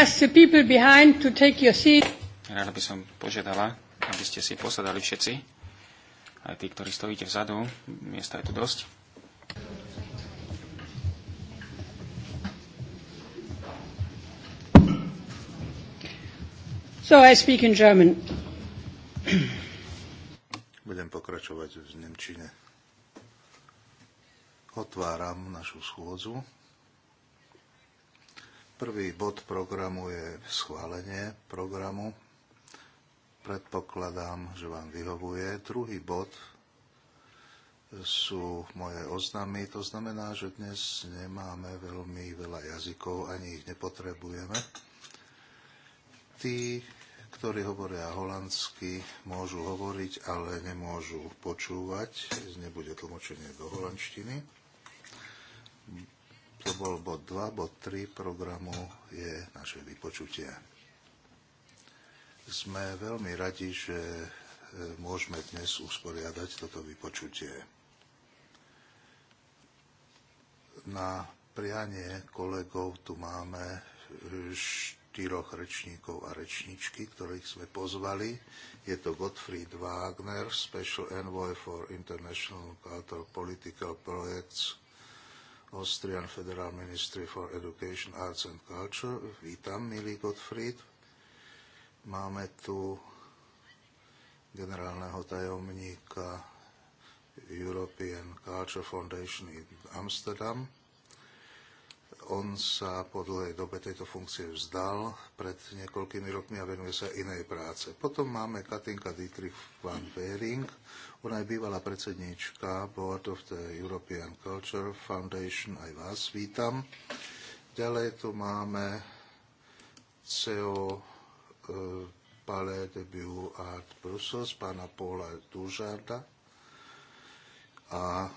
ask the people behind to take your seat. Rada by som požiadala, aby ste si posadali všetci, aj tí, ktorí stojíte vzadu, miesta je tu dosť. So I speak in German. Budem pokračovať v Nemčine. Otváram našu schôdzu. Prvý bod programu je schválenie programu. Predpokladám, že vám vyhovuje. Druhý bod sú moje oznamy. To znamená, že dnes nemáme veľmi veľa jazykov, ani ich nepotrebujeme. Tí, ktorí hovoria holandsky, môžu hovoriť, ale nemôžu počúvať. Nebude tlmočenie do holandštiny to bol bod 2, bod 3 programu je naše vypočutie. Sme veľmi radi, že e, môžeme dnes usporiadať toto vypočutie. Na prianie kolegov tu máme e, štyroch rečníkov a rečníčky, ktorých sme pozvali. Je to Gottfried Wagner, Special Envoy for International Cultural Political Projects Austrian Federal Ministry for Education, Arts and Culture. Vítam, milý Gottfried. Máme tu generálneho tajomníka European Culture Foundation in Amsterdam on sa po dlhej dobe tejto funkcie vzdal pred niekoľkými rokmi a venuje sa inej práce. Potom máme Katinka Dietrich van Fehring, ona je bývalá predsednička Board of the European Culture Foundation, aj vás vítam. Ďalej tu máme CEO e, Palais de Beaux Art Brussels, pána Paula Dužarda a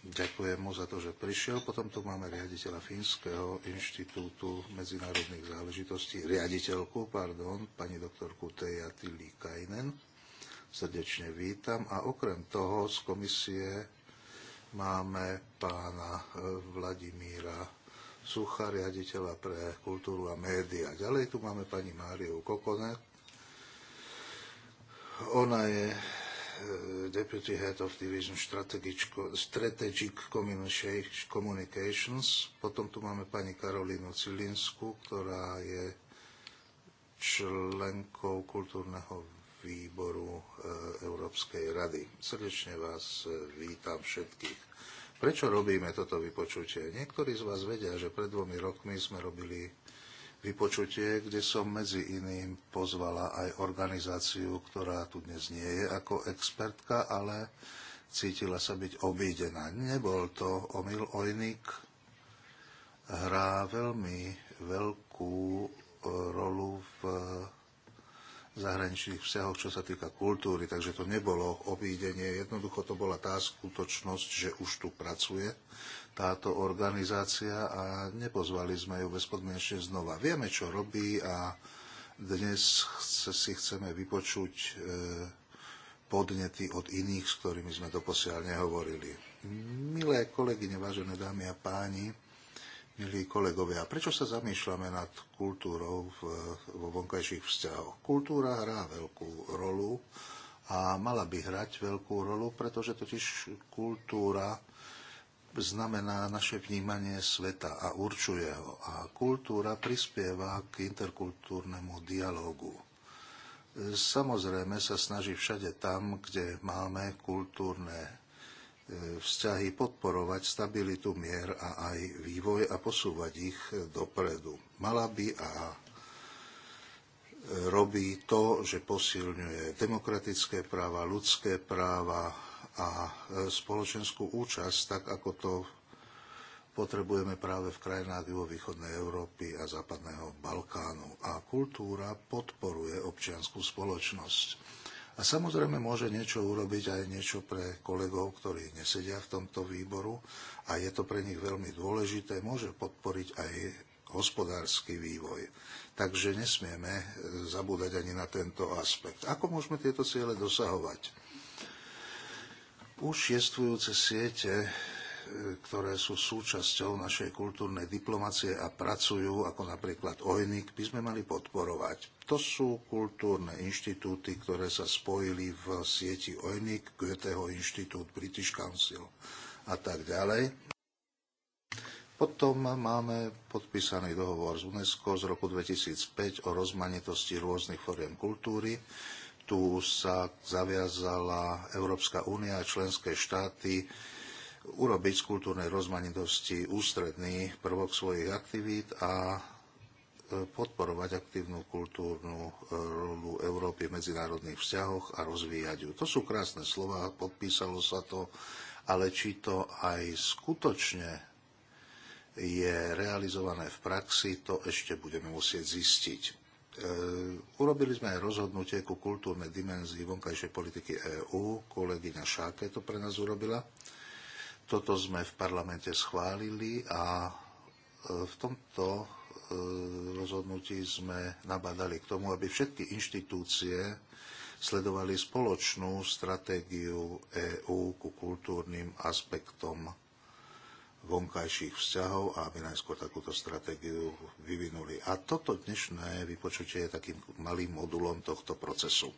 Ďakujem mu za to, že prišiel. Potom tu máme riaditeľa Fínskeho inštitútu medzinárodných záležitostí, riaditeľku, pardon, pani doktorku Teja Tilly Kainen. Srdečne vítam. A okrem toho z komisie máme pána e, Vladimíra Sucha, riaditeľa pre kultúru a média. Ďalej tu máme pani Máriu Kokonet. Ona je Eh, Deputy Head of Division Strategic Communications. Potom tu máme pani Karolínu Cilinsku, ktorá je členkou kultúrneho výboru eh, Európskej rady. Srdečne vás eh, vítam všetkých. Prečo robíme toto vypočutie? Niektorí z vás vedia, že pred dvomi rokmi sme robili vypočutie, kde som medzi iným pozvala aj organizáciu, ktorá tu dnes nie je ako expertka, ale cítila sa byť obídená. Nebol to omyl Ojnik, hrá veľmi veľkú e, rolu v zahraničných vzťahoch, čo sa týka kultúry, takže to nebolo obídenie, jednoducho to bola tá skutočnosť, že už tu pracuje táto organizácia a nepozvali sme ju bezpodmienečne znova. Vieme, čo robí a dnes chce, si chceme vypočuť e, podnety od iných, s ktorými sme doposiaľ nehovorili. Milé kolegyne, vážené dámy a páni, milí kolegovia, prečo sa zamýšľame nad kultúrou vo vonkajších vzťahoch? Kultúra hrá veľkú rolu a mala by hrať veľkú rolu, pretože totiž kultúra znamená naše vnímanie sveta a určuje ho. A kultúra prispieva k interkultúrnemu dialogu. Samozrejme sa snaží všade tam, kde máme kultúrne e, vzťahy, podporovať stabilitu, mier a aj vývoj a posúvať ich dopredu. Mala by a robí to, že posilňuje demokratické práva, ľudské práva, a e, spoločenskú účasť, tak ako to potrebujeme práve v krajinách východnej Európy a západného Balkánu. A kultúra podporuje občianskú spoločnosť. A samozrejme môže niečo urobiť aj niečo pre kolegov, ktorí nesedia v tomto výboru a je to pre nich veľmi dôležité. Môže podporiť aj hospodársky vývoj. Takže nesmieme e, zabúdať ani na tento aspekt. Ako môžeme tieto ciele dosahovať? Už jestvujúce siete, e, ktoré sú súčasťou našej kultúrnej diplomacie a pracujú, ako napríklad Ojnik, by sme mali podporovať. To sú kultúrne inštitúty, ktoré sa spojili v sieti Ojnik, Goetheho inštitút, British Council a tak ďalej. Potom máme podpísaný dohovor z UNESCO z roku 2005 o rozmanitosti rôznych foriem kultúry, tu sa zaviazala Európska únia a členské štáty urobiť z kultúrnej rozmanitosti ústredný prvok svojich aktivít a e, podporovať aktívnu kultúrnu e, rolu Európy v medzinárodných vzťahoch a rozvíjať ju. To sú krásne slova, podpísalo sa to, ale či to aj skutočne je realizované v praxi, to ešte budeme musieť zistiť. E, urobili sme aj rozhodnutie ku kultúrnej dimenzii vonkajšej politiky EÚ. Kolegyňa Šáke to pre nás urobila. Toto sme v parlamente schválili a e, v tomto e, rozhodnutí sme nabadali k tomu, aby všetky inštitúcie sledovali spoločnú stratégiu EÚ ku kultúrnym aspektom vonkajších vzťahov a aby najskôr takúto stratégiu vyvinuli. A toto dnešné vypočutie je takým malým modulom tohto procesu. E,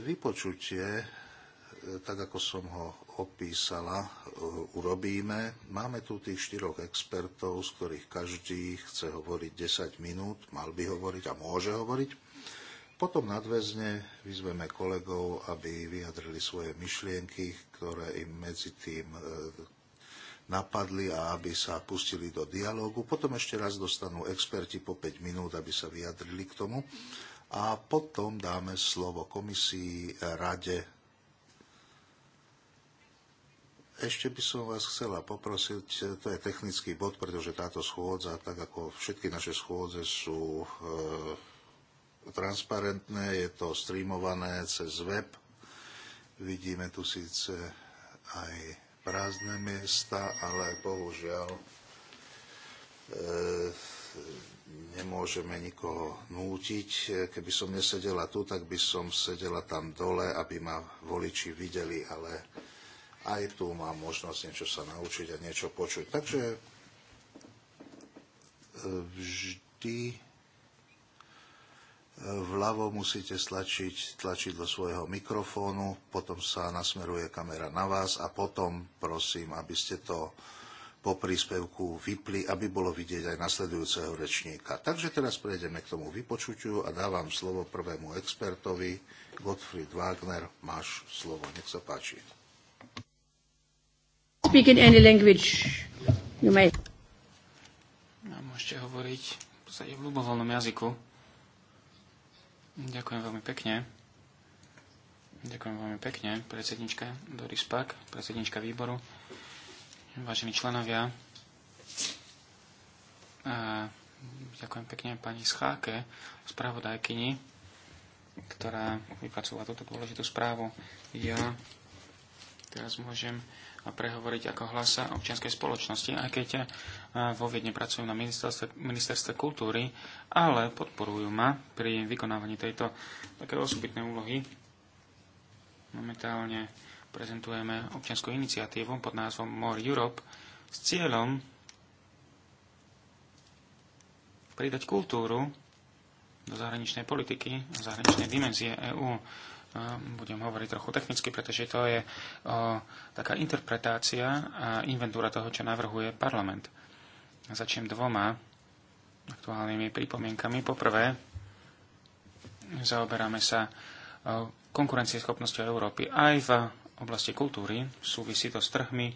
vypočutie, e, tak ako som ho opísala, e, urobíme. Máme tu tých štyroch expertov, z ktorých každý chce hovoriť 10 minút, mal by hovoriť a môže hovoriť. Potom nadväzne vyzveme kolegov, aby vyjadrili svoje myšlienky, ktoré im medzi tým e, napadli a aby sa pustili do dialógu. Potom ešte raz dostanú experti po 5 minút, aby sa vyjadrili k tomu. A potom dáme slovo komisii, rade. Ešte by som vás chcela poprosiť, to je technický bod, pretože táto schôdza, tak ako všetky naše schôdze, sú e, transparentné, je to streamované cez web. Vidíme tu síce aj prázdne miesta, ale bohužiaľ e, nemôžeme nikoho nútiť. Keby som nesedela tu, tak by som sedela tam dole, aby ma voliči videli, ale aj tu mám možnosť niečo sa naučiť a niečo počuť. Takže e, vždy Vľavo musíte stlačiť tlačidlo svojho mikrofónu, potom sa nasmeruje kamera na vás a potom prosím, aby ste to po príspevku vypli, aby bolo vidieť aj nasledujúceho rečníka. Takže teraz prejdeme k tomu vypočuťu a dávam slovo prvému expertovi. Gottfried Wagner, máš slovo, nech sa páči. Speak in any language you may. No, môžete hovoriť v v ľubovoľnom jazyku. Ďakujem veľmi pekne. Ďakujem veľmi pekne, predsednička Doris Pak, predsednička výboru, vážení členovia. A ďakujem pekne pani Scháke, spravodajkyni, ktorá vypracovala túto dôležitú správu. Ja teraz môžem a prehovoriť ako hlasa občianskej spoločnosti, aj keď eh, vo Viedne pracujú na ministerstve, ministerstve kultúry, ale podporujú ma pri vykonávaní tejto také osobitnej úlohy. Momentálne prezentujeme občianskú iniciatívu pod názvom More Europe s cieľom pridať kultúru do zahraničnej politiky a zahraničnej dimenzie EÚ budem hovoriť trochu technicky, pretože to je o, taká interpretácia a inventúra toho, čo navrhuje parlament. Začnem dvoma aktuálnymi pripomienkami. Poprvé, zaoberáme sa konkurencieschopnosťou Európy aj v oblasti kultúry. Súvisí to s trhmi,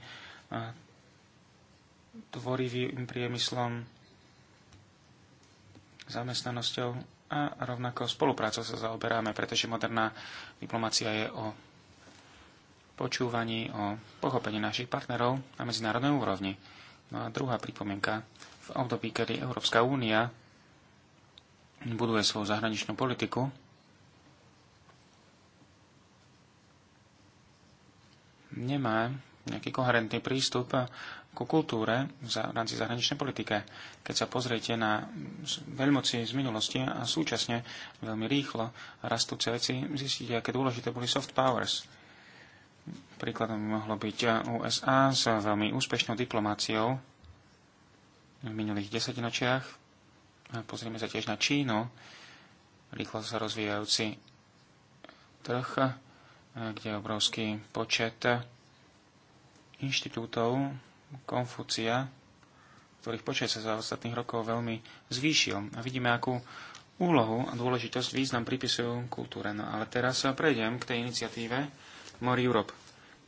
tvorivým priemyslom, zamestnanosťou a rovnako spoluprácou sa zaoberáme, pretože moderná diplomácia je o počúvaní, o pochopení našich partnerov na medzinárodnej úrovni. No a druhá pripomienka. V období, kedy Európska únia buduje svoju zahraničnú politiku, nemá nejaký koherentný prístup ku kultúre v rámci zahraničnej politike. Keď sa pozriete na veľmoci z minulosti a súčasne veľmi rýchlo rastúce veci, zistíte, aké dôležité boli soft powers. Príkladom by mohlo byť eh, USA s veľmi úspešnou diplomáciou v minulých desaťročiach. Pozrieme sa tiež na Čínu, rýchlo sa rozvíjajúci trh, eh, kde je obrovský počet eh, inštitútov Konfúcia, ktorých počet sa za ostatných rokov veľmi zvýšil. A vidíme, akú úlohu a dôležitosť význam pripisujú kultúre. No ale teraz sa prejdem k tej iniciatíve More Europe.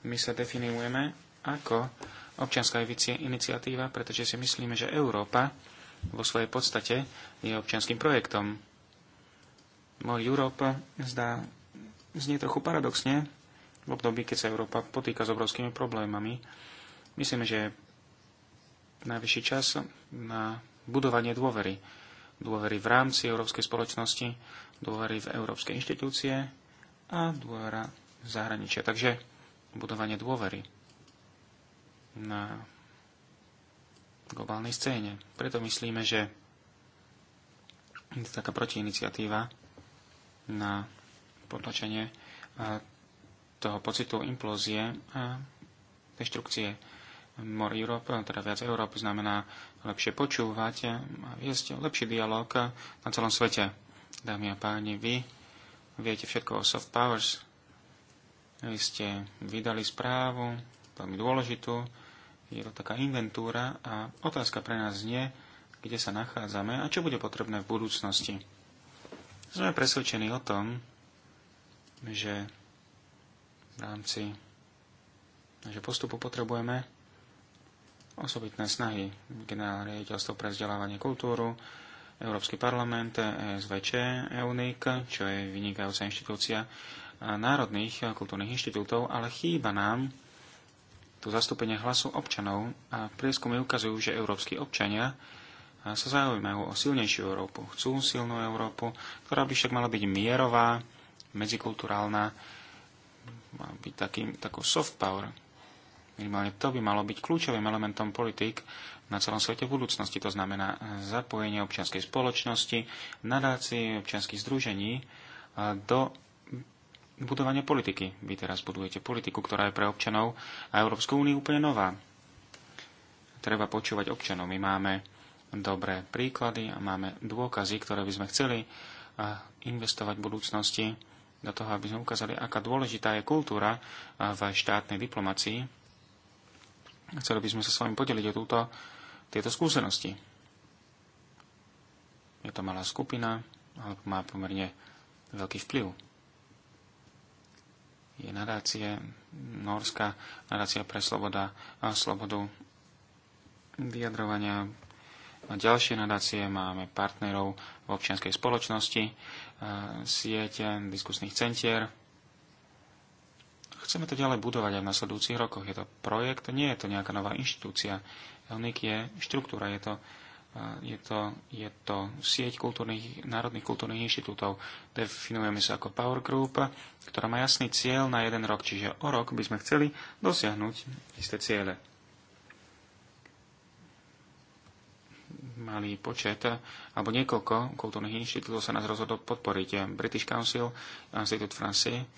My sa definujeme ako občianská iniciatíva, pretože si myslíme, že Európa vo svojej podstate je občianským projektom. More Europe zdá, znie trochu paradoxne v období, keď sa Európa potýka s obrovskými problémami, Myslím, že je najvyšší čas na budovanie dôvery. Dôvery v rámci európskej spoločnosti, dôvery v európske inštitúcie a dôvera v zahraničia. Takže budovanie dôvery na globálnej scéne. Preto myslíme, že je to taká protiiniciatíva na potlačenie eh, toho pocitu implózie a deštrukcie More Europe, teda viac Európy, znamená lepšie počúvať a viesť lepší dialog na celom svete. Dámy a páni, vy viete všetko o soft powers. Vy ste vydali správu, veľmi dôležitú. Je to taká inventúra a otázka pre nás znie, kde sa nachádzame a čo bude potrebné v budúcnosti. Sme presvedčení o tom, že v rámci že postupu potrebujeme osobitné snahy generálne riaditeľstvo pre vzdelávanie kultúru, Európsky parlament, SVČ, EUNIC, čo je vynikajúca inštitúcia národných kultúrnych inštitútov, ale chýba nám tu zastúpenie hlasu občanov a prieskumy ukazujú, že európsky občania sa zaujímajú o silnejšiu Európu. Chcú silnú Európu, ktorá by však mala byť mierová, medzikulturálna, má byť takým, takou soft power, Minimálne to by malo byť kľúčovým elementom politik na celom svete v budúcnosti. To znamená zapojenie občianskej spoločnosti, nadácie občianských združení e, do budovania politiky. Vy teraz budujete politiku, ktorá je pre občanov a Európsku úniu úplne nová. Treba počúvať občanov. My máme dobré príklady a máme dôkazy, ktoré by sme chceli e, investovať v budúcnosti do toho, aby sme ukázali, aká dôležitá je kultúra e, v štátnej diplomácii Chceli by sme sa s vami podeliť o túto, tieto skúsenosti. Je to malá skupina, ale má pomerne veľký vplyv. Je nadácie, Norska, nadácia pre sloboda a slobodu vyjadrovania. A ďalšie nadácie máme partnerov v občianskej spoločnosti, siete diskusných centier, Chceme to ďalej budovať aj v nasledujúcich rokoch. Je to projekt, nie je to nejaká nová inštitúcia. Elnik je štruktúra, je to, eh, je to, je to sieť kultúrnych, národných kultúrnych inštitútov. Definujeme sa ako Power Group, ktorá má jasný cieľ na jeden rok, čiže o rok by sme chceli dosiahnuť isté ciele. malý počet eh, alebo niekoľko kultúrnych inštitútov sa nás rozhodol podporiť. British Council, Institut Francie,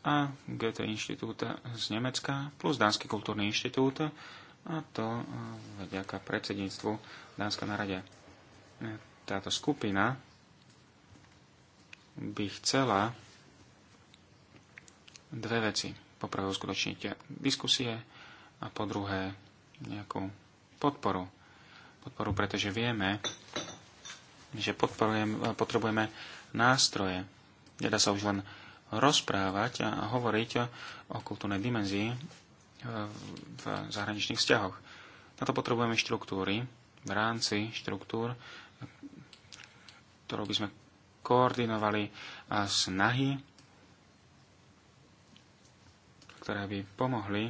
a Goethe Inštitúta z Nemecka plus Dánsky kultúrny inštitút a to eh, vďaka predsedníctvu Dánska na rade. Táto skupina by chcela dve veci. Poprvé uskutočniť diskusie a po druhé nejakú podporu. Podporu, pretože vieme, že potrebujeme nástroje. Nedá sa už len rozprávať a hovoriť o kultúrnej dimenzii e, v zahraničných vzťahoch. Na to potrebujeme štruktúry, v rámci štruktúr, ktorou by sme koordinovali a snahy, ktoré by pomohli,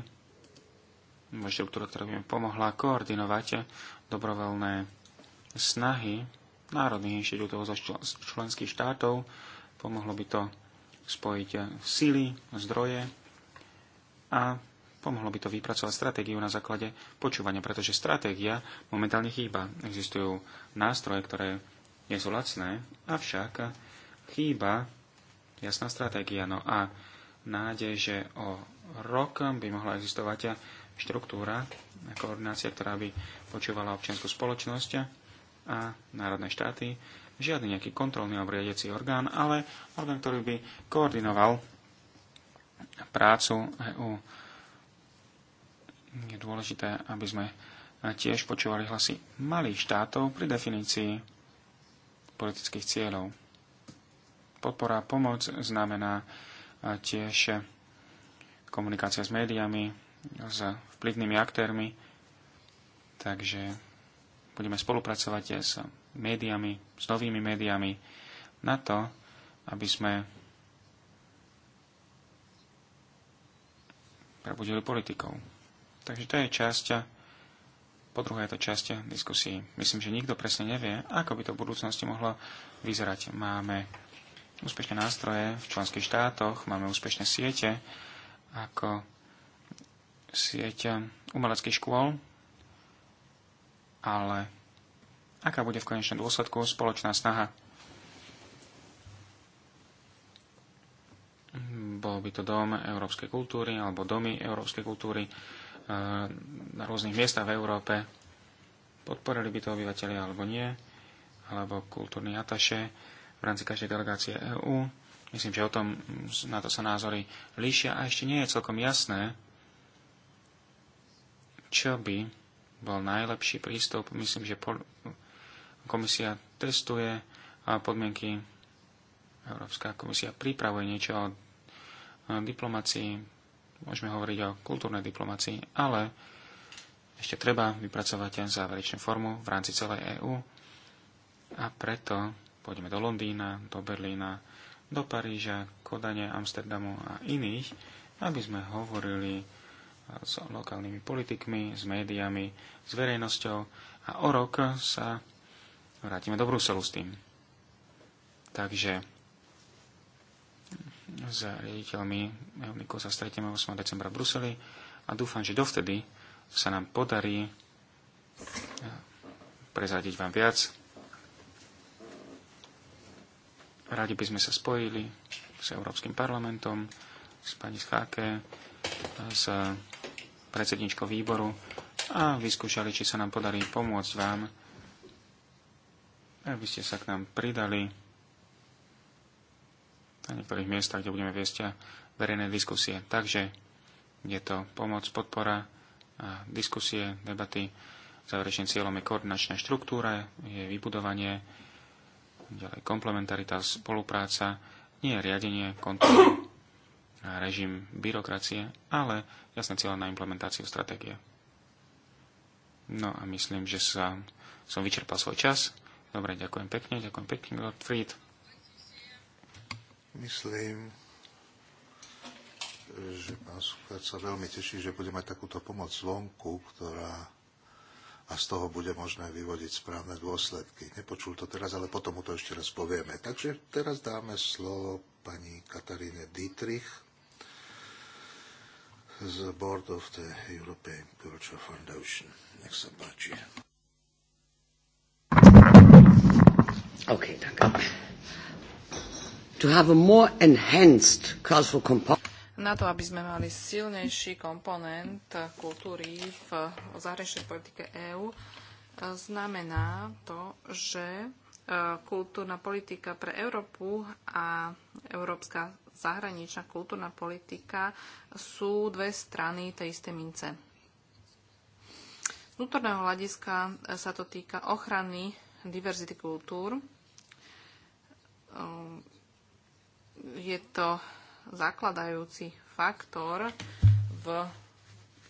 štruktúra, ktorá by pomohla koordinovať dobrovoľné snahy národných inštitútov zo členských štátov, pomohlo by to spojiť síly, zdroje a pomohlo by to vypracovať stratégiu na základe počúvania, pretože stratégia momentálne chýba. Existujú nástroje, ktoré nie sú lacné, avšak chýba jasná stratégia. No a nádej, že o rok by mohla existovať štruktúra, koordinácia, ktorá by počúvala občianskú spoločnosť a národné štáty žiadny nejaký kontrolný alebo riadiaci orgán, ale orgán, ktorý by koordinoval prácu EU. Je dôležité, aby sme tiež počúvali hlasy malých štátov pri definícii politických cieľov. Podpora a pomoc znamená tiež komunikácia s médiami, s vplyvnými aktérmi, takže budeme spolupracovať s médiami, s novými médiami na to, aby sme prebudili politikov. Takže to je časť, po druhé je to časť diskusí. Myslím, že nikto presne nevie, ako by to v budúcnosti mohlo vyzerať. Máme úspešné nástroje v členských štátoch, máme úspešné siete, ako sieť umeleckých škôl, ale aká bude v konečnom dôsledku spoločná snaha. Bol by to dom európskej kultúry alebo domy európskej kultúry eh, na rôznych miestach v Európe. Podporili by to obyvateľi alebo nie, alebo kultúrny ataše v rámci každej delegácie EÚ. Myslím, že o tom na to sa názory líšia a ešte nie je celkom jasné, čo by bol najlepší prístup. Myslím, že po, Komisia testuje podmienky, Európska komisia pripravuje niečo o diplomácii, môžeme hovoriť o kultúrnej diplomácii, ale ešte treba vypracovať záverečnú formu v rámci celej EÚ a preto pôjdeme do Londýna, do Berlína, do Paríža, Kodane, Amsterdamu a iných, aby sme hovorili s lokálnymi politikmi, s médiami, s verejnosťou a o rok sa vrátime do Bruselu s tým. Takže s riaditeľmi Euniku sa stretneme 8. decembra v Bruseli a dúfam, že dovtedy sa nám podarí eh, prezradiť vám viac. Radi by sme sa spojili s Európskym parlamentom, s pani Scháke, s predsedničkou výboru a vyskúšali, či sa nám podarí pomôcť vám aby ste sa k nám pridali na niektorých miestach, kde budeme viesť verejné diskusie. Takže je to pomoc, podpora, a diskusie, debaty. Záverečným cieľom je koordinačná štruktúra, je vybudovanie, ďalej komplementarita, spolupráca, nie riadenie, kontrol, režim byrokracie, ale jasné cieľa na implementáciu stratégie. No a myslím, že sa, som vyčerpal svoj čas. Dobre, ďakujem pekne, ďakujem pekne, Gottfried. Myslím, že pán Suchard sa veľmi teší, že bude mať takúto pomoc zvonku, ktorá a z toho bude možné vyvodiť správne dôsledky. Nepočul to teraz, ale potom mu to ešte raz povieme. Takže teraz dáme slovo pani Kataríne Dietrich z Board of the European Culture Foundation. Nech sa páči. Okay, danke. Ah. To have a more enhanced cultural component. Na to, aby sme mali silnejší komponent kultúry v zahraničnej politike EÚ, znamená to, že e, kultúrna politika pre Európu a európska zahraničná kultúrna politika sú dve strany tej istej mince. Z vnútorného hľadiska sa to týka ochrany diverzity kultúr. Ehm, je to zakladajúci faktor v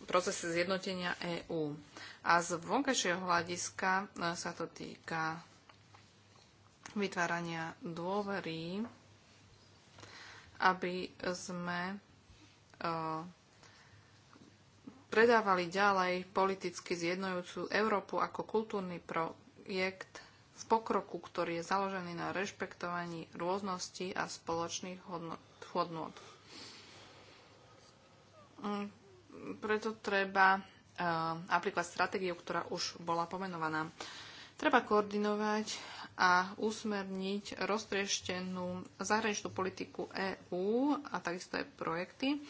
procese zjednotenia EÚ. A z vonkajšieho hľadiska e, sa to týka vytvárania dôvery, aby sme e, predávali ďalej politicky zjednojúcu Európu ako kultúrny projekt z pokroku, ktorý je založený na rešpektovaní rôznosti a spoločných hodnot. Mm, preto treba e, aplikovať stratégiu, ktorá už bola pomenovaná. Treba koordinovať a usmerniť roztrieštenú zahraničnú politiku EÚ a takisto aj projekty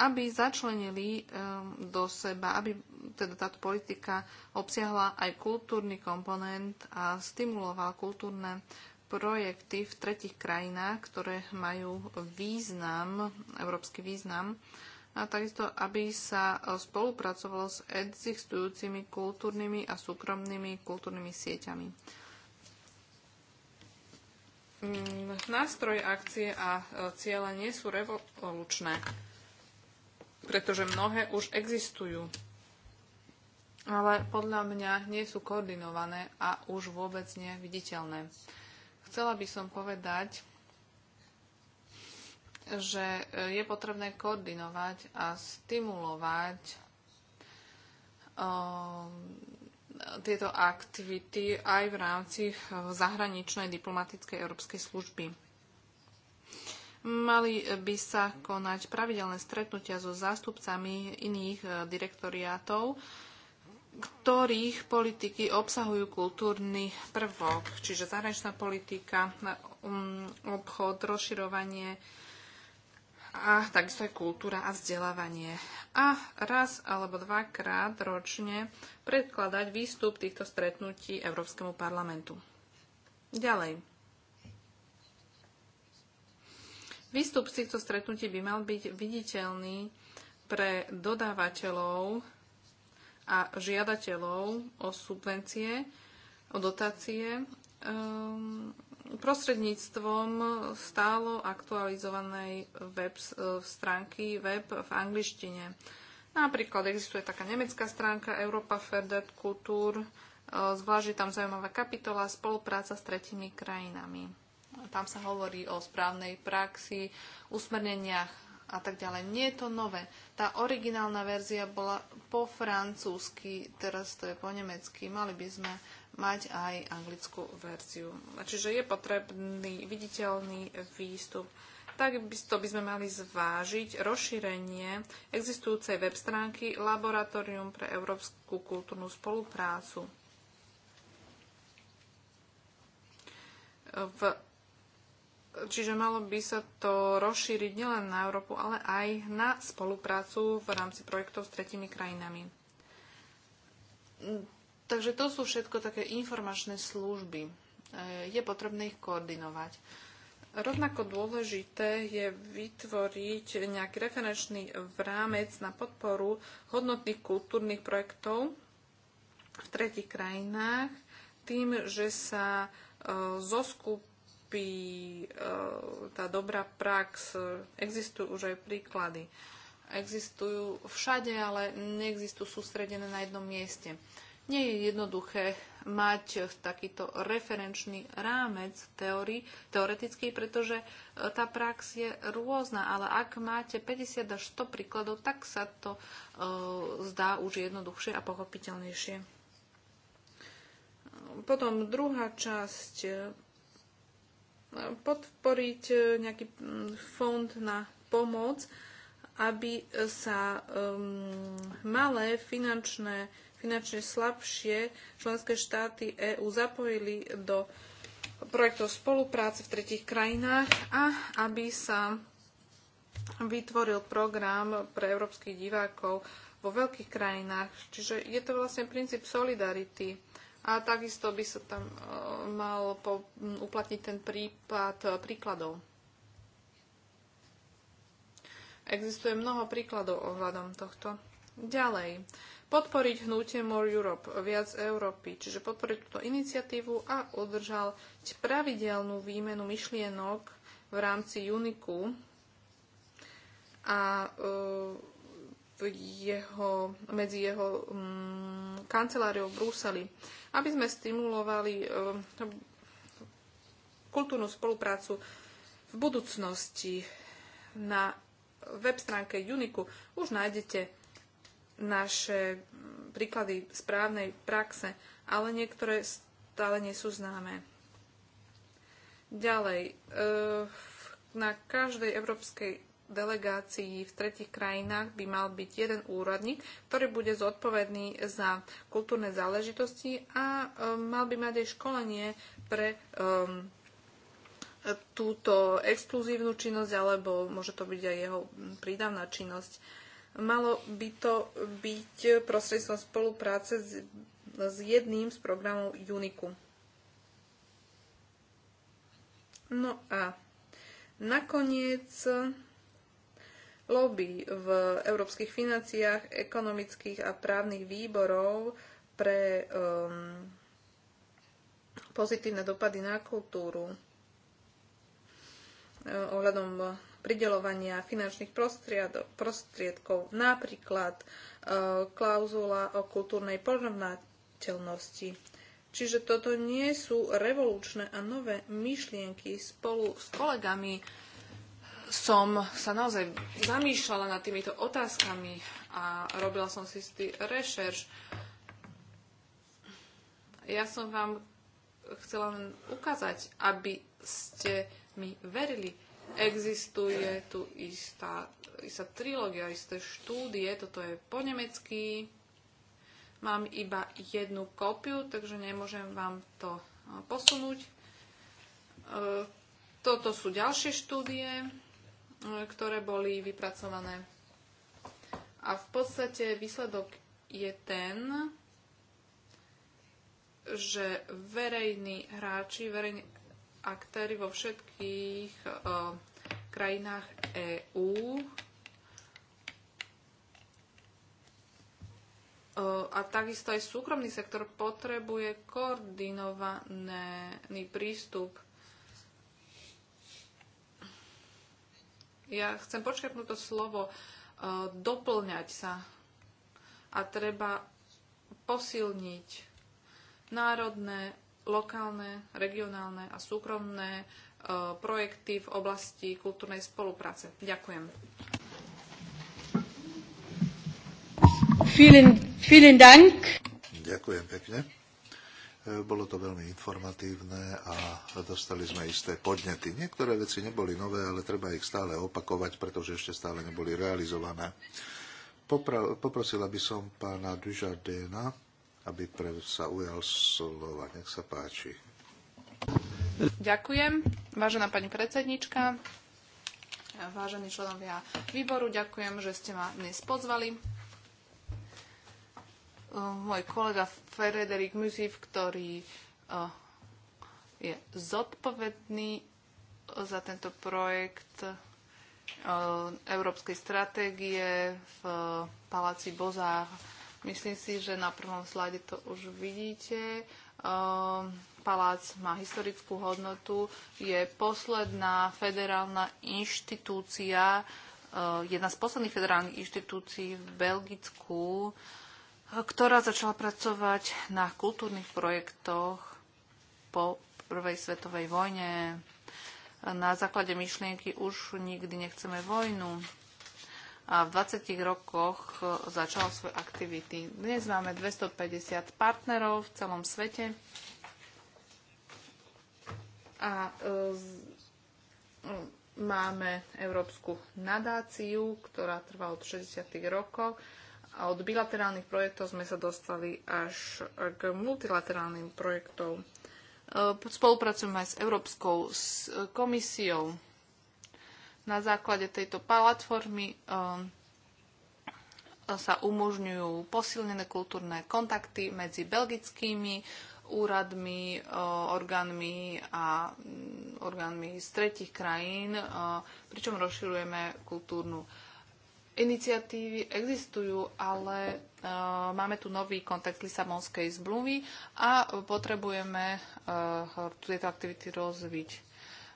aby začlenili ehm, do seba, aby teda táto politika obsiahla aj kultúrny komponent a stimuloval kultúrne projekty v tretich krajinách, ktoré majú význam, európsky význam, a takisto, aby sa e, spolupracovalo s existujúcimi kultúrnymi a súkromnými kultúrnymi sieťami. Mm, Nástroje akcie a e, ciele nie sú revolučné pretože mnohé už existujú. Ale podľa mňa nie sú koordinované a už vôbec neviditeľné. Chcela by som povedať, že je potrebné koordinovať a stimulovať um, tieto aktivity aj v rámci zahraničnej diplomatickej európskej služby. Mali by sa konať pravidelné stretnutia so zástupcami iných e, direktoriátov, ktorých politiky obsahujú kultúrny prvok, čiže zahraničná politika, um, obchod, rozširovanie a takisto aj kultúra a vzdelávanie. A raz alebo dvakrát ročne predkladať výstup týchto stretnutí Európskemu parlamentu. Ďalej Výstup z týchto stretnutí by mal byť viditeľný pre dodávateľov a žiadateľov o subvencie, o dotácie ehm, prostredníctvom stálo aktualizovanej web e, stránky web v angličtine. Napríklad existuje taká nemecká stránka Europa Ferdert Kultur, e, zvlášť je tam zaujímavá kapitola spolupráca s tretimi krajinami. Tam sa hovorí o správnej praxi, usmerneniach a tak ďalej. Nie je to nové. Tá originálna verzia bola po francúzsky, teraz to je po nemecky. Mali by sme mať aj anglickú verziu. Čiže je potrebný viditeľný výstup tak by, to by sme mali zvážiť rozšírenie existujúcej web stránky Laboratórium pre európsku kultúrnu spoluprácu. V Čiže malo by sa to rozšíriť nielen na Európu, ale aj na spoluprácu v rámci projektov s tretimi krajinami. Takže to sú všetko také informačné služby. Je potrebné ich koordinovať. Rovnako dôležité je vytvoriť nejaký referenčný rámec na podporu hodnotných kultúrnych projektov v tretich krajinách tým, že sa e, zoskup postupy, eh, tá dobrá prax. Existujú už aj príklady. Existujú všade, ale neexistujú sústredené na jednom mieste. Nie je jednoduché mať takýto referenčný rámec teórii, teoretický, pretože eh, tá prax je rôzna, ale ak máte 50 až 100 príkladov, tak sa to uh, zdá už jednoduchšie a pochopiteľnejšie. Potom druhá časť podporiť e, nejaký mm, fond na pomoc, aby sa um, malé finančné, finančne slabšie členské štáty EÚ zapojili do projektov spolupráce v tretich krajinách a aby sa vytvoril program pre európskych divákov vo veľkých krajinách. Čiže je to vlastne princíp solidarity a takisto by sa tam e, mal po, uplatniť ten prípad e, príkladov. Existuje mnoho príkladov ohľadom tohto. Ďalej, podporiť hnutie More Europe, viac Európy, čiže podporiť túto iniciatívu a udržal pravidelnú výmenu myšlienok v rámci Uniku a e, jeho, medzi jeho kanceláriou v Bruseli aby sme stimulovali e, kultúrnu spoluprácu v budúcnosti. Na web stránke Uniku už nájdete naše príklady správnej praxe, ale niektoré stále nie sú známe. Ďalej, e, na každej európskej delegácií v tretich krajinách by mal byť jeden úradník, ktorý bude zodpovedný za kultúrne záležitosti a e, mal by mať aj školenie pre um, túto exkluzívnu činnosť, alebo môže to byť aj jeho prídavná činnosť. Malo by to byť prostredstvom spolupráce s, s jedným z programov Uniku. No a nakoniec lobby v európskych financiách, ekonomických a právnych výborov pre um, pozitívne dopady na kultúru um, ohľadom pridelovania finančných prostriedkov, napríklad um, klauzula o kultúrnej porovnateľnosti. Čiže toto nie sú revolučné a nové myšlienky spolu s kolegami som sa naozaj zamýšľala nad týmito otázkami a robila som si istý rešerš. Ja som vám chcela len ukázať, aby ste mi verili. Existuje tu istá, istá trilógia, isté štúdie, toto je po nemecky. Mám iba jednu kópiu, takže nemôžem vám to no, posunúť. E, toto sú ďalšie štúdie E, ktoré boli vypracované. A v podstate výsledok je ten, že verejní hráči, verejní aktéry vo všetkých e, krajinách EÚ e, a takisto aj súkromný sektor potrebuje koordinovaný prístup Ja chcem počkapnúť to slovo uh, doplňať sa a treba posilniť národné, lokálne, regionálne a súkromné uh, projekty v oblasti kultúrnej spolupráce. Ďakujem. Vielen, vielen Dank. Ďakujem pekne. Bolo to veľmi informatívne a dostali sme isté podnety. Niektoré veci neboli nové, ale treba ich stále opakovať, pretože ešte stále neboli realizované. Popra- poprosila by som pána Dujardena, aby pre sa ujal slova. Nech sa páči. Ďakujem, vážená pani predsednička, vážení členovia výboru, ďakujem, že ste ma dnes pozvali Eh, môj kolega Frederik Muziv, ktorý eh, je zodpovedný eh, za tento projekt európskej stratégie v Paláci Bozár. Myslím si, že na prvom slade to už vidíte. Palác má historickú hodnotu, je posledná federálna inštitúcia, jedna z posledných federálnych inštitúcií v Belgicku, ktorá začala pracovať na kultúrnych projektoch po prvej svetovej vojne. Na základe myšlienky už nikdy nechceme vojnu. A v 20 rokoch začala svoje aktivity. Dnes máme 250 partnerov v celom svete. A e, máme Európsku nadáciu, ktorá trvá od 60. rokov a od bilaterálnych projektov sme sa dostali až k multilaterálnym projektom. E, spolupracujeme aj s Európskou komisiou. Na základe tejto platformy e, sa umožňujú posilnené kultúrne kontakty medzi belgickými úradmi, e, orgánmi a orgánmi z tretich krajín, pričom rozširujeme kultúrnu iniciatívy existujú, ale uh, máme tu nový kontext Lisabonskej zmluvy a potrebujeme uh, tieto aktivity rozviť.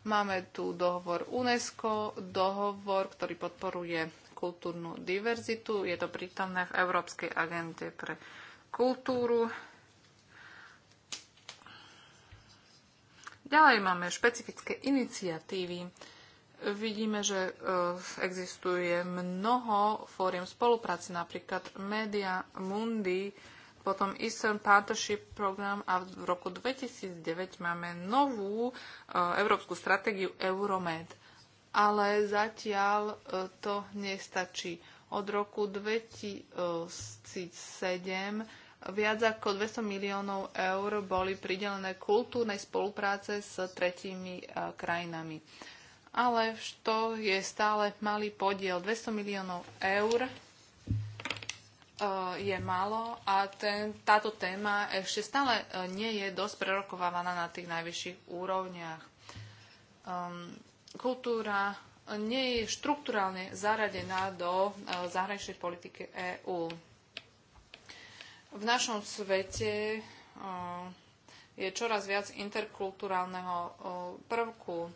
Máme tu dohovor UNESCO, dohovor, ktorý podporuje kultúrnu diverzitu. Je to prítomné v Európskej agende pre kultúru. Ďalej máme špecifické iniciatívy vidíme, že e, existuje mnoho fóriem spolupráce, napríklad Media Mundi, potom Eastern Partnership Program a v roku 2009 máme novú e, európsku stratégiu Euromed. Ale zatiaľ e, to nestačí. Od roku 2007 viac ako 200 miliónov eur boli pridelené kultúrnej spolupráce s tretími krajinami ale to je stále malý podiel. 200 miliónov eur e, je málo a ten, táto téma ešte stále e, nie je dosť prerokovávaná na tých najvyšších úrovniach. Ehm, kultúra nie je štruktúralne zaradená do e, zahraničnej politiky EÚ. V našom svete je čoraz viac interkulturálneho prvku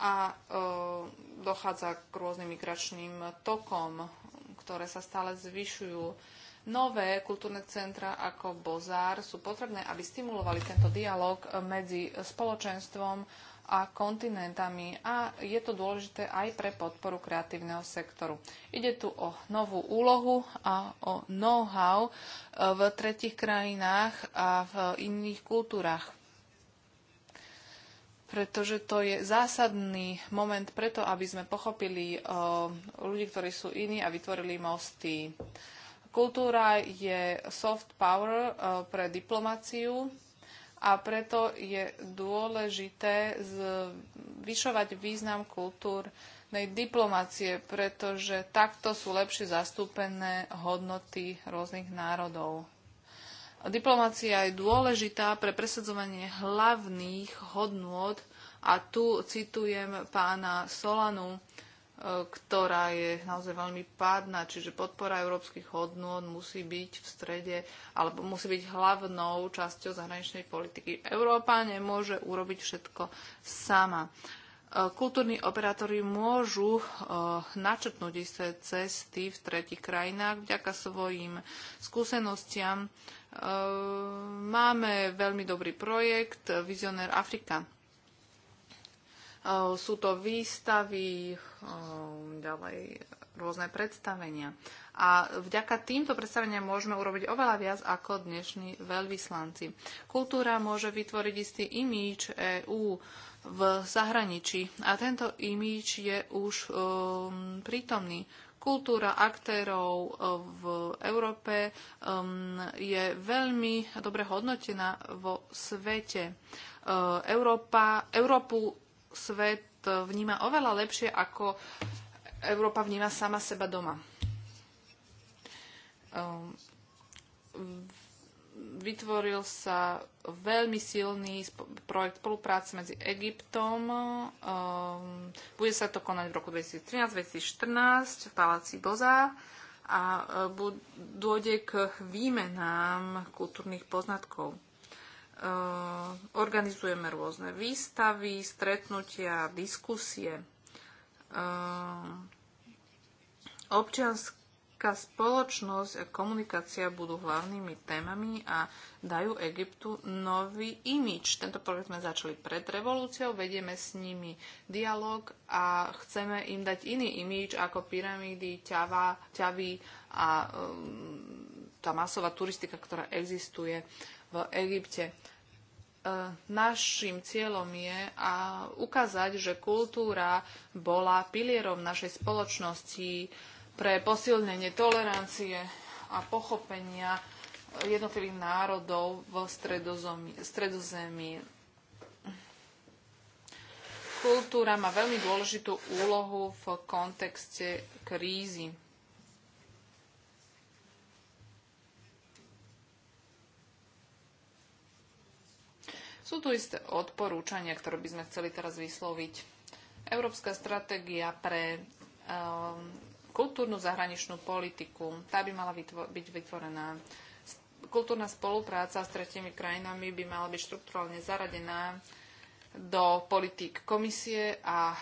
a e, dochádza k rôznym migračným tokom, ktoré sa stále zvyšujú. Nové kultúrne centra ako Bozár sú potrebné, aby stimulovali tento dialog medzi spoločenstvom a kontinentami a je to dôležité aj pre podporu kreatívneho sektoru. Ide tu o novú úlohu a o know-how v tretich krajinách a v iných kultúrach pretože to je zásadný moment preto, aby sme pochopili eh, ľudí, ktorí sú iní a vytvorili mosty. Kultúra je soft power eh, pre diplomáciu a preto je dôležité zvyšovať význam kultúrnej diplomácie, pretože takto sú lepšie zastúpené hodnoty rôznych národov. Diplomácia je dôležitá pre presadzovanie hlavných hodnôt a tu citujem pána Solanu, e, ktorá je naozaj veľmi pádna, čiže podpora európskych hodnôt musí byť v strede alebo musí byť hlavnou časťou zahraničnej politiky. Európa nemôže urobiť všetko sama. E, kultúrni operátori môžu e, načrtnúť isté cesty v tretich krajinách vďaka svojim skúsenostiam. E, máme veľmi dobrý projekt Vizionér Afrika. Sú to výstavy, ďalej rôzne predstavenia. A vďaka týmto predstaveniam môžeme urobiť oveľa viac ako dnešní veľvyslanci. Kultúra môže vytvoriť istý imíč EÚ v zahraničí. A tento imíč je už um, prítomný. Kultúra aktérov uh, v Európe um, je veľmi dobre hodnotená vo svete. Uh, Európa, Európu svet vníma oveľa lepšie, ako Európa vníma sama seba doma. Um, vytvoril sa veľmi silný projekt spolupráce medzi Egyptom. Ehm, bude sa to konať v roku 2013-2014 v Paláci Boza a eh, dôjde k výmenám kultúrnych poznatkov. Ehm, organizujeme rôzne výstavy, stretnutia, diskusie. Ehm, Občianské Energetika, spoločnosť a komunikácia budú hlavnými témami a dajú Egyptu nový imič. Tento projekt sme začali pred revolúciou, vedieme s nimi dialog a chceme im dať iný imič ako pyramídy, ťava, ťavy a um, tá masová turistika, ktorá existuje v Egypte e, našim cieľom je a ukázať, že kultúra bola pilierom našej spoločnosti, pre posilnenie tolerancie a pochopenia jednotlivých národov v stredozemí. Kultúra má veľmi dôležitú úlohu v kontexte krízy. Sú tu isté odporúčania, ktoré by sme chceli teraz vysloviť. Európska stratégia pre um, kultúrnu zahraničnú politiku. Tá by mala vytvo- byť vytvorená. Kultúrna spolupráca s tretimi krajinami by mala byť štruktúralne zaradená do politík komisie a e,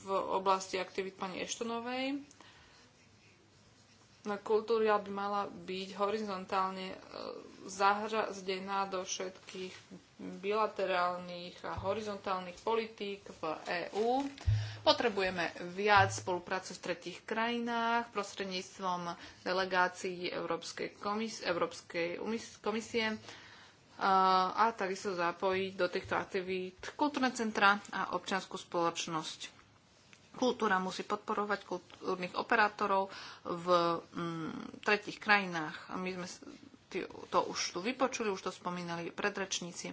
v oblasti aktivít pani Eštonovej kultúra by mala byť horizontálne e, zahradená do všetkých bilaterálnych a horizontálnych politík v EÚ. Potrebujeme viac spoluprácu v tretích krajinách prostredníctvom delegácií Európskej, komis- Európskej komisie e, a takisto zapojiť do týchto aktivít kultúrne centra a občianskú spoločnosť. Kultúra musí podporovať kultúrnych operátorov v mm, tretich krajinách. My sme to už tu vypočuli, už to spomínali predrečníci.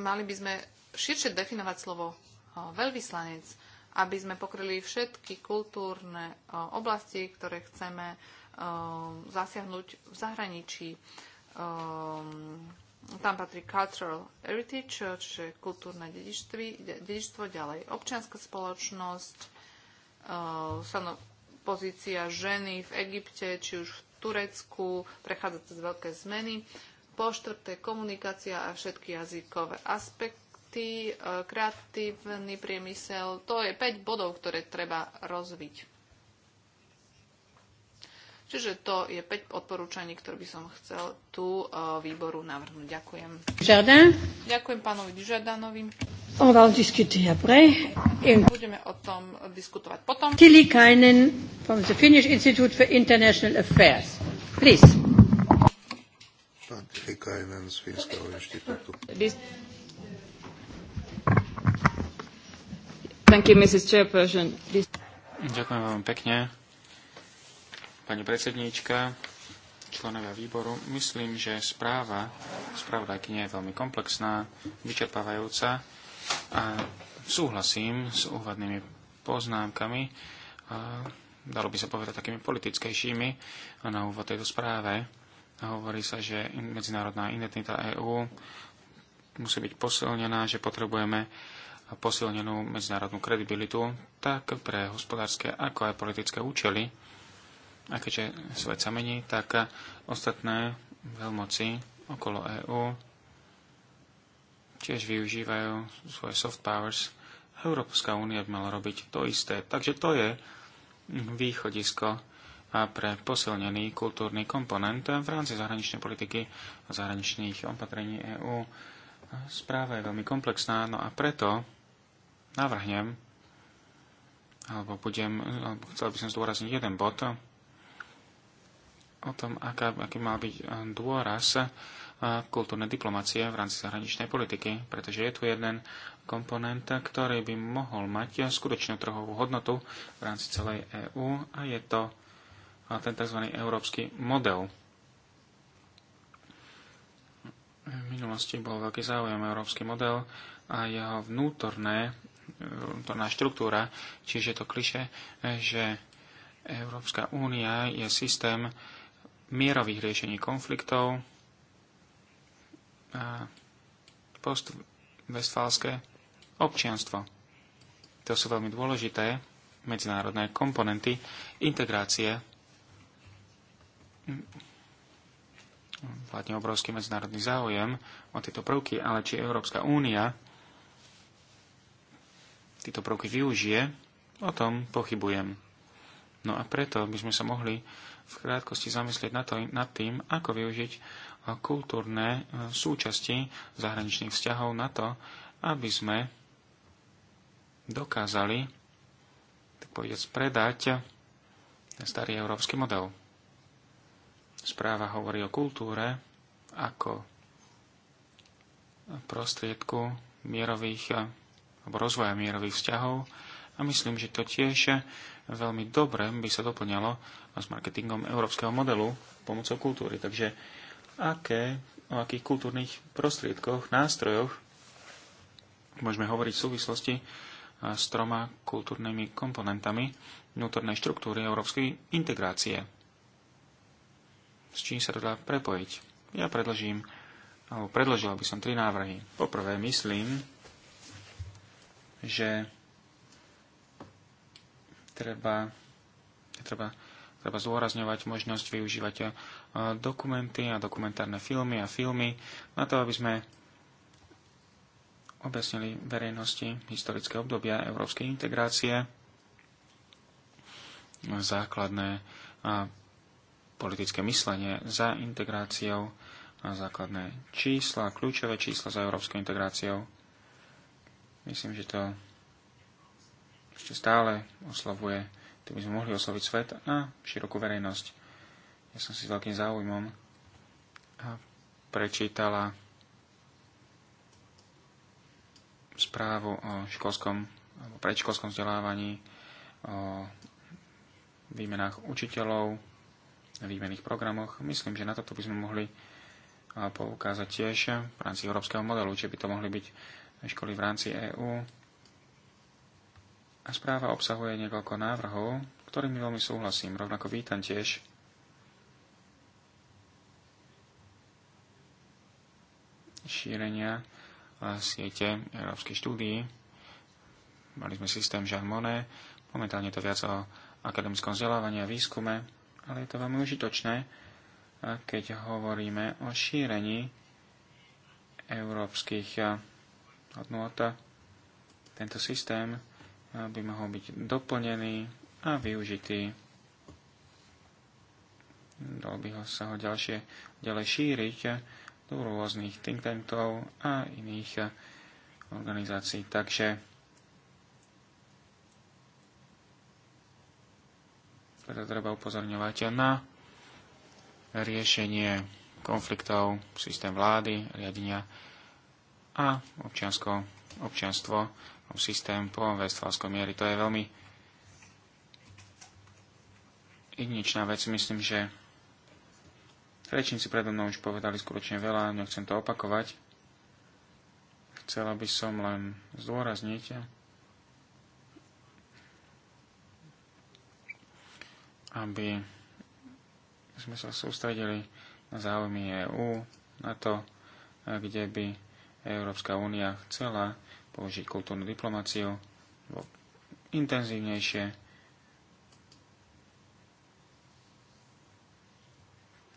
Mali by sme širšie definovať slovo veľvyslanec, aby sme pokryli všetky kultúrne oblasti, ktoré chceme zasiahnuť v zahraničí tam patrí cultural heritage, čiže kultúrne dedičstvo, ďalej občianská spoločnosť, uh, pozícia ženy v Egypte, či už v Turecku, prechádza cez veľké zmeny. Po štvrté, komunikácia a všetky jazykové aspekty, eh, kreatívny priemysel. To je 5 bodov, ktoré treba rozviť. Čiže to je 5 odporúčaní, ktoré by som chcel tu e, výboru navrhnúť. Ďakujem. Žiadam. Ďakujem pánovi Žiadanovi. On va discuter après. Budeme o tom diskutovať potom. Tilly Kainen from the Finnish Institute for International Affairs. Please. Pán Tilly Kainen z Fínskeho inštitútu. Thank you, Mrs. Chairperson. Ďakujem veľmi pekne Pani predsedníčka, členovia výboru, myslím, že správa nie je veľmi komplexná, vyčerpávajúca a súhlasím s úvodnými poznámkami, a dalo by sa povedať takými politickejšími na úvod tejto správe. Hovorí sa, že medzinárodná identita EÚ musí byť posilnená, že potrebujeme posilnenú medzinárodnú kredibilitu tak pre hospodárske ako aj politické účely a keďže svet sa mení, tak ostatné veľmoci okolo EÚ tiež využívajú svoje soft powers. Európska únia by mala robiť to isté. Takže to je východisko a pre posilnený kultúrny komponent v rámci zahraničnej politiky a zahraničných opatrení EÚ. Správa je veľmi komplexná, no a preto navrhnem, alebo budem, alebo chcel by som zdôrazniť jeden bod, o tom, aká, aký mal byť eh, dôraz eh, kultúrnej diplomácie v rámci zahraničnej politiky, pretože je tu jeden komponent, ktorý by mohol mať eh, skutočnú trhovú hodnotu v rámci celej EÚ a je to ten tzv. európsky model. V minulosti bol veľký záujem európsky model a jeho vnútorné, vnútorná štruktúra, čiže to kliše, že Európska únia je systém mierových riešení konfliktov a postvestfálske občianstvo. To sú veľmi dôležité medzinárodné komponenty integrácie vládne obrovský medzinárodný záujem o tieto prvky, ale či Európska únia tieto prvky využije, o tom pochybujem. No a preto by sme sa mohli v krátkosti zamyslieť to, nad tým, ako využiť e, kultúrne e, súčasti zahraničných vzťahov na to, aby sme dokázali, tak povedať, predať ten starý európsky model. Správa hovorí o kultúre ako prostriedku mierových e, alebo rozvoja mierových vzťahov a myslím, že to tiež veľmi dobre by sa doplňalo a s marketingom európskeho modelu pomocou kultúry. Takže aké, o akých kultúrnych prostriedkoch, nástrojoch môžeme hovoriť v súvislosti s troma kultúrnymi komponentami vnútornej štruktúry európskej integrácie. S čím sa to dá prepojiť? Ja predložím, alebo predložil by som tri návrhy. Poprvé, myslím, že treba, treba treba zdôrazňovať možnosť využívať e, dokumenty a dokumentárne filmy a filmy na to, aby sme objasnili verejnosti historické obdobia európskej integrácie, základné politické myslenie za integráciou, základné čísla, kľúčové čísla za európskou integráciou. Myslím, že to ešte stále oslavuje tým by sme mohli osloviť svet a širokú verejnosť. Ja som si s veľkým záujmom prečítala správu o školskom alebo predškolskom vzdelávaní, o výmenách učiteľov, výmených programoch. Myslím, že na toto by sme mohli poukázať tiež v rámci európskeho modelu, či by to mohli byť školy v rámci EÚ, a správa obsahuje niekoľko návrhov, ktorými veľmi súhlasím. Rovnako vítam tiež šírenia siete Európskej štúdií. Mali sme systém Jean Monnet, momentálne to viac o akademickom vzdelávaní a výskume, ale je to veľmi užitočné, keď hovoríme o šírení európskych hodnot Tento systém by mohol byť doplnený a využitý. Dalo by ho sa ho ďalšie, ďalej šíriť do rôznych think tankov a iných organizácií. Takže preto treba upozorňovať na riešenie konfliktov, systém vlády, riadenia a občiansko, občianstvo systém po vestfalskom miery. To je veľmi jedničná vec. Myslím, že rečníci predo mnou už povedali skutočne veľa, nechcem to opakovať. Chcela by som len zdôrazniť, aby sme sa sústredili na záujmy EÚ, na to, kde by Európska únia chcela použiť kultúrnu diplomáciu intenzívnejšie.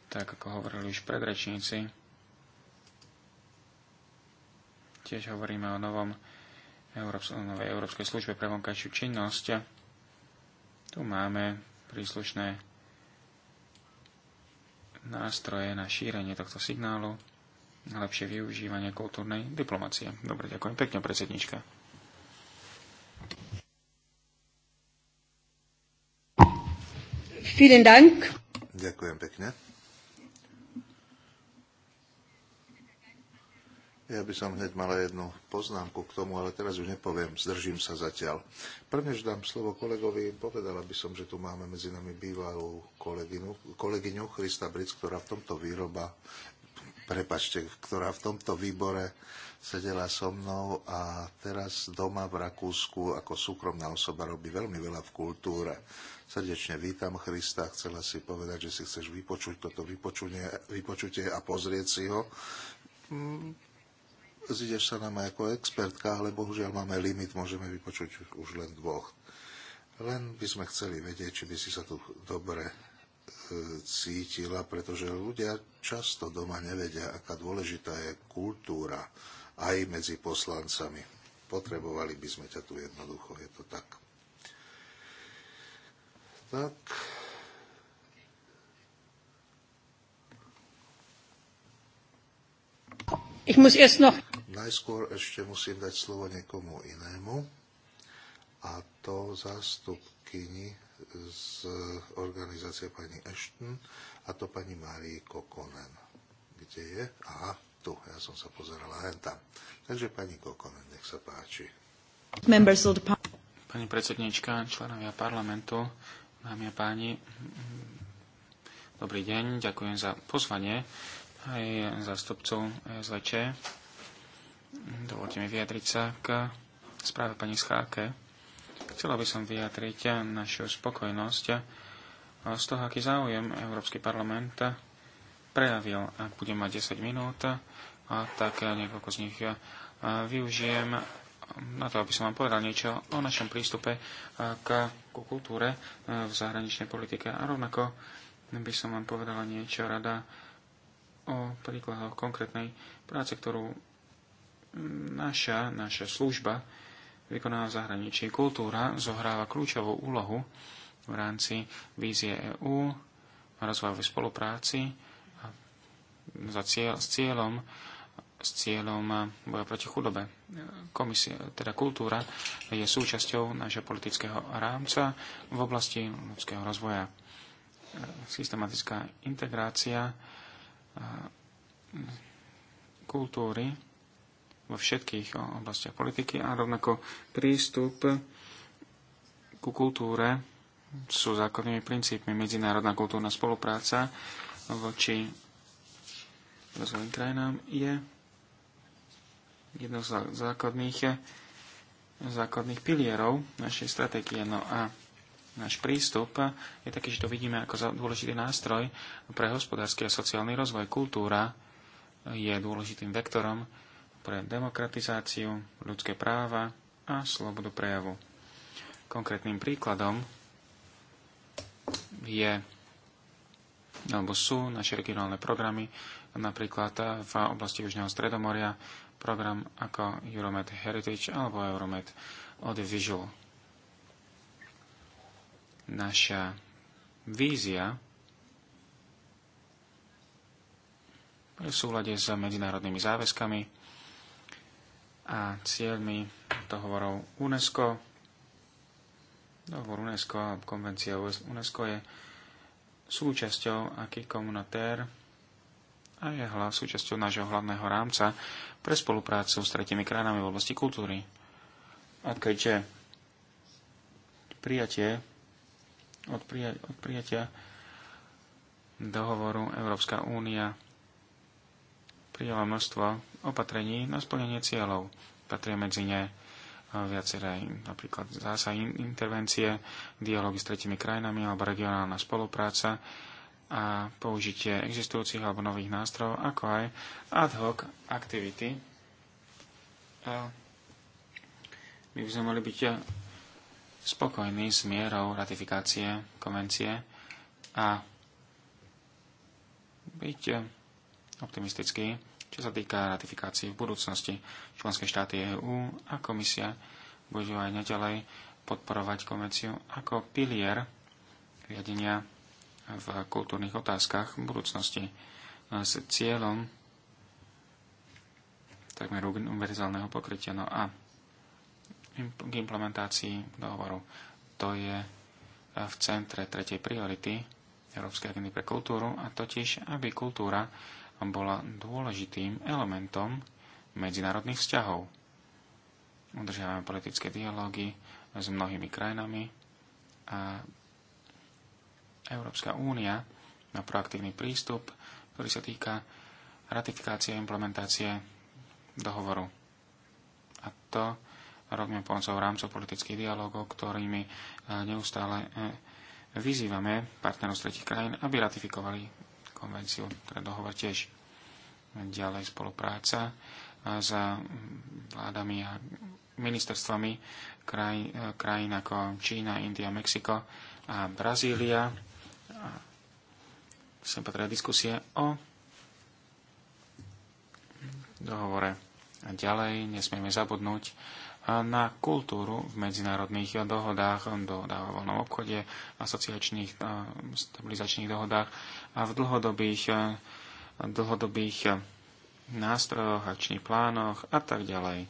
Tak ako hovorili už predrečníci, tiež hovoríme o novom Európs- novej Európskej službe pre vonkajšiu činnosť. Tu máme príslušné nástroje na šírenie tohto signálu lepšie využívanie kultúrnej diplomácie. Dobre, ďakujem pekne, predsednička. Vielen Dank. Ďakujem pekne. Ja by som hneď mala jednu poznámku k tomu, ale teraz už nepoviem, zdržím sa zatiaľ. že dám slovo kolegovi, povedala by som, že tu máme medzi nami bývalú kolegyňu, kolegyňu Christa Bric, ktorá v tomto výroba, prepačte, ktorá v tomto výbore sedela so mnou a teraz doma v Rakúsku ako súkromná osoba robí veľmi veľa v kultúre. Srdečne vítam Christa, chcela si povedať, že si chceš vypočuť toto vypočutie a pozrieť si ho. Mm, zídeš sa nám ako expertka, ale bohužiaľ máme limit, môžeme vypočuť už len dvoch. Len by sme chceli vedieť, či by si sa tu dobre cítila, pretože ľudia často doma nevedia, aká dôležitá je kultúra aj medzi poslancami. Potrebovali by sme ťa tu jednoducho, je to tak. Tak. Ich muss erst noch... Najskôr ešte musím dať slovo niekomu inému, a to zástupkyni z organizácie pani Ashton a to pani Marie Kokonen. Kde je? Aha, tu. Ja som sa pozerala len tam. Takže pani Kokonen, nech sa páči. Pani predsednička, členovia parlamentu, dámy a páni, dobrý deň, ďakujem za pozvanie aj zástupcov SVČ. Dovolte mi vyjadriť sa k správe pani Scháke Chcela by som vyjadriť našu spokojnosť z toho, aký záujem Európsky parlament prejavil. Ak budem mať 10 minút, tak niekoľko z nich využijem na to, aby som vám povedal niečo o našom prístupe k, kultúre v zahraničnej politike. A rovnako by som vám povedala niečo rada o príkladoch konkrétnej práce, ktorú naša, naša služba vykonaná v zahraničí. Kultúra zohráva kľúčovú úlohu v rámci vízie EÚ a rozvojovej spolupráci za cieľ, s cieľom s cieľom boja proti chudobe. Komisie, teda kultúra je súčasťou nášho politického rámca v oblasti ľudského rozvoja. Systematická integrácia kultúry vo všetkých eh, oblastiach politiky a rovnako prístup ku kultúre sú základnými princípmi medzinárodná kultúrna spolupráca voči rozvojovým krajinám je jedno z základných, základných pilierov našej stratégie. No a náš prístup je taký, že to vidíme ako dôležitý nástroj pre hospodársky a sociálny rozvoj. Kultúra je dôležitým vektorom pre demokratizáciu, ľudské práva a slobodu prejavu. Konkrétnym príkladom je alebo sú naše regionálne programy, napríklad v oblasti Južného Stredomoria, program ako Euromed Heritage alebo Euromed Audiovisual. Naša vízia v súlade s medzinárodnými záväzkami a cieľmi dohovorov UNESCO. Dohovor UNESCO a konvencia UNESCO je súčasťou aký komunatér a je hlav, súčasťou nášho hlavného rámca pre spoluprácu s tretimi krajinami v oblasti kultúry. A keďže prijatie, od, prija, od prijatia dohovoru Európska únia prijala množstvo opatrení na splnenie cieľov. Patria medzi ne e, viaceré napríklad zásah intervencie, dialógy s tretimi krajinami alebo regionálna spolupráca a použitie existujúcich alebo nových nástrojov, ako aj ad hoc aktivity. my by sme mali byť e, spokojní s mierou ratifikácie konvencie a byť e, optimistický čo sa týka ratifikácií v budúcnosti. Členské štáty EÚ a komisia budú aj naďalej podporovať konvenciu ako pilier riadenia v kultúrnych otázkach v budúcnosti s cieľom takmer univerzálneho pokrytia. No a k implementácii dohovoru. To je v centre tretej priority Európskej agendy pre kultúru, a totiž, aby kultúra bola dôležitým elementom medzinárodných vzťahov. Udržiavame politické dialógy s mnohými krajinami a Európska únia má proaktívny prístup, ktorý sa týka ratifikácie a implementácie dohovoru. A to robíme pomocou rámcov politických dialogov, ktorými eh, neustále eh, vyzývame partnerov z tretich krajín, aby ratifikovali konvenciu, ktorá dohovor tiež ďalej spolupráca s vládami a ministerstvami kraj, krajín ako Čína, India, Mexiko a Brazília. Sem patria diskusie o dohovore. A ďalej nesmieme zabudnúť na kultúru v medzinárodných dohodách, do o voľnom obchode, asociačných stabilizačných dohodách a v dlhodobých, dlhodobých nástrojoch, akčných plánoch a tak ďalej.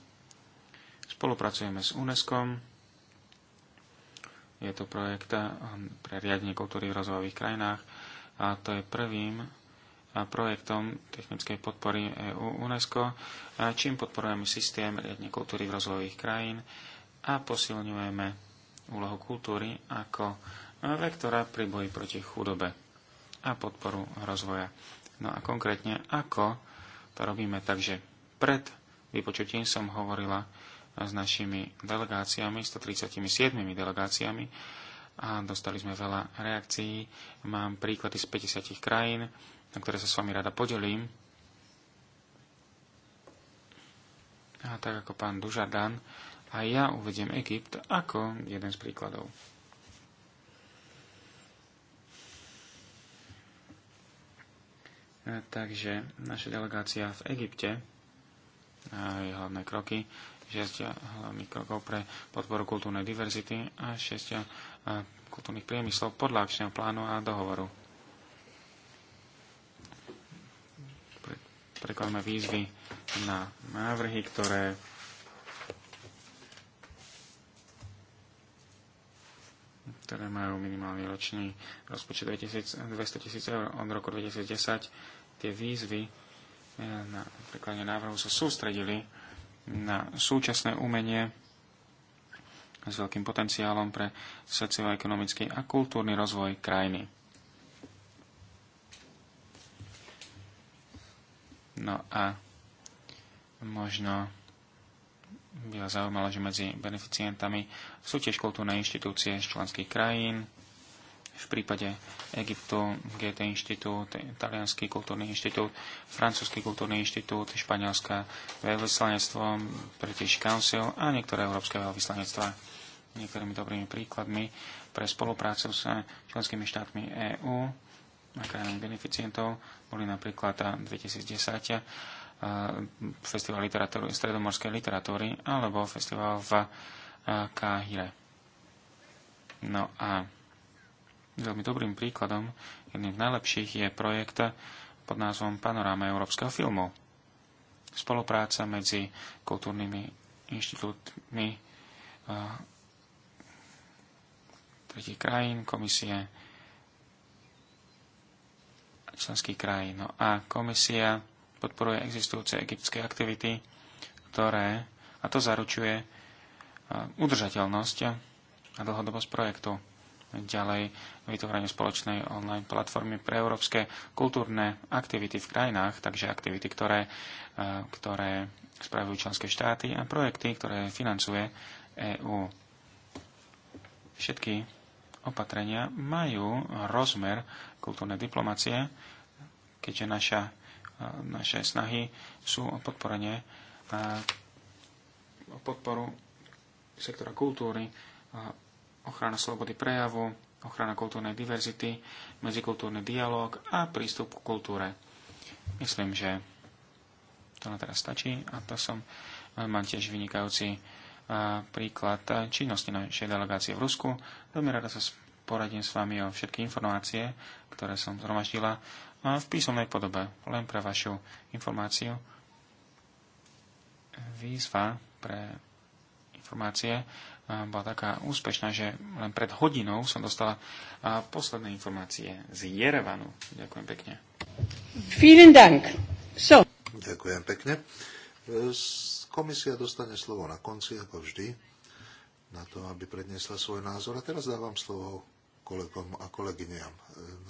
Spolupracujeme s UNESCO. Je to projekt pre riadenie kultúry v rozvojových krajinách a to je prvým projektom technickej podpory EU UNESCO, čím podporujeme systém riadne kultúry v rozvojových krajín a posilňujeme úlohu kultúry ako vektora pri boji proti chudobe a podporu rozvoja. No a konkrétne, ako to robíme. Takže pred vypočutím som hovorila s našimi delegáciami, 137 delegáciami a dostali sme veľa reakcií. Mám príklady z 50 krajín, na ktoré sa s vami rada podelím. A tak ako pán Dužadan, a ja uvediem Egypt ako jeden z príkladov. E, takže naša delegácia v Egypte a jej hlavné kroky, 6 hlavných krokov pre podporu kultúrnej diverzity a 6 e, kultúrnych priemyslov podľa akčného plánu a dohovoru. prekladáme výzvy na návrhy, ktoré ktoré majú minimálny ročný rozpočet 200 tisíc eur od roku 2010. Tie výzvy eh, na preklade návrhu sa sústredili na súčasné umenie s veľkým potenciálom pre socioekonomický a kultúrny rozvoj krajiny. No a možno by vás zaujímalo, že medzi beneficientami sú tiež kultúrne inštitúcie z členských krajín. V prípade Egyptu GT inštitút, Talianský kultúrny inštitút, Francúzsky kultúrny inštitút, Španielská veľvyslanectvo, British Council a niektoré európske veľvyslanectva. Niektorými dobrými príkladmi pre spoluprácu s členskými štátmi EÚ na krajinách beneficientov boli napríklad 2010 eh, eh, festival literatúry, stredomorskej literatúry alebo festival v eh, Káhire. No a veľmi dobrým príkladom, jedným z najlepších je projekt pod názvom Panoráma európskeho filmu. Spolupráca medzi kultúrnymi inštitútmi tretich krajín, komisie členských krajín. No a komisia podporuje existujúce egyptské aktivity, ktoré, a to zaručuje udržateľnosť a dlhodobosť projektu. Ďalej vytvorenie spoločnej online platformy pre európske kultúrne aktivity v krajinách, takže aktivity, ktoré, ktoré spravujú členské štáty a projekty, ktoré financuje EÚ. Všetky opatrenia majú rozmer kultúrnej diplomácie, keďže naša, eh, naše snahy sú o podporenie eh, o podporu sektora kultúry, eh, ochrana slobody prejavu, ochrana kultúrnej diverzity, medzikultúrny dialog a prístup k kultúre. Myslím, že to na teraz stačí a to som mám tiež vynikajúci príklad e, činnosti našej delegácie v Rusku. Veľmi rada sa poradím s vami o všetky informácie, ktoré som zhromaždila v písomnej podobe, len pre vašu informáciu. Výzva pre informácie e, bola taká úspešná, že len pred hodinou som dostala e, posledné informácie z Jerevanu. Ďakujem pekne. Vielen Dank. So. Ďakujem pekne. Komisia dostane slovo na konci, ako vždy, na to, aby predniesla svoj názor. A teraz dávam slovo kolegom a kolegyňam.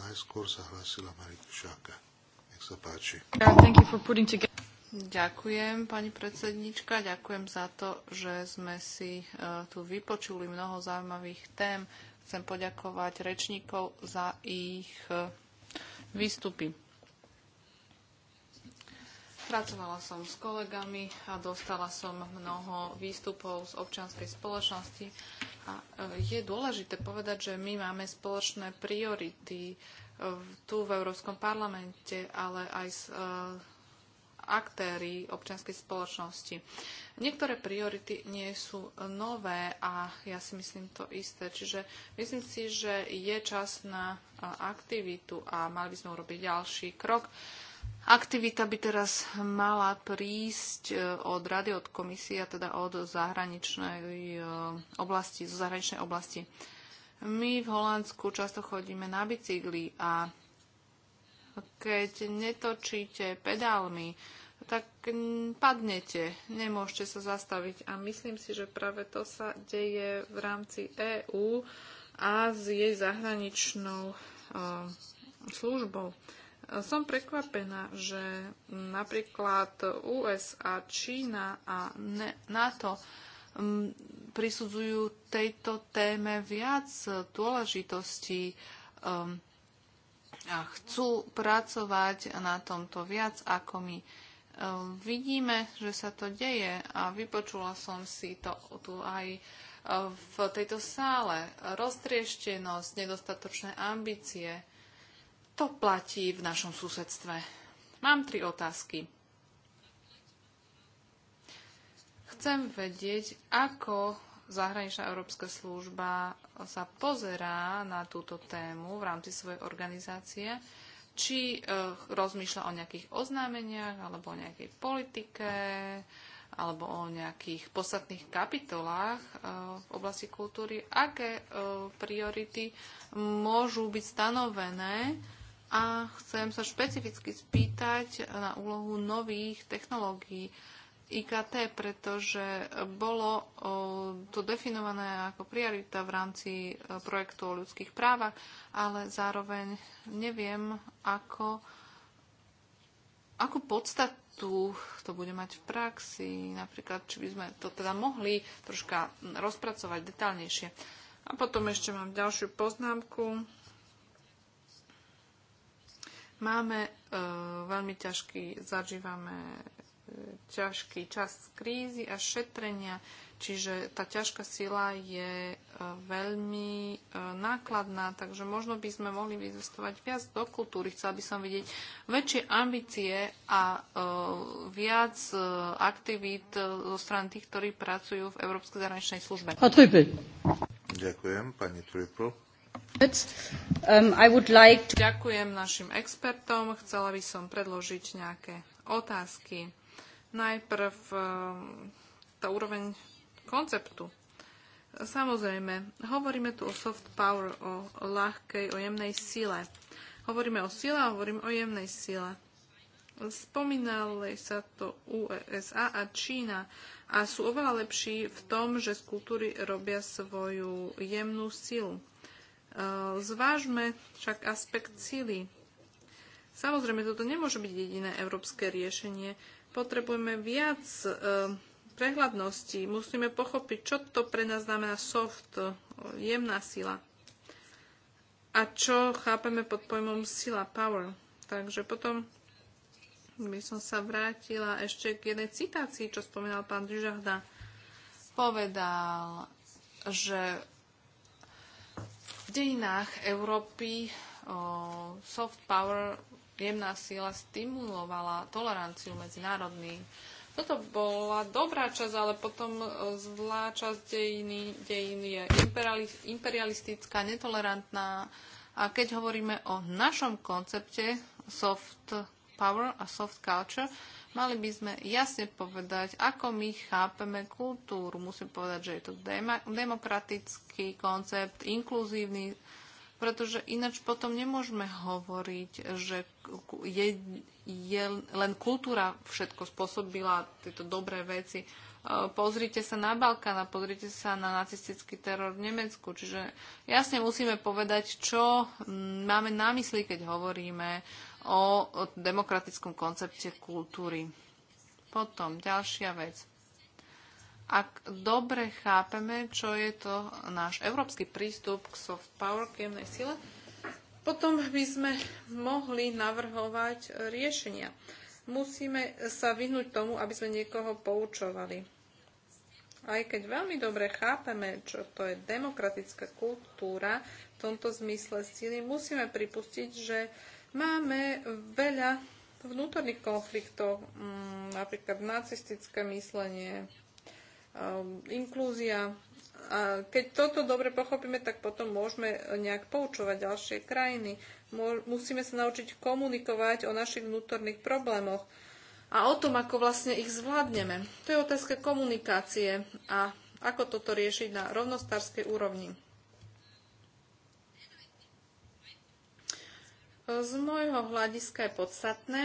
Najskôr sa hlásila Marika Šáka. Nech sa páči. Ďakujem, pani predsednička. Ďakujem za to, že sme si e, tu vypočuli mnoho zaujímavých tém. Chcem poďakovať rečníkov za ich e, výstupy. Pracovala som s kolegami a dostala som mnoho výstupov z občianskej spoločnosti. A e, je dôležité povedať, že my máme spoločné priority e, tu v Európskom parlamente, ale aj s e, aktéry občianskej spoločnosti. Niektoré priority nie sú nové a ja si myslím to isté. Čiže myslím si, že je čas na aktivitu a mali by sme urobiť ďalší krok. Aktivita by teraz mala prísť e, od rady, od komisie, teda od zahraničnej e, oblasti, zo zahraničnej oblasti. My v Holandsku často chodíme na bicykli a keď netočíte pedálmi, tak padnete, nemôžete sa zastaviť. A myslím si, že práve to sa deje v rámci EÚ a s jej zahraničnou uh, službou. Som prekvapená, že napríklad USA, Čína a NATO mm, prisudzujú tejto téme viac dôležitosti mm, a chcú pracovať na tomto viac ako my. Mm, vidíme, že sa to deje a vypočula som si to tu aj e, v tejto sále. Roztrieštenosť, nedostatočné ambície, to platí v našom susedstve. Mám tri otázky. Chcem vedieť, ako zahraničná európska služba sa pozerá na túto tému v rámci svojej organizácie, či e, rozmýšľa o nejakých oznámeniach, alebo o nejakej politike, alebo o nejakých podstatných kapitolách e, v oblasti kultúry, aké e, priority môžu byť stanovené a chcem sa špecificky spýtať na úlohu nových technológií IKT, pretože bolo to definované ako priorita v rámci e, projektu o ľudských právach, ale zároveň neviem, ako, akú podstatu to bude mať v praxi, napríklad, či by sme to teda mohli troška rozpracovať detálnejšie. A potom ešte mám ďalšiu poznámku Máme e, veľmi ťažký, zažívame e, ťažký čas krízy a šetrenia, čiže tá ťažká sila je e, veľmi e, nákladná, takže možno by sme mohli investovať viac do kultúry. Chcela by som vidieť väčšie ambície a viac aktivít zo strany tých, ktorí pracujú v Európskej zahraničnej službe. Ďakujem, pani Triple. Um, Ďakujem našim expertom. Chcela by som predložiť nejaké otázky. Najprv um, tá úroveň konceptu. Samozrejme, hovoríme tu o soft power, o ľahkej, o jemnej sile. Hovoríme o sile a hovorím o jemnej sile. Spomínali sa to USA e a Čína a sú oveľa lepší v tom, že z kultúry robia svoju jemnú silu. Eh, zvážme však aspekt síly. Samozrejme, toto nemôže byť jediné európske riešenie. Potrebujeme viac eh, prehľadnosti. Musíme pochopiť, čo to pre nás znamená soft, jemná sila. A čo chápeme pod pojmom sila, power. Takže potom by som sa vrátila ešte k jednej citácii, čo spomínal pán Dužahda. Povedal, že dejinách Európy o, soft power, jemná síla, stimulovala toleranciu medzinárodný. Toto bola dobrá časť, ale potom zlá časť dejiny, dejiny je imperialistická, netolerantná. A keď hovoríme o našom koncepte soft power a soft culture, Mali by sme jasne povedať, ako my chápeme kultúru. Musím povedať, že je to demokratický koncept, inkluzívny, pretože ináč potom nemôžeme hovoriť, že je, je len kultúra všetko spôsobila tieto dobré veci e, pozrite sa na Balkán a pozrite sa na nacistický teror v Nemecku. Čiže jasne musíme povedať, čo máme na mysli, keď hovoríme o demokratickom koncepte kultúry. Potom ďalšia vec. Ak dobre chápeme, čo je to náš európsky prístup k soft power, k jemnej sile, potom by sme mohli navrhovať riešenia. Musíme sa vyhnúť tomu, aby sme niekoho poučovali. Aj keď veľmi dobre chápeme, čo to je demokratická kultúra, v tomto zmysle síly, musíme pripustiť, že Máme veľa vnútorných konfliktov, mm, napríklad nacistické myslenie, um, inklúzia. A keď toto dobre pochopíme, tak potom môžeme nejak poučovať ďalšie krajiny. Musíme sa naučiť komunikovať o našich vnútorných problémoch a o tom, ako vlastne ich zvládneme. To je otázka komunikácie a ako toto riešiť na rovnostárskej úrovni. Z môjho hľadiska je podstatné,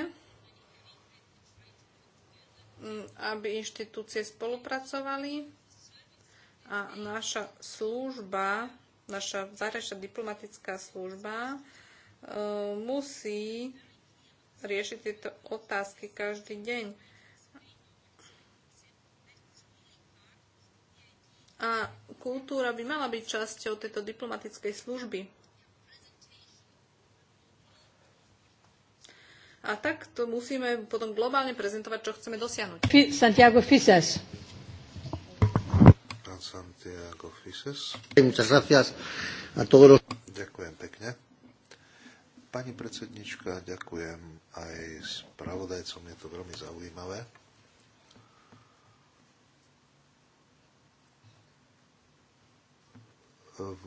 mm, aby inštitúcie spolupracovali a naša služba, naša zahraničná diplomatická služba e, musí riešiť tieto otázky každý deň. A kultúra by mala byť časťou tejto diplomatickej služby. A tak to musíme potom globálne prezentovať, čo chceme dosiahnuť. Santiago Fisas. Santiago Fises. Ďakujem pekne. Pani predsednička, ďakujem aj spravodajcom, je to veľmi zaujímavé. V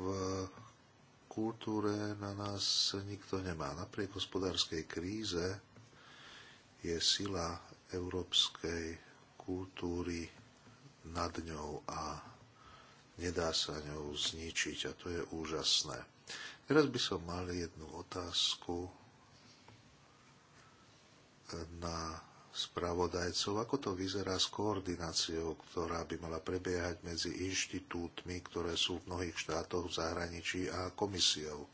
kultúre na nás nikto nemá. Napriek hospodárskej kríze je sila európskej kultúry nad ňou a nedá sa ňou zničiť a to je úžasné. Teraz by som mal jednu otázku na spravodajcov, ako to vyzerá s koordináciou, ktorá by mala prebiehať medzi inštitútmi, ktoré sú v mnohých štátoch v zahraničí a komisiou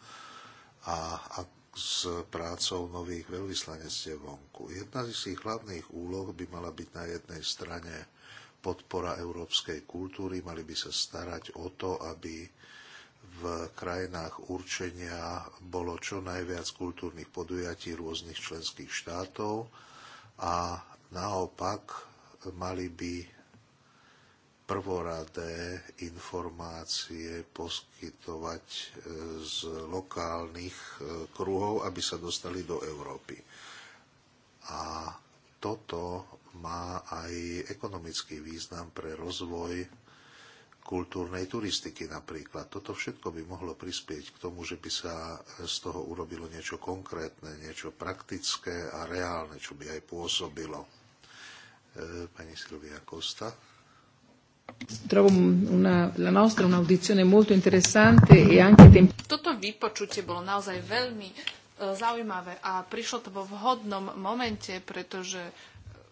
a, a s prácou nových veľvyslanectiev vonku. Jedna z ich hlavných úloh by mala byť na jednej strane podpora európskej kultúry, mali by sa starať o to, aby v krajinách určenia bolo čo najviac kultúrnych podujatí rôznych členských štátov, a naopak mali by prvoradé informácie poskytovať e, z lokálnych e, kruhov, aby sa dostali do Európy. A toto má aj ekonomický význam pre rozvoj kultúrnej turistiky napríklad. Toto všetko by mohlo prispieť k tomu, že by sa z toho urobilo niečo konkrétne, niečo praktické a reálne, čo by aj pôsobilo. E, pani Silvia Costa. E Toto vypočutie bolo naozaj veľmi e, zaujímavé a prišlo to vo vhodnom momente, pretože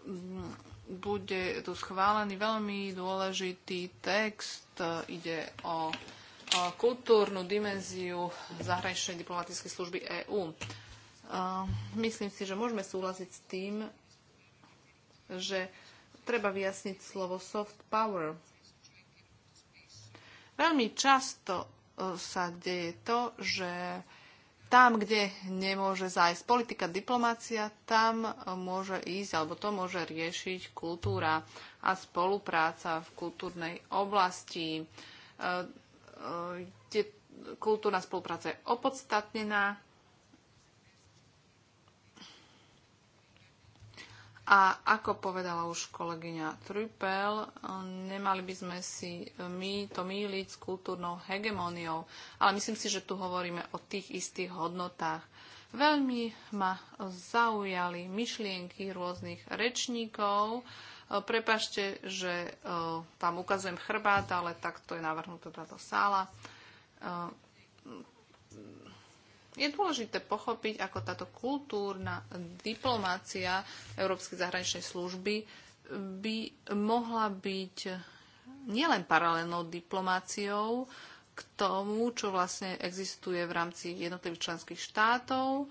mm, bude tu schválený veľmi dôležitý text. Ide o, kultúrnu dimenziu zahraničnej diplomatickej služby EÚ. Myslím si, že môžeme súhlasiť s tým, že treba vyjasniť slovo soft power. Veľmi často e, sa deje to, že tam, kde nemôže zájsť politika, diplomácia, tam môže ísť, alebo to môže riešiť kultúra a spolupráca v kultúrnej oblasti, e, e, kultúrna spolupráca je opodstatnená A ako povedala už kolegyňa Trupel, nemali by sme si e, my to míliť s kultúrnou hegemóniou, ale myslím si, že tu hovoríme o tých istých hodnotách. Veľmi ma zaujali myšlienky rôznych rečníkov. E, prepašte, že vám e, ukazujem chrbát, ale takto je navrhnutá táto sála je dôležité pochopiť, ako táto kultúrna diplomácia Európskej zahraničnej služby by mohla byť nielen paralelnou diplomáciou k tomu, čo vlastne existuje v rámci jednotlivých členských štátov,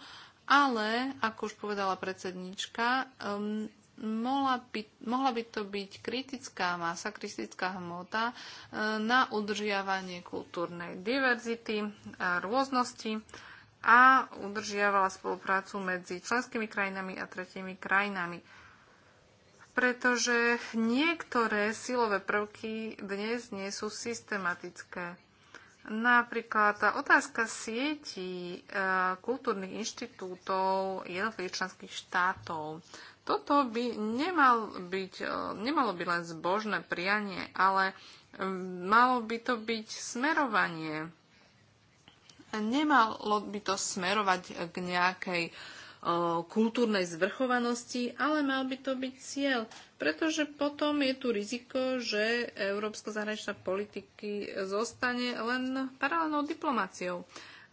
ale, ako už povedala predsednička, um, mohla by, mohla by to byť kritická masa, kritická hmota uh, na udržiavanie kultúrnej diverzity a rôznosti a udržiavala spoluprácu medzi členskými krajinami a tretimi krajinami. Pretože niektoré silové prvky dnes nie sú systematické. Napríklad tá otázka sietí e, kultúrnych inštitútov jednotlivých členských štátov. Toto by nemal byť, e, nemalo byť len zbožné prianie, ale e, malo by to byť smerovanie nemalo by to smerovať k nejakej e, kultúrnej zvrchovanosti, ale mal by to byť cieľ, pretože potom je tu riziko, že európska zahraničná politiky zostane len paralelnou diplomáciou.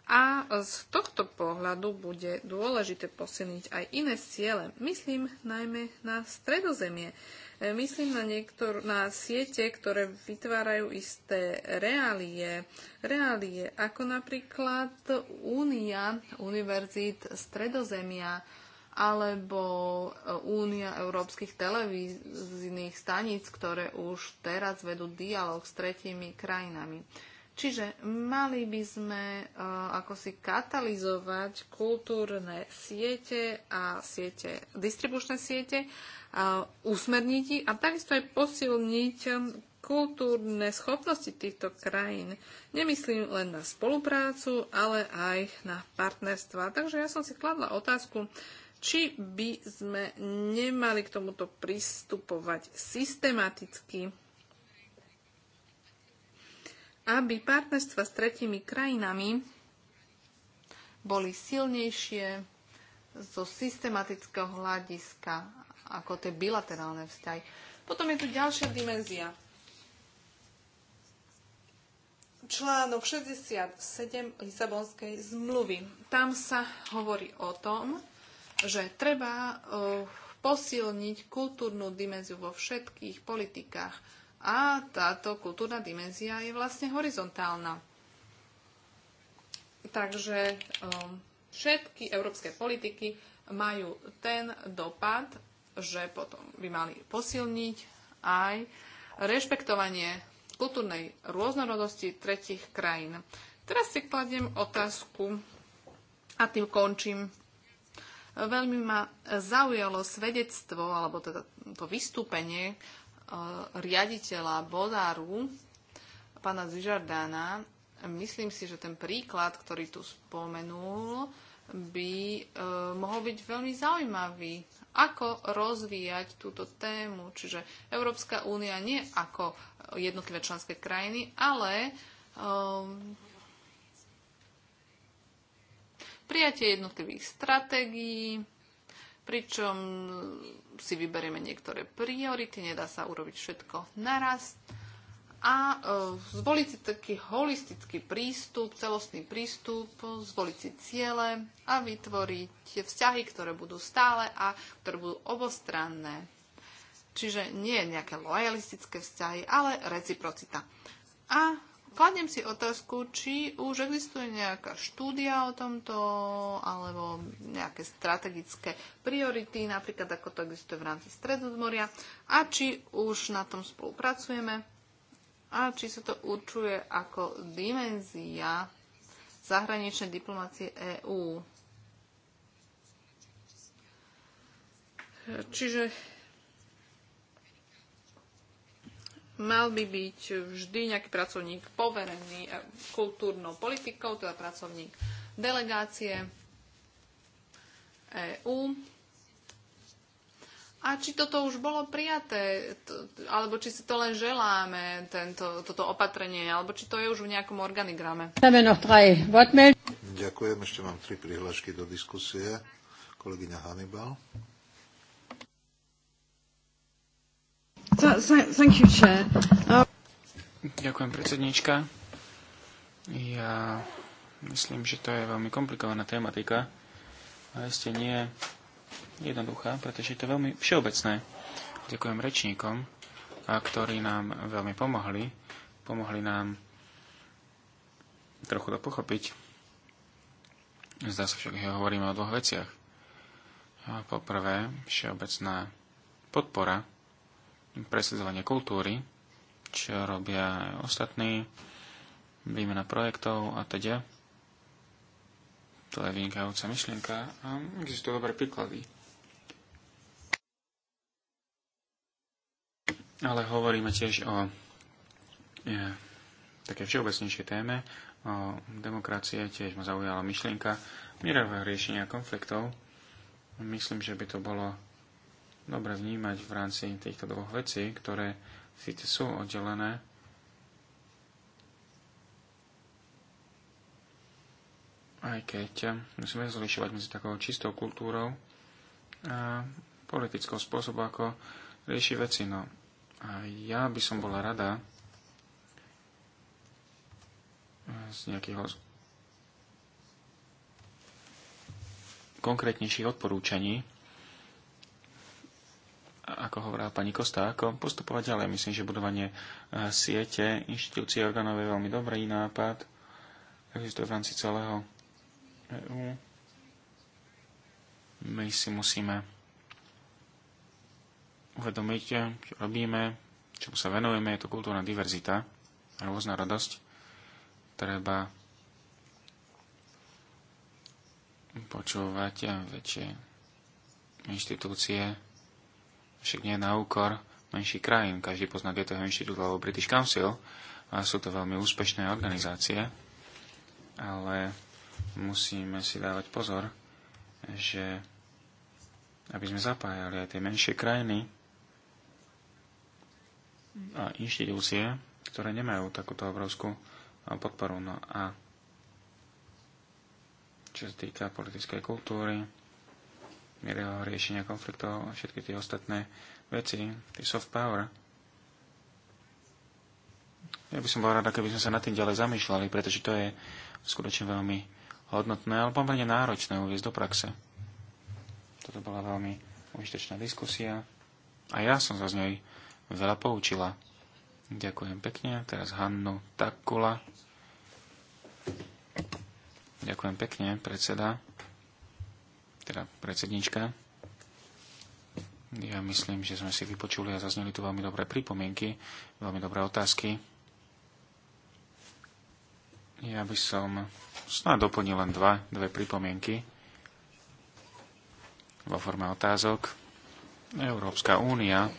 A z tohto pohľadu bude dôležité posilniť aj iné ciele. Myslím najmä na stredozemie. E, myslím na, niektor- na siete, ktoré vytvárajú isté reálie. Reálie ako napríklad Únia univerzít Stredozemia alebo e, Únia európskych televíznych staníc, ktoré už teraz vedú dialog s tretími krajinami. Čiže mali by sme uh, ako si katalizovať kultúrne siete a siete, distribučné siete usmerniť a takisto aj posilniť um, kultúrne schopnosti týchto krajín. Nemyslím len na spoluprácu, ale aj na partnerstva. Takže ja som si kladla otázku, či by sme nemali k tomuto pristupovať systematicky, aby partnerstva s tretimi krajinami boli silnejšie zo systematického hľadiska ako tie bilaterálne vzťahy. Potom je tu ďalšia dimenzia. Článok 67 Lisabonskej zmluvy. Tam sa hovorí o tom, že treba e, posilniť kultúrnu dimenziu vo všetkých politikách. A táto kultúrna dimenzia je vlastne horizontálna. Takže e, všetky európske politiky majú ten dopad, že potom by mali posilniť aj rešpektovanie kultúrnej rôznorodosti tretich krajín. Teraz si kladiem otázku a tým končím. Veľmi ma zaujalo svedectvo, alebo teda to vystúpenie e, riaditeľa Bodáru, pána Zižardána. Myslím si, že ten príklad, ktorý tu spomenul, by e, mohol byť veľmi zaujímavý ako rozvíjať túto tému. Čiže Európska únia nie ako e, jednotlivé členské krajiny, ale um, prijatie jednotlivých stratégií, pričom si vyberieme niektoré priority, nedá sa urobiť všetko naraz a e, zvoliť si taký holistický prístup, celostný prístup, zvoliť si ciele a vytvoriť vzťahy, ktoré budú stále a ktoré budú obostranné. Čiže nie nejaké lojalistické vzťahy, ale reciprocita. A kladnem si otázku, či už existuje nejaká štúdia o tomto, alebo nejaké strategické priority, napríklad ako to existuje v rámci Stredozmoria, a či už na tom spolupracujeme a či sa to určuje ako dimenzia zahraničnej diplomácie EÚ. Čiže mal by byť vždy nejaký pracovník poverený e, kultúrnou politikou, teda pracovník delegácie EÚ a či toto už bolo prijaté, to, alebo či si to len želáme, tento, toto opatrenie, alebo či to je už v nejakom organigrame. Ďakujem, ešte mám tri prihlášky do diskusie. Kolegyňa Hannibal. Uh, Ďakujem, predsednička. Ja myslím, že to je veľmi komplikovaná tematika. A ešte nie jednoduchá, pretože je to veľmi všeobecné. Ďakujem rečníkom, a ktorí nám veľmi pomohli. Pomohli nám trochu to pochopiť. Zdá sa však, že hovoríme o dvoch veciach. A poprvé, všeobecná podpora presadzovania kultúry, čo robia aj ostatní, výmena projektov a teda. To je vynikajúca myšlienka a existujú dobré príklady ale hovoríme tiež o je, také všeobecnejšej téme, o demokracie, tiež ma zaujala myšlienka mierového riešenia konfliktov. Myslím, že by to bolo dobre vnímať v rámci týchto dvoch vecí, ktoré síce sú oddelené, aj keď musíme zlišovať medzi takou čistou kultúrou a politickou spôsobom, ako rieši veci. No, a ja by som bola rada e, z nejakého konkrétnejších odporúčaní, ako hovorila pani Kosta, ako postupovať ďalej. Myslím, že budovanie e, siete inštitúcií orgánov je veľmi dobrý nápad. Existuje v rámci celého EU. My si musíme uvedomiť, eh, čo robíme, čomu sa venujeme, je to kultúrna diverzita a radosť. Treba počúvať a eh, väčšie inštitúcie, však nie na úkor menší krajín. Každý pozná toho inštitút alebo British Council a sú to veľmi úspešné organizácie, ale musíme si dávať pozor, že aby sme zapájali aj tie menšie krajiny, a inštitúcie, ktoré nemajú takúto obrovskú podporu. No a čo sa týka politickej kultúry, mierého riešenia konfliktov a všetky tie ostatné veci, tie soft power. Ja by som bol rád, keby sme sa nad tým ďalej zamýšľali, pretože to je skutočne veľmi hodnotné, ale pomerne náročné uviezť do praxe. Toto bola veľmi užitočná diskusia a ja som za z nej veľa poučila. Ďakujem pekne. Teraz Hannu Takula. Ďakujem pekne, predseda. Teda predsednička. Ja myslím, že sme si vypočuli a zazneli tu veľmi dobré pripomienky, veľmi dobré otázky. Ja by som snáď doplnil len dva, dve pripomienky vo forme otázok. Európska únia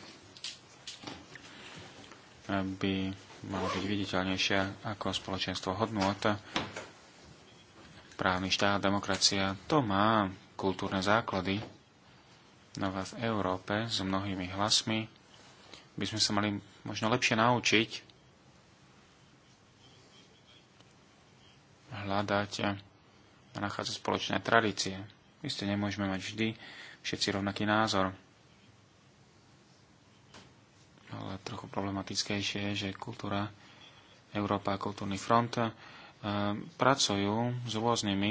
by mala byť viditeľnejšia ako spoločenstvo hodnot. Právny štát, demokracia, to má kultúrne základy. No v Európe s mnohými hlasmi by sme sa mali možno lepšie naučiť hľadať a nachádzať spoločné tradície. Isté nemôžeme mať vždy všetci rovnaký názor ale trochu problematickejšie je, že kultúra Európa a kultúrny front eh, pracujú s rôznymi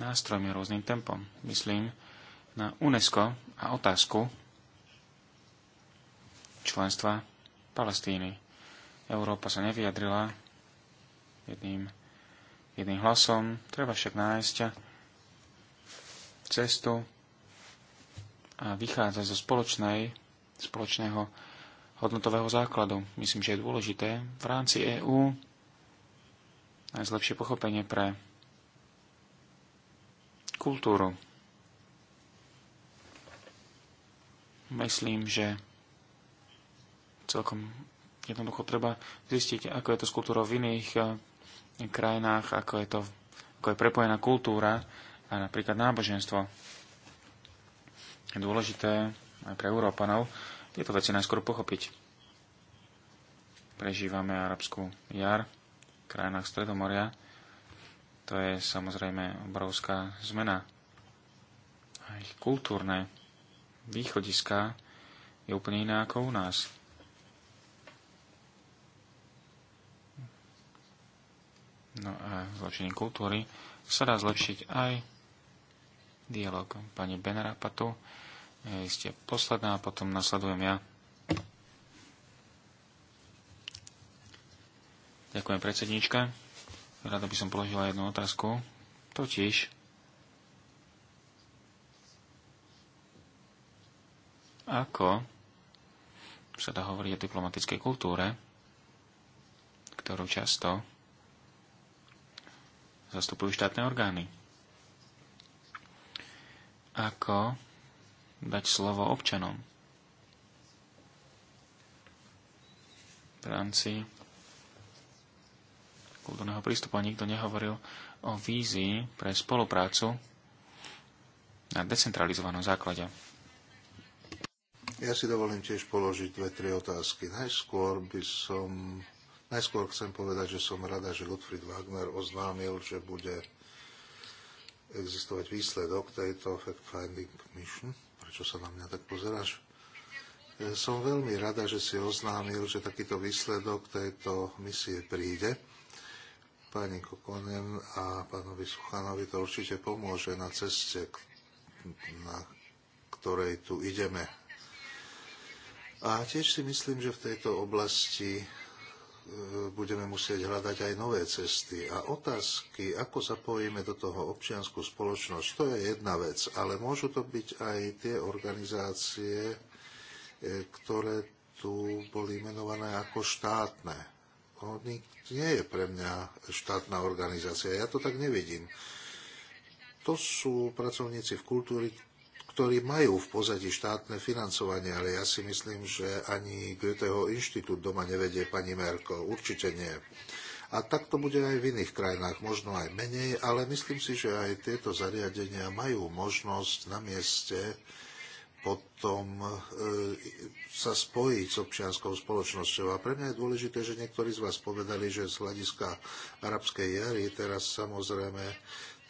nástrojmi, rôznym tempom. Myslím na UNESCO a otázku členstva Palestíny. Európa sa nevyjadrila jedným, jedným hlasom. Treba však nájsť cestu a vychádza zo spoločnej spoločného hodnotového základu. Myslím, že je dôležité v rámci EÚ najzlepšie pochopenie pre kultúru. Myslím, že celkom jednoducho treba zistiť, ako je to s kultúrou v iných eh, krajinách, ako je, to, ako je prepojená kultúra a napríklad náboženstvo. Je dôležité aj pre Európanov tieto veci najskôr pochopiť. Prežívame arabskú jar v krajinách Stredomoria. To je samozrejme obrovská zmena. A ich kultúrne východiska je úplne iné ako u nás. No a zlepšenie kultúry sa dá zlepšiť aj dialog pani Benrapatu ste posledná a potom nasledujem ja. Ďakujem predsednička. Rada by som položila jednu otázku. Totiž, ako sa dá hovoriť o diplomatickej kultúre, ktorú často zastupujú štátne orgány. Ako dať slovo občanom. V rámci kultúrneho prístupu nikto nehovoril o vízii pre spoluprácu na decentralizovanom základe. Ja si dovolím tiež položiť dve, tri otázky. Najskôr by som... Najskôr chcem povedať, že som rada, že Gottfried Wagner oznámil, že bude existovať výsledok tejto fact-finding mission. Prečo sa na mňa tak pozeráš? E, som veľmi rada, že si oznámil, že takýto výsledok tejto misie príde. Pani Kokonen a pánovi Suchanovi to určite pomôže na ceste, na ktorej tu ideme. A tiež si myslím, že v tejto oblasti E, budeme musieť hľadať aj nové cesty. A otázky, ako zapojíme do toho občianskú spoločnosť, to je jedna vec, ale môžu to byť aj tie organizácie, e, ktoré tu boli menované ako štátne. Oni nie je pre mňa štátna organizácia, ja to tak nevidím. To sú pracovníci v kultúre, ktorí majú v pozadí štátne financovanie, ale ja si myslím, že ani Goetheho inštitút doma nevedie pani Merko. Určite nie. A tak to bude aj v iných krajinách, možno aj menej, ale myslím si, že aj tieto zariadenia majú možnosť na mieste potom e, sa spojiť s občianskou spoločnosťou. A pre mňa je dôležité, že niektorí z vás povedali, že z hľadiska arabskej jary teraz samozrejme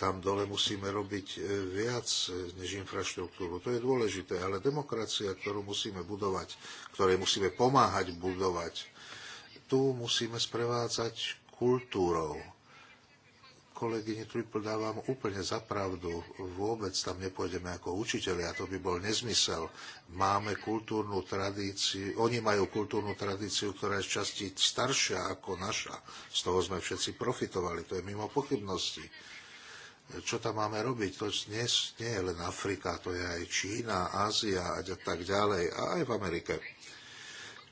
tam dole musíme robiť e, viac e, než infraštruktúru. To je dôležité, ale demokracia, ktorú musíme budovať, ktorej musíme pomáhať budovať, tu musíme sprevádzať kultúrou. Kolegyni Triple dávam úplne za pravdu. Vôbec tam nepôjdeme ako učiteľi a to by bol nezmysel. Máme kultúrnu tradíciu, oni majú kultúrnu tradíciu, ktorá je časti staršia ako naša. Z toho sme všetci profitovali, to je mimo pochybnosti čo tam máme robiť. To dnes nie je len Afrika, to je aj Čína, Ázia a tak ďalej, a aj v Amerike.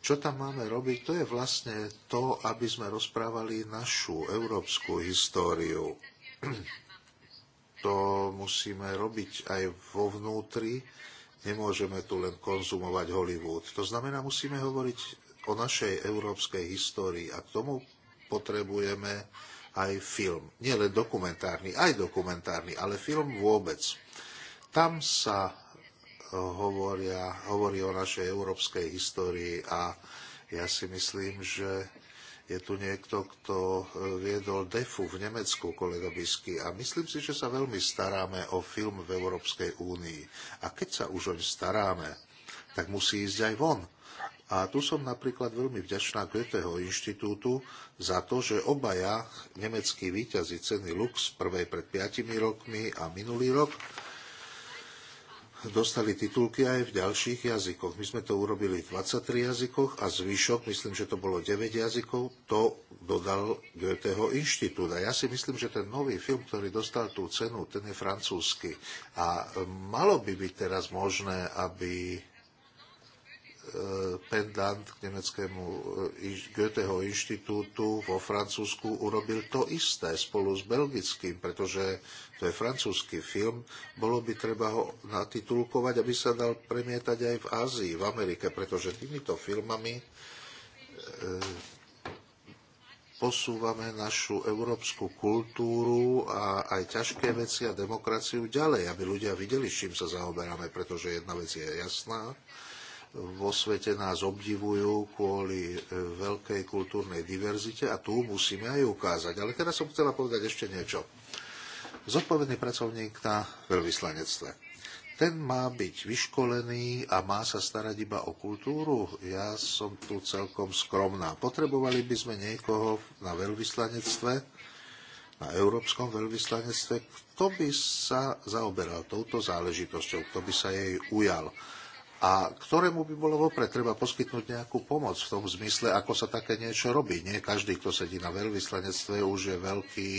Čo tam máme robiť, to je vlastne to, aby sme rozprávali našu európsku históriu. To musíme robiť aj vo vnútri, nemôžeme tu len konzumovať Hollywood. To znamená, musíme hovoriť o našej európskej histórii a k tomu potrebujeme aj film. Nie len dokumentárny, aj dokumentárny, ale film vôbec. Tam sa eh, hovoria, hovorí o našej európskej histórii a ja si myslím, že je tu niekto, kto eh, viedol DEFu v Nemecku, kolega Bisky, a myslím si, že sa veľmi staráme o film v Európskej únii. A keď sa už oň staráme, tak musí ísť aj von a tu som napríklad veľmi vďačná Goetheho inštitútu za to, že obaja nemeckí výťazí ceny Lux, prvej pred piatimi rokmi a minulý rok, dostali titulky aj v ďalších jazykoch. My sme to urobili v 23 jazykoch a zvyšok, myslím, že to bolo 9 jazykov, to dodal Goetheho inštitút. A ja si myslím, že ten nový film, ktorý dostal tú cenu, ten je francúzsky. A malo by byť teraz možné, aby E, pendant k nemeckému e, Goetheho inštitútu vo Francúzsku urobil to isté spolu s belgickým, pretože to je francúzsky film. Bolo by treba ho natitulkovať, aby sa dal premietať aj v Ázii, v Amerike, pretože týmito filmami e, posúvame našu európsku kultúru a aj ťažké veci a demokraciu ďalej, aby ľudia videli, s čím sa zaoberáme, pretože jedna vec je jasná vo svete nás obdivujú kvôli e, veľkej kultúrnej diverzite a tu musíme aj ukázať. Ale teraz som chcela povedať ešte niečo. Zodpovedný pracovník na veľvyslanectve. Ten má byť vyškolený a má sa starať iba o kultúru. Ja som tu celkom skromná. Potrebovali by sme niekoho na veľvyslanectve, na európskom veľvyslanectve, kto by sa zaoberal touto záležitosťou, kto by sa jej ujal a ktorému by bolo vopred treba poskytnúť nejakú pomoc v tom zmysle, ako sa také niečo robí. Nie každý, kto sedí na veľvyslanectve, už je veľký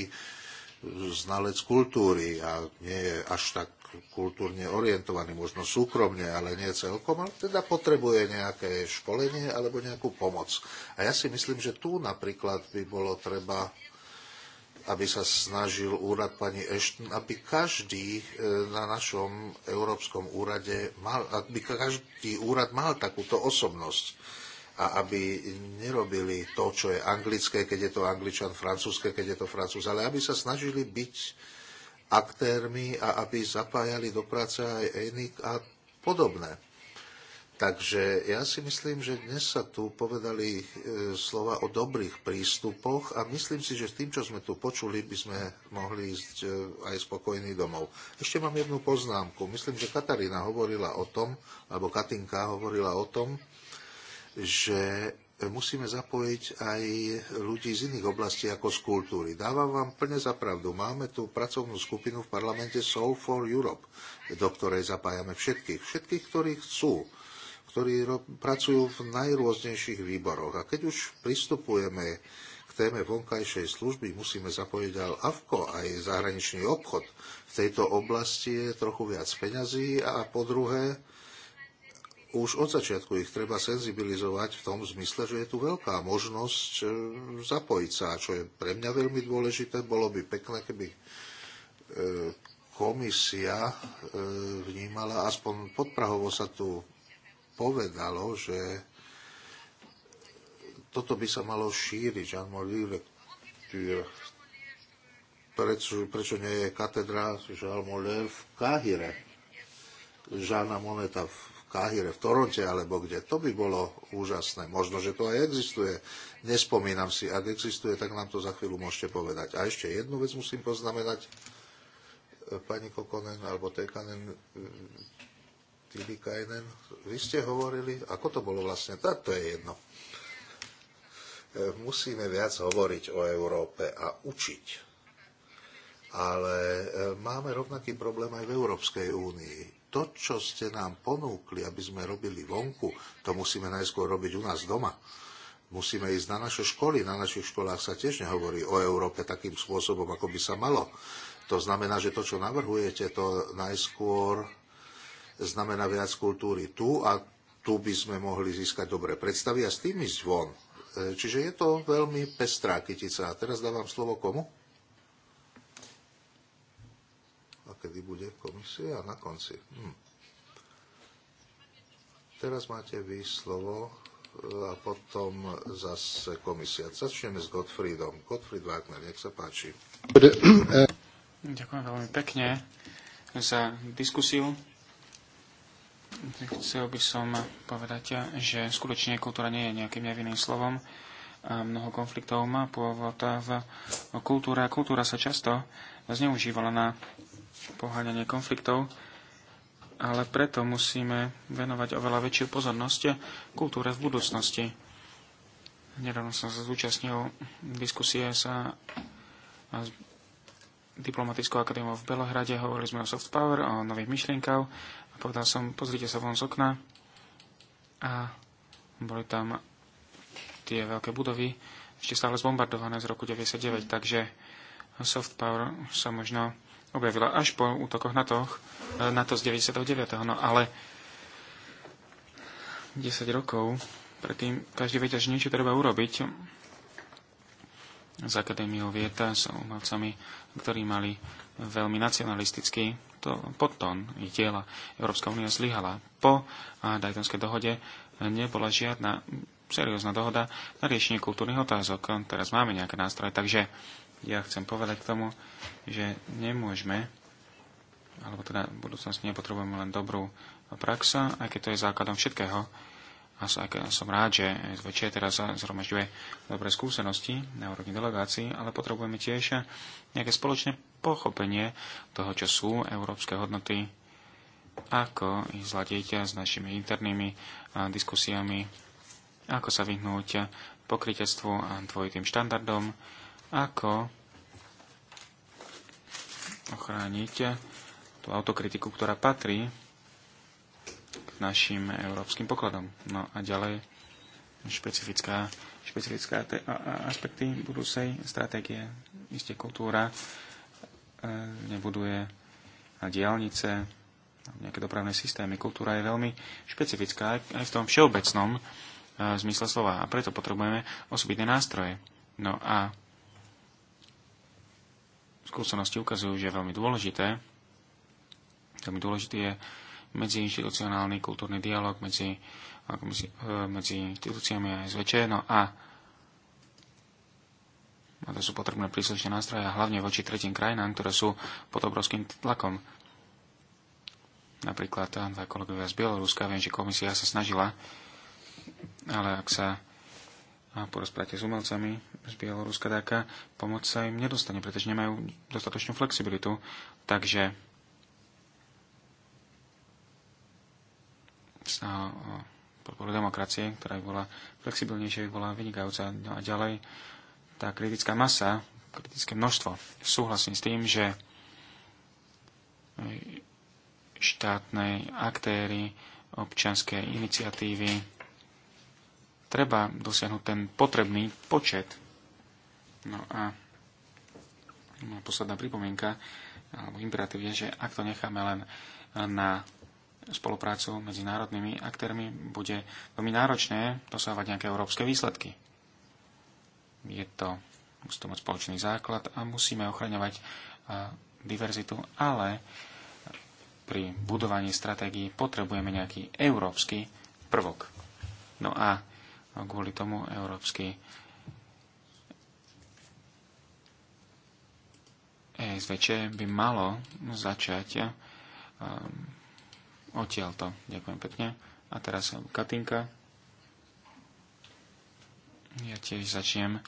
znalec kultúry a nie je až tak kultúrne orientovaný, možno súkromne, ale nie celkom, ale teda potrebuje nejaké školenie alebo nejakú pomoc. A ja si myslím, že tu napríklad by bolo treba aby sa snažil úrad pani Ashton, aby každý e, na našom Európskom úrade mal, aby každý úrad mal takúto osobnosť a aby nerobili to, čo je anglické, keď je to angličan, francúzske, keď je to francúz, ale aby sa snažili byť aktérmi a aby zapájali do práce aj ENIC a podobné. Takže ja si myslím, že dnes sa tu povedali e, slova o dobrých prístupoch a myslím si, že s tým, čo sme tu počuli, by sme mohli ísť e, aj spokojný domov. Ešte mám jednu poznámku. Myslím, že Katarína hovorila o tom, alebo Katinka hovorila o tom, že musíme zapojiť aj ľudí z iných oblastí ako z kultúry. Dávam vám plne za pravdu. Máme tu pracovnú skupinu v parlamente Soul for Europe, do ktorej zapájame všetkých. Všetkých, ktorí chcú ktorí pracujú v najrôznejších výboroch. A keď už pristupujeme k téme vonkajšej služby, musíme zapojiť aj AVKO, aj zahraničný obchod. V tejto oblasti je trochu viac peňazí a po druhé, už od začiatku ich treba senzibilizovať v tom zmysle, že je tu veľká možnosť e, zapojiť sa, čo je pre mňa veľmi dôležité. Bolo by pekné, keby e, komisia e, vnímala, aspoň podprahovo sa tu povedalo, že toto by sa malo šíriť, Jean Molly Prečo, prečo nie je katedra Jean Mollet v Káhire? Žána Moneta v Káhire, v Toronte alebo kde. To by bolo úžasné. Možno, že to aj existuje. Nespomínam si. Ak existuje, tak nám to za chvíľu môžete povedať. A ešte jednu vec musím poznamenať. Pani Kokonen alebo Tekanen, Tilikainen, vy ste hovorili, ako to bolo vlastne, tak to je jedno. E, musíme viac hovoriť o Európe a učiť. Ale e, máme rovnaký problém aj v Európskej únii. To, čo ste nám ponúkli, aby sme robili vonku, to musíme najskôr robiť u nás doma. Musíme ísť na naše školy. Na našich školách sa tiež nehovorí o Európe takým spôsobom, ako by sa malo. To znamená, že to, čo navrhujete, to najskôr znamená viac kultúry tu a tu by sme mohli získať dobré predstavy a s tým ísť von. E, čiže je to veľmi pestrá kytica. A teraz dávam slovo komu? A kedy bude komisia? Na konci. Hm. Teraz máte vy slovo e, a potom zase komisia. Začneme s Gottfriedom. Gottfried Wagner, nech sa páči. Ďakujem veľmi pekne za diskusiu. Chcel by som povedať, že skutočne kultúra nie je nejakým nevinným slovom. A mnoho konfliktov má pôvod v kultúre. Kultúra sa často zneužívala na poháňanie konfliktov, ale preto musíme venovať oveľa väčšiu pozornosť kultúre v budúcnosti. Nedávno som sa zúčastnil diskusie sa s diplomatickou akadémiou v Belohrade. Hovorili sme o soft power, o nových myšlienkach povedal som, pozrite sa von z okna a boli tam tie veľké budovy, ešte stále zbombardované z roku 99, takže soft power sa možno objavila až po útokoch na to z 99. No ale 10 rokov predtým každý vedia, že niečo treba urobiť z Akadémiou vieta, s umelcami, ktorí mali veľmi nacionalistický podton ich diela. Európska únia zlyhala. Po Daytonskej dohode e, nebola žiadna seriózna dohoda na riešenie kultúrnych otázok. Teraz máme nejaké nástroje, takže ja chcem povedať k tomu, že nemôžeme, alebo teda v budúcnosti nepotrebujeme len dobrú praxa, aj keď to je základom všetkého, a som rád, že SVČ teraz zhromažďuje dobré skúsenosti na úrovni delegácií, ale potrebujeme tiež nejaké spoločné pochopenie toho, čo sú európske hodnoty, ako ich zladiť s našimi internými diskusiami, ako sa vyhnúť pokrytectvu a dvojitým štandardom, ako ochrániť tú autokritiku, ktorá patrí našim európskym pokladom. No a ďalej špecifická, špecifická te, a, a, aspekty budúcej stratégie. Isté kultúra e, nebuduje a diálnice, nejaké dopravné systémy. Kultúra je veľmi špecifická aj, v tom všeobecnom e, zmysle slova a preto potrebujeme osobitné nástroje. No a skúsenosti ukazujú, že je veľmi dôležité, veľmi dôležité je medziinstitucionálny kultúrny dialog medzi, medzi e, inštitúciami a SVČ. No a a to sú potrebné príslušné nástroje, hlavne voči tretím krajinám, ktoré sú pod obrovským tlakom. Napríklad dva kolegovia z Bieloruska, viem, že komisia sa snažila, ale ak sa porozprávate s umelcami z Bieloruska, taká pomoc sa im nedostane, pretože nemajú dostatočnú flexibilitu. Takže snaha podporu demokracie, ktorá by bola flexibilnejšia, by bola vynikajúca. No a ďalej tá kritická masa, kritické množstvo. Súhlasím s tým, že eh, štátne aktéry, občianské iniciatívy, treba dosiahnuť ten potrebný počet. No a posledná pripomienka, alebo imperatív je, že ak to necháme len na spoluprácu medzi národnými aktérmi bude veľmi náročné dosávať nejaké európske výsledky. Je to, musí to mať spoločný základ a musíme ochraňovať diverzitu, ale pri budovaní stratégií potrebujeme nejaký európsky prvok. No a kvôli tomu európsky ESVČ by malo začať odtiaľto. Ďakujem pekne. A teraz Katinka. Ja tiež začnem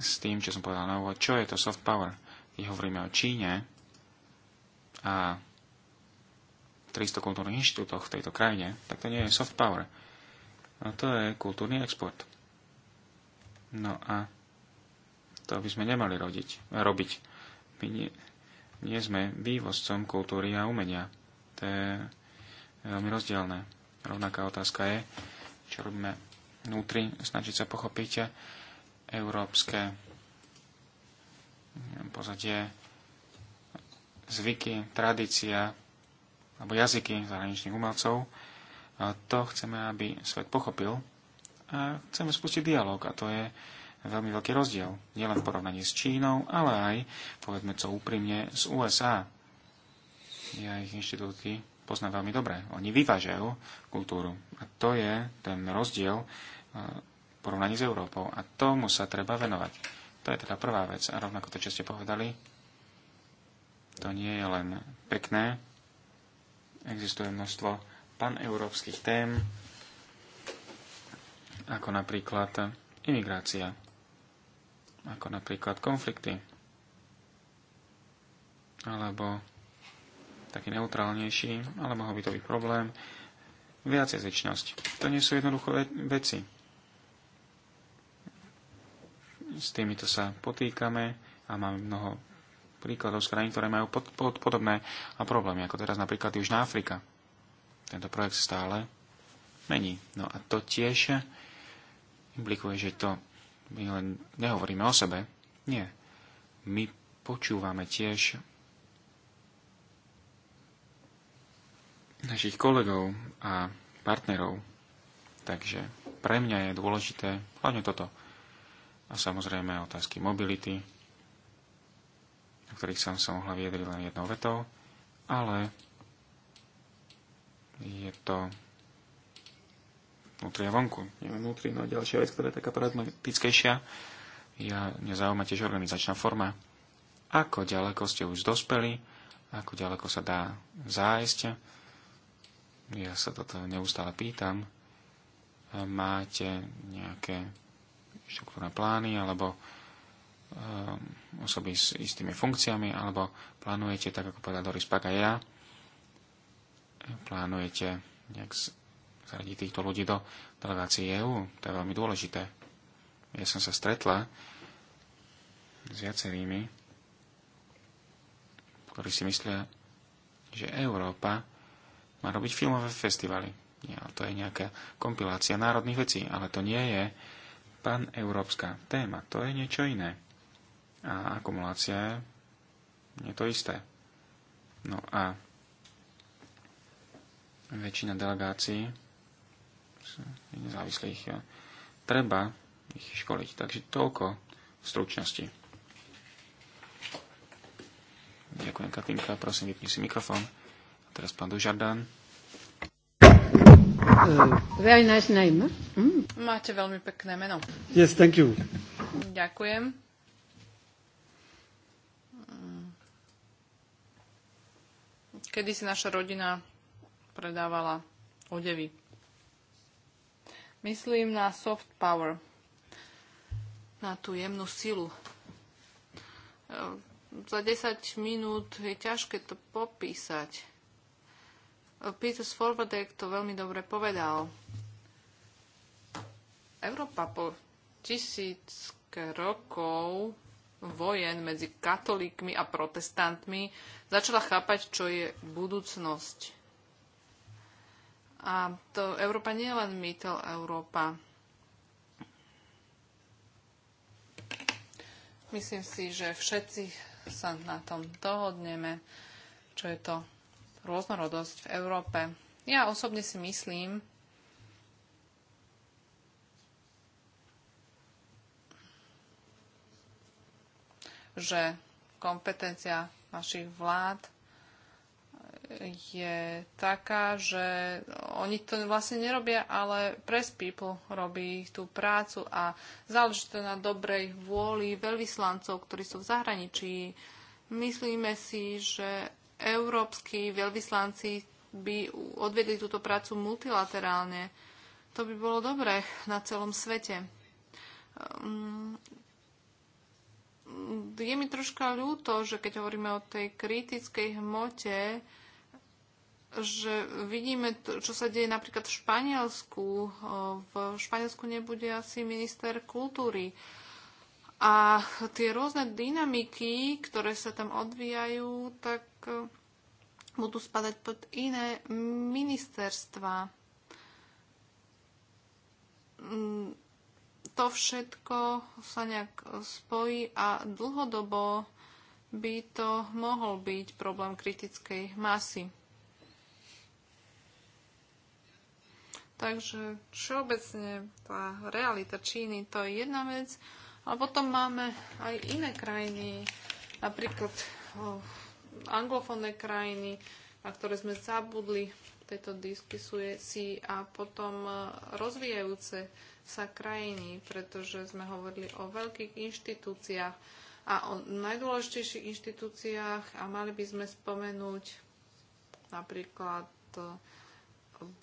s tým, čo som povedal na úvod. Čo je to soft power? Keď hovoríme o Číne a 300 kultúrnych inštitútoch v tejto krajine, tak to nie je soft power. A to je kultúrny export. No a to by sme nemali rodiť, robiť. My nie, nie sme vývozcom kultúry a umenia to je veľmi rozdielne. Rovnaká otázka je, čo robíme vnútri, snažiť sa pochopiť európske pozadie, zvyky, tradícia alebo jazyky zahraničných umelcov. A to chceme, aby svet pochopil a chceme spustiť dialog a to je veľmi veľký rozdiel. Nielen v porovnaní s Čínou, ale aj, povedzme co úprimne, s USA ja ich inštitúty poznám veľmi dobre. Oni vyvážajú kultúru. A to je ten rozdiel e, v porovnaní s Európou. A tomu sa treba venovať. To je teda prvá vec. A rovnako to, čo ste povedali, to nie je len pekné. Existuje množstvo paneurópskych tém, ako napríklad imigrácia, ako napríklad konflikty, alebo taký neutrálnejší, ale mohol by to byť problém. Viacjazyčnosť. To nie sú jednoduché veci. S týmito sa potýkame a máme mnoho príkladov z krajín, ktoré majú pod, pod, podobné problémy, ako teraz napríklad Južná Afrika. Tento projekt stále mení. No a to tiež implikuje, že to my len nehovoríme o sebe. Nie. My počúvame tiež našich kolegov a partnerov. Takže pre mňa je dôležité hlavne toto. A samozrejme otázky mobility, o ktorých som sa mohla vyjadriť len jednou vetou, ale je to vnútri a vonku. Je vnútri, no a ďalšia vec, ktorá je taká pragmatickejšia, ja, mňa zaujíma tiež organizačná forma. Ako ďaleko ste už dospeli, ako ďaleko sa dá zájsť, ja sa toto neustále pýtam, e, máte nejaké štruktúrne plány alebo e, osoby s istými funkciami, alebo plánujete, tak ako povedal Doris Pak ja, e, plánujete nejak zaradiť týchto ľudí do delegácie EÚ. To je veľmi dôležité. Ja som sa stretla s viacerými, ktorí si myslia, že Európa má robiť filmové festivaly. Nie, to je nejaká kompilácia národných vecí, ale to nie je pan-európska téma. To je niečo iné. A akumulácia je to isté. No a väčšina delegácií nezávislých eh, treba ich školiť. Takže toľko v stručnosti. Ďakujem, Katinka. Prosím, vypni si mikrofón. Teraz pán Dožardán. Uh, very nice name. Mm. Máte veľmi pekné meno. Yes, thank you. Ďakujem. Kedy si naša rodina predávala odevy. Myslím na soft power, na tú jemnú silu. Za 10 minút je ťažké to popísať Peter Svorvadek to veľmi dobre povedal. Európa po tisícke rokov vojen medzi katolíkmi a protestantmi začala chápať, čo je budúcnosť. A to Európa nie je len mytel Európa. Myslím si, že všetci sa na tom dohodneme, čo je to rôznorodosť v Európe. Ja osobne si myslím, že kompetencia našich vlád je taká, že oni to vlastne nerobia, ale Press People robí ich tú prácu a záleží to na dobrej vôli veľvyslancov, ktorí sú v zahraničí. Myslíme si, že európsky veľvyslanci by odvedli túto prácu multilaterálne. To by bolo dobré na celom svete. Ehm, je mi troška ľúto, že keď hovoríme o tej kritickej hmote, že vidíme, čo sa deje napríklad v Španielsku. V Španielsku nebude asi minister kultúry. A tie rôzne dynamiky, ktoré sa tam odvíjajú, tak Eh, budú spadať pod iné ministerstva. Mm, to všetko sa nejak spojí a dlhodobo by to mohol byť problém kritickej masy. Takže všeobecne tá realita Číny to je jedna vec. A potom máme aj iné krajiny, napríklad oh, anglofónne krajiny, na ktoré sme zabudli v tejto si a potom e, rozvíjajúce sa krajiny, pretože sme hovorili o veľkých inštitúciách a o najdôležitejších inštitúciách a mali by sme spomenúť napríklad e,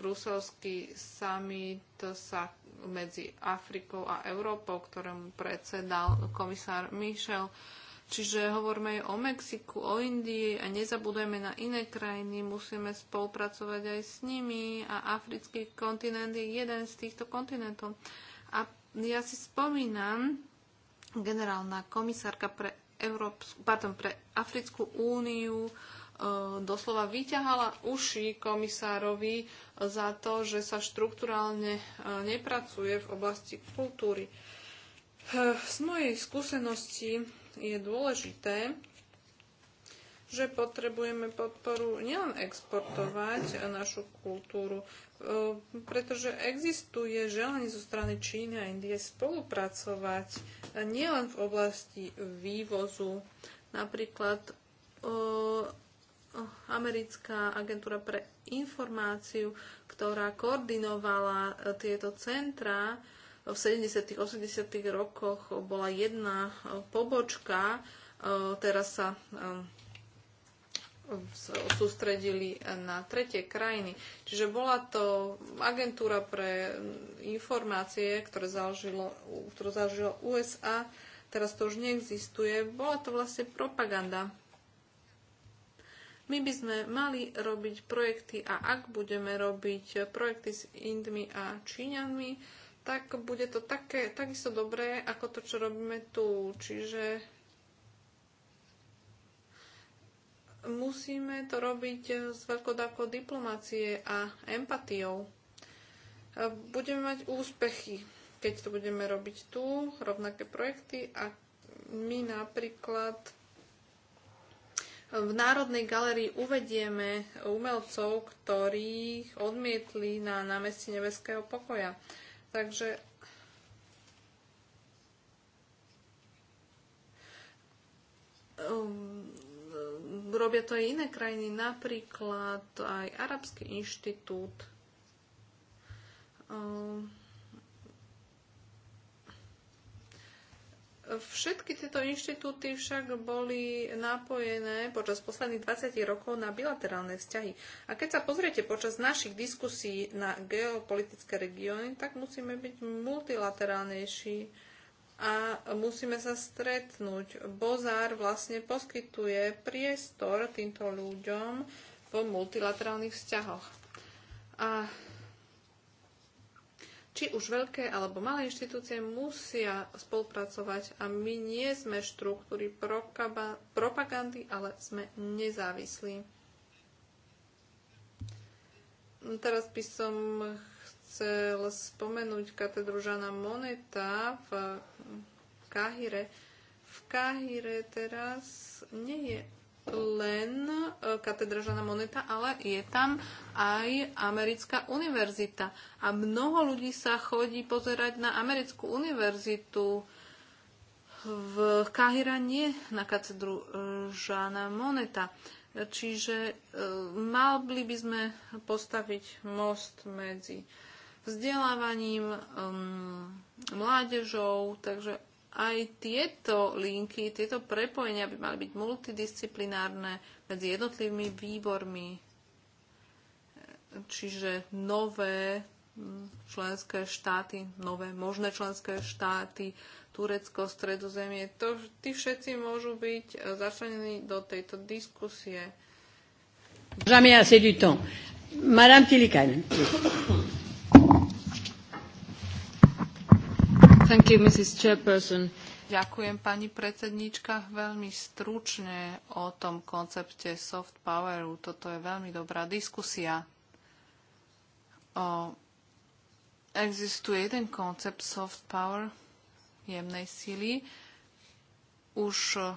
bruselský summit sa medzi Afrikou a Európou, ktorému predsedal komisár Michel. Čiže hovoríme aj o Mexiku, o Indii a nezabúdajme na iné krajiny, musíme spolupracovať aj s nimi a africký kontinent je jeden z týchto kontinentov. A ja si spomínam, generálna komisárka pre, Európsku, pardon, pre Africkú úniu e, doslova vyťahala uši komisárovi za to, že sa štruktúralne e, nepracuje v oblasti kultúry. E, z mojej skúsenosti je dôležité, že potrebujeme podporu nielen exportovať našu kultúru, e, pretože existuje želanie zo strany Číny a Indie spolupracovať nielen v oblasti vývozu. Napríklad e, americká agentúra pre informáciu, ktorá koordinovala tieto centrá, v 70. 80. rokoch bola jedna e, pobočka, e, teraz sa e, sústredili na tretie krajiny. Čiže bola to agentúra pre informácie, ktoré založilo, ktorú založilo USA, teraz to už neexistuje. Bola to vlastne propaganda. My by sme mali robiť projekty a ak budeme robiť projekty s Indmi a Číňanmi, tak bude to také, takisto dobré, ako to, čo robíme tu. Čiže musíme to robiť s veľkou dávkou diplomácie a empatiou. Budeme mať úspechy, keď to budeme robiť tu, rovnaké projekty a my napríklad v Národnej galerii uvedieme umelcov, ktorých odmietli na námestí Nebeského pokoja. Uh, Takže um, robia to aj iné krajiny, napríklad aj Arabský inštitút. Um, Všetky tieto inštitúty však boli nápojené počas posledných 20 rokov na bilaterálne vzťahy. A keď sa pozriete počas našich diskusí na geopolitické regióny, tak musíme byť multilaterálnejší a musíme sa stretnúť. Bozár vlastne poskytuje priestor týmto ľuďom vo multilaterálnych vzťahoch. A či už veľké alebo malé inštitúcie musia spolupracovať a my nie sme štruktúry propagandy, ale sme nezávislí. Teraz by som chcel spomenúť katedru Žana Moneta v Kahire. V Kahire teraz nie je len e, katedra Žana Moneta, ale je tam aj americká univerzita. A mnoho ľudí sa chodí pozerať na americkú univerzitu v Kahira, nie na katedru e, Žana Moneta. Čiže e, mali by sme postaviť most medzi vzdelávaním, mládežou, takže aj tieto linky, tieto prepojenia by mali byť multidisciplinárne medzi jednotlivými výbormi. Čiže nové mm, členské štáty, nové možné členské štáty, Turecko, Stredozemie, to, tí všetci môžu byť e, začlenení do tejto diskusie. Jamais assez du temps. Madame Tilikan. Ďakujem pani veľmi stručne o tom koncepte soft poweru. Toto je veľmi dobrá diskusia. O, existuje jeden koncept soft power, jemnej sily. Už e,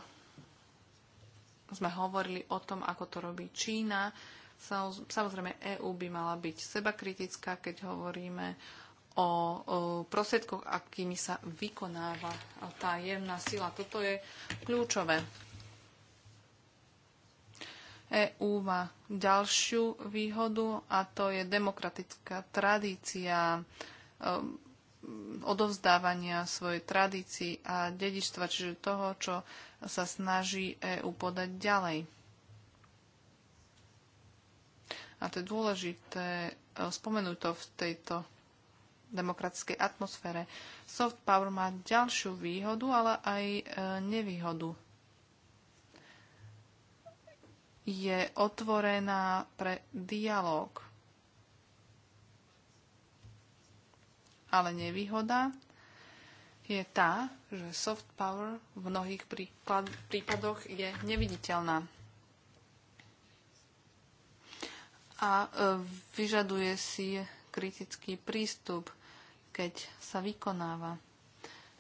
sme hovorili o tom, ako to robí Čína. Samozrejme, EÚ by mala byť sebakritická, keď hovoríme o prostriedkoch, akými sa vykonáva tá jemná sila. Toto je kľúčové. EÚ má ďalšiu výhodu a to je demokratická tradícia um, odovzdávania svojej tradícii a dedičstva, čiže toho, čo sa snaží EU podať ďalej. A to je dôležité e, spomenúť to v tejto demokratickej atmosfére. Soft power má ďalšiu výhodu, ale aj e, nevýhodu. Je otvorená pre dialog. Ale nevýhoda je tá, že soft power v mnohých príklad, prípadoch je neviditeľná. A e, vyžaduje si kritický prístup keď sa vykonáva,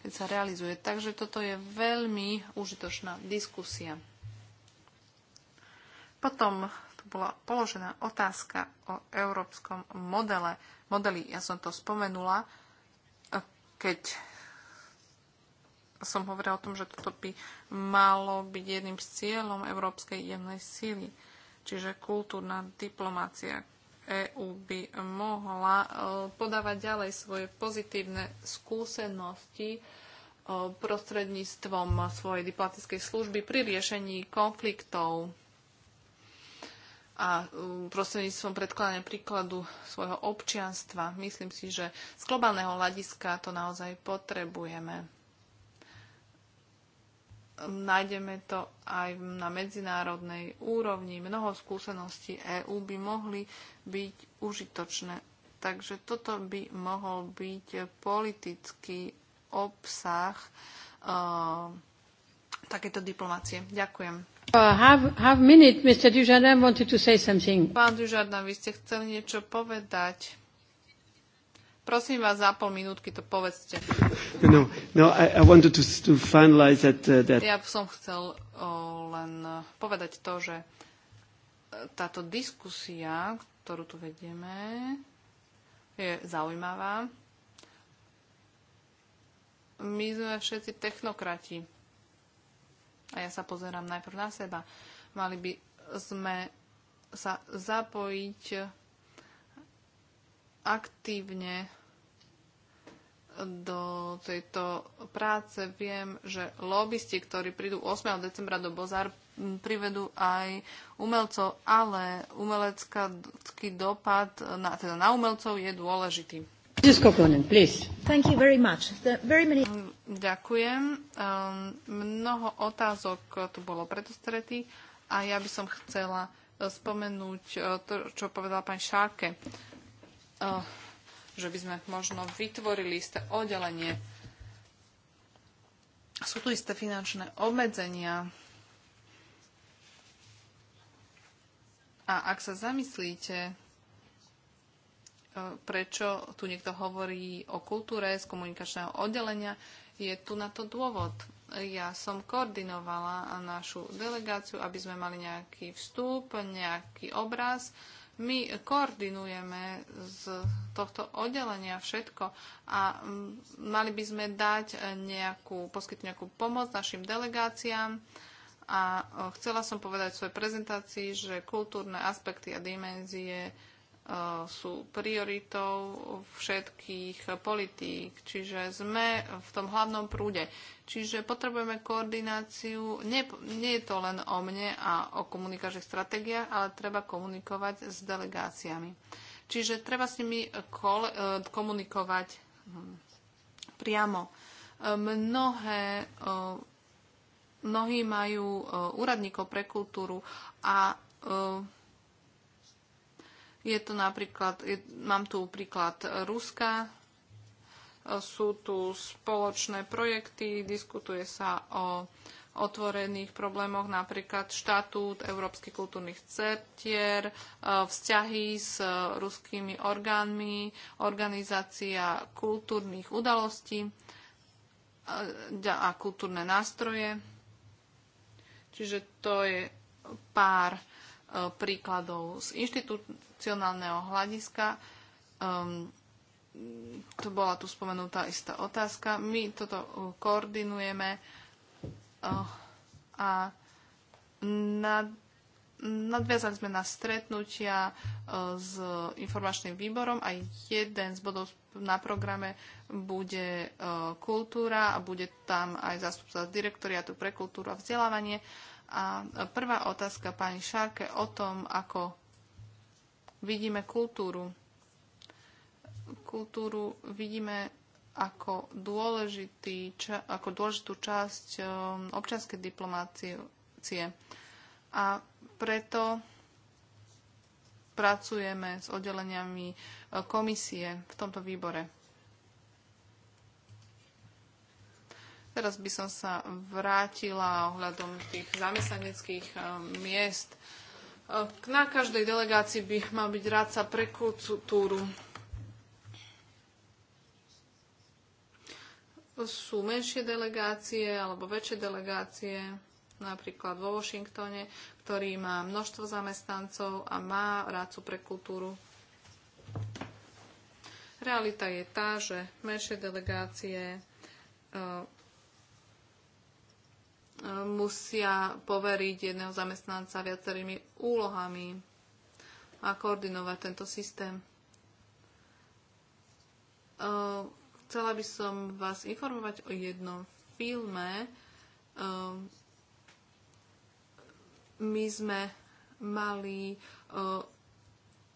keď sa realizuje. Takže toto je veľmi užitočná diskusia. Potom tu bola položená otázka o európskom modele. Modely, ja som to spomenula, keď som hovorila o tom, že toto by malo byť jedným z cieľom európskej jemnej síly, čiže kultúrna diplomácia, EÚ by mohla e, podávať ďalej svoje pozitívne skúsenosti e, prostredníctvom svojej diplomatickej služby pri riešení konfliktov a e, prostredníctvom predkladania príkladu svojho občianstva. Myslím si, že z globálneho hľadiska to naozaj potrebujeme nájdeme to aj na medzinárodnej úrovni. Mnoho skúseností EÚ by mohli byť užitočné. Takže toto by mohol byť politický obsah uh, takéto diplomácie. Ďakujem. Uh, half, half minute, Mr. Dujardin wanted to say something. Pán Dujardin, vy ste chceli niečo povedať. Prosím vás, za pol minútky to povedzte. No, no, I, I wanted to, to finalize that, uh, that. Ja som chcel uh, len povedať to, že e, táto diskusia, ktorú tu vedieme, je zaujímavá. My sme všetci technokrati. A ja sa pozerám najprv na seba. Mali by sme sa zapojiť aktívne do tejto práce. Viem, že lobbysti, ktorí prídu 8. decembra do Bozar, privedú aj umelcov, ale umelecký dopad na, teda na umelcov je dôležitý. Many... Mm, ďakujem. Um, mnoho otázok tu bolo predostretých a ja by som chcela spomenúť eh, to, čo povedala pani Šáke. Oh, že by sme možno vytvorili isté oddelenie. Sú tu isté finančné obmedzenia. A ak sa zamyslíte, eh, prečo tu niekto hovorí o kultúre z komunikačného oddelenia, je tu na to dôvod. Ja som koordinovala našu delegáciu, aby sme mali nejaký vstup, nejaký obraz my koordinujeme z tohto oddelenia všetko a mali by sme dať nejakú, poskytnú nejakú pomoc našim delegáciám a chcela som povedať v svojej prezentácii, že kultúrne aspekty a dimenzie sú prioritou všetkých politík, čiže sme v tom hlavnom prúde. Čiže potrebujeme koordináciu. Nie, nie je to len o mne a o komunikačných stratégiách, ale treba komunikovať s delegáciami. Čiže treba s nimi e, komunikovať hm, priamo. E, mnohé, e, mnohí majú úradníkov pre kultúru a je to napríklad, mám tu príklad Ruska, sú tu spoločné projekty, diskutuje sa o otvorených problémoch, napríklad štatút európskych kultúrnych certier, e, vzťahy s ruskými orgánmi, organizácia kultúrnych udalostí e, a kultúrne nástroje. Čiže to je pár e, príkladov z inštitucionálneho hľadiska ehm, to bola tu spomenutá istá otázka. My toto uh, koordinujeme uh, a nad, nadviazali sme na stretnutia uh, s informačným výborom a jeden z bodov na programe bude kultúra a bude tam aj zástupca z direktoriatu pre kultúru a vzdelávanie. A prvá otázka pani Šárke o tom, ako vidíme kultúru kultúru vidíme ako, dôležitý, ča, ako dôležitú časť um, občianskej diplomácie. A preto pracujeme s oddeleniami uh, komisie v tomto výbore. Teraz by som sa vrátila ohľadom tých zamestnaneckých um, miest. Uh, na každej delegácii by mal byť rád sa pre kultúru sú menšie delegácie alebo väčšie delegácie, napríklad vo Washingtone, ktorý má množstvo zamestnancov a má rácu pre kultúru. Realita je tá, že menšie delegácie e, e, musia poveriť jedného zamestnanca viacerými úlohami a koordinovať tento systém e, Chcela by som vás informovať o jednom filme. Um, my sme mali uh,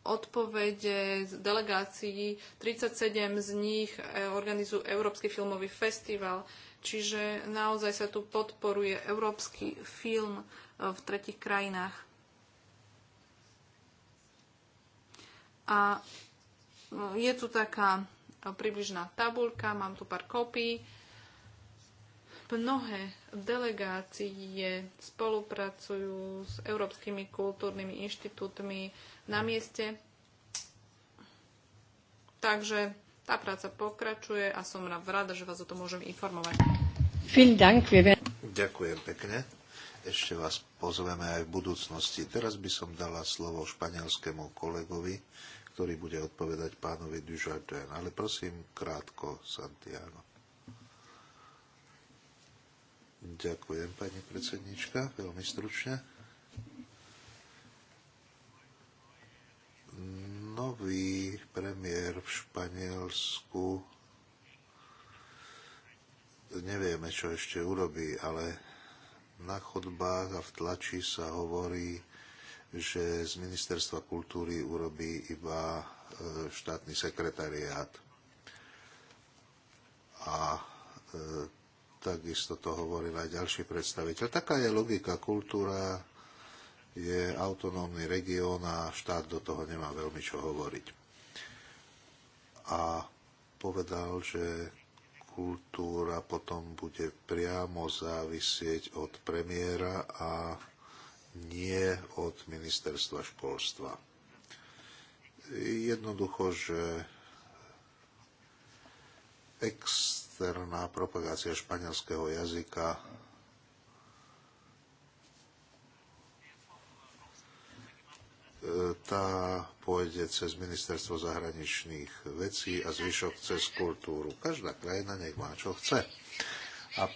odpovede z delegácií. 37 z nich e, organizujú Európsky filmový festival, čiže naozaj sa tu podporuje európsky film e, v tretich krajinách. A je tu taká približná tabulka, mám tu pár kopí. Mnohé delegácie spolupracujú s európskymi kultúrnymi inštitútmi na mieste. Takže tá práca pokračuje a som rada, že vás o to môžem informovať. Ďakujem pekne. Ešte vás pozveme aj v budúcnosti. Teraz by som dala slovo španielskému kolegovi, ktorý bude odpovedať pánovi Dujardin. Ale prosím, krátko, Santiago. Ďakujem, pani predsednička, veľmi stručne. Nový premiér v Španielsku nevieme, čo ešte urobí, ale na chodbách a v tlači sa hovorí že z Ministerstva kultúry urobí iba e, štátny sekretariát. A e, takisto to hovoril aj ďalší predstaviteľ. Taká je logika. Kultúra je autonómny región a štát do toho nemá veľmi čo hovoriť. A povedal, že kultúra potom bude priamo závisieť od premiéra a nie od ministerstva školstva. Jednoducho, že externá propagácia španielského jazyka tá pôjde cez ministerstvo zahraničných vecí a zvyšok cez kultúru. Každá krajina nech má, čo chce. A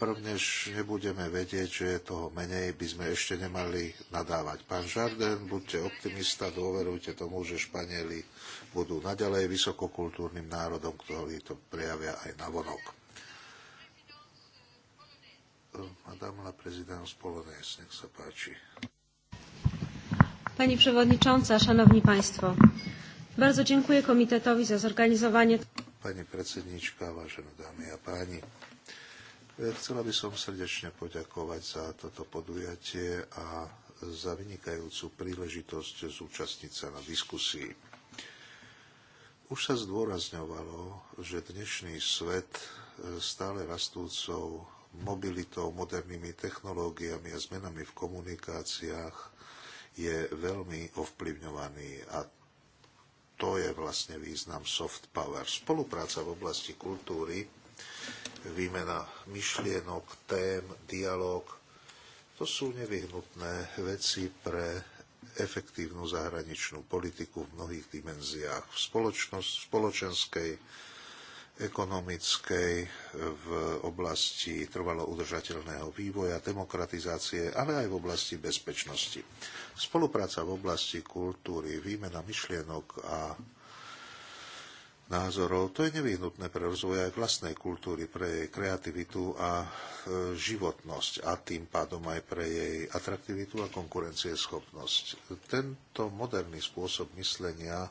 prvnež nebudeme vedieť, že je toho menej, by sme ešte nemali nadávať. Pán Žarden, buďte optimista, dôverujte tomu, že Španieli budú naďalej vysokokultúrnym národom, ktorí to prejavia aj na vonok. Madame la prezident Polonés, nech sa páči. Pani przewodnicząca, szanowni państwo. Bardzo dziękuję komitetowi za zorganizowanie. Pani predsednička, vážené dámy a páni. Chcela by som srdečne poďakovať za toto podujatie a za vynikajúcu príležitosť zúčastniť sa na diskusii. Už sa zdôrazňovalo, že dnešný svet stále rastúcou mobilitou, modernými technológiami a zmenami v komunikáciách je veľmi ovplyvňovaný a to je vlastne význam soft power. Spolupráca v oblasti kultúry výmena myšlienok, tém, dialog. To sú nevyhnutné veci pre efektívnu zahraničnú politiku v mnohých dimenziách. V, spoločnosť, spoločenskej, ekonomickej, v oblasti trvalo udržateľného vývoja, demokratizácie, ale aj v oblasti bezpečnosti. Spolupráca v oblasti kultúry, výmena myšlienok a názorov. To je nevyhnutné pre rozvoj aj vlastnej kultúry, pre jej kreativitu a e, životnosť a tým pádom aj pre jej atraktivitu a konkurencieschopnosť. Tento moderný spôsob myslenia e,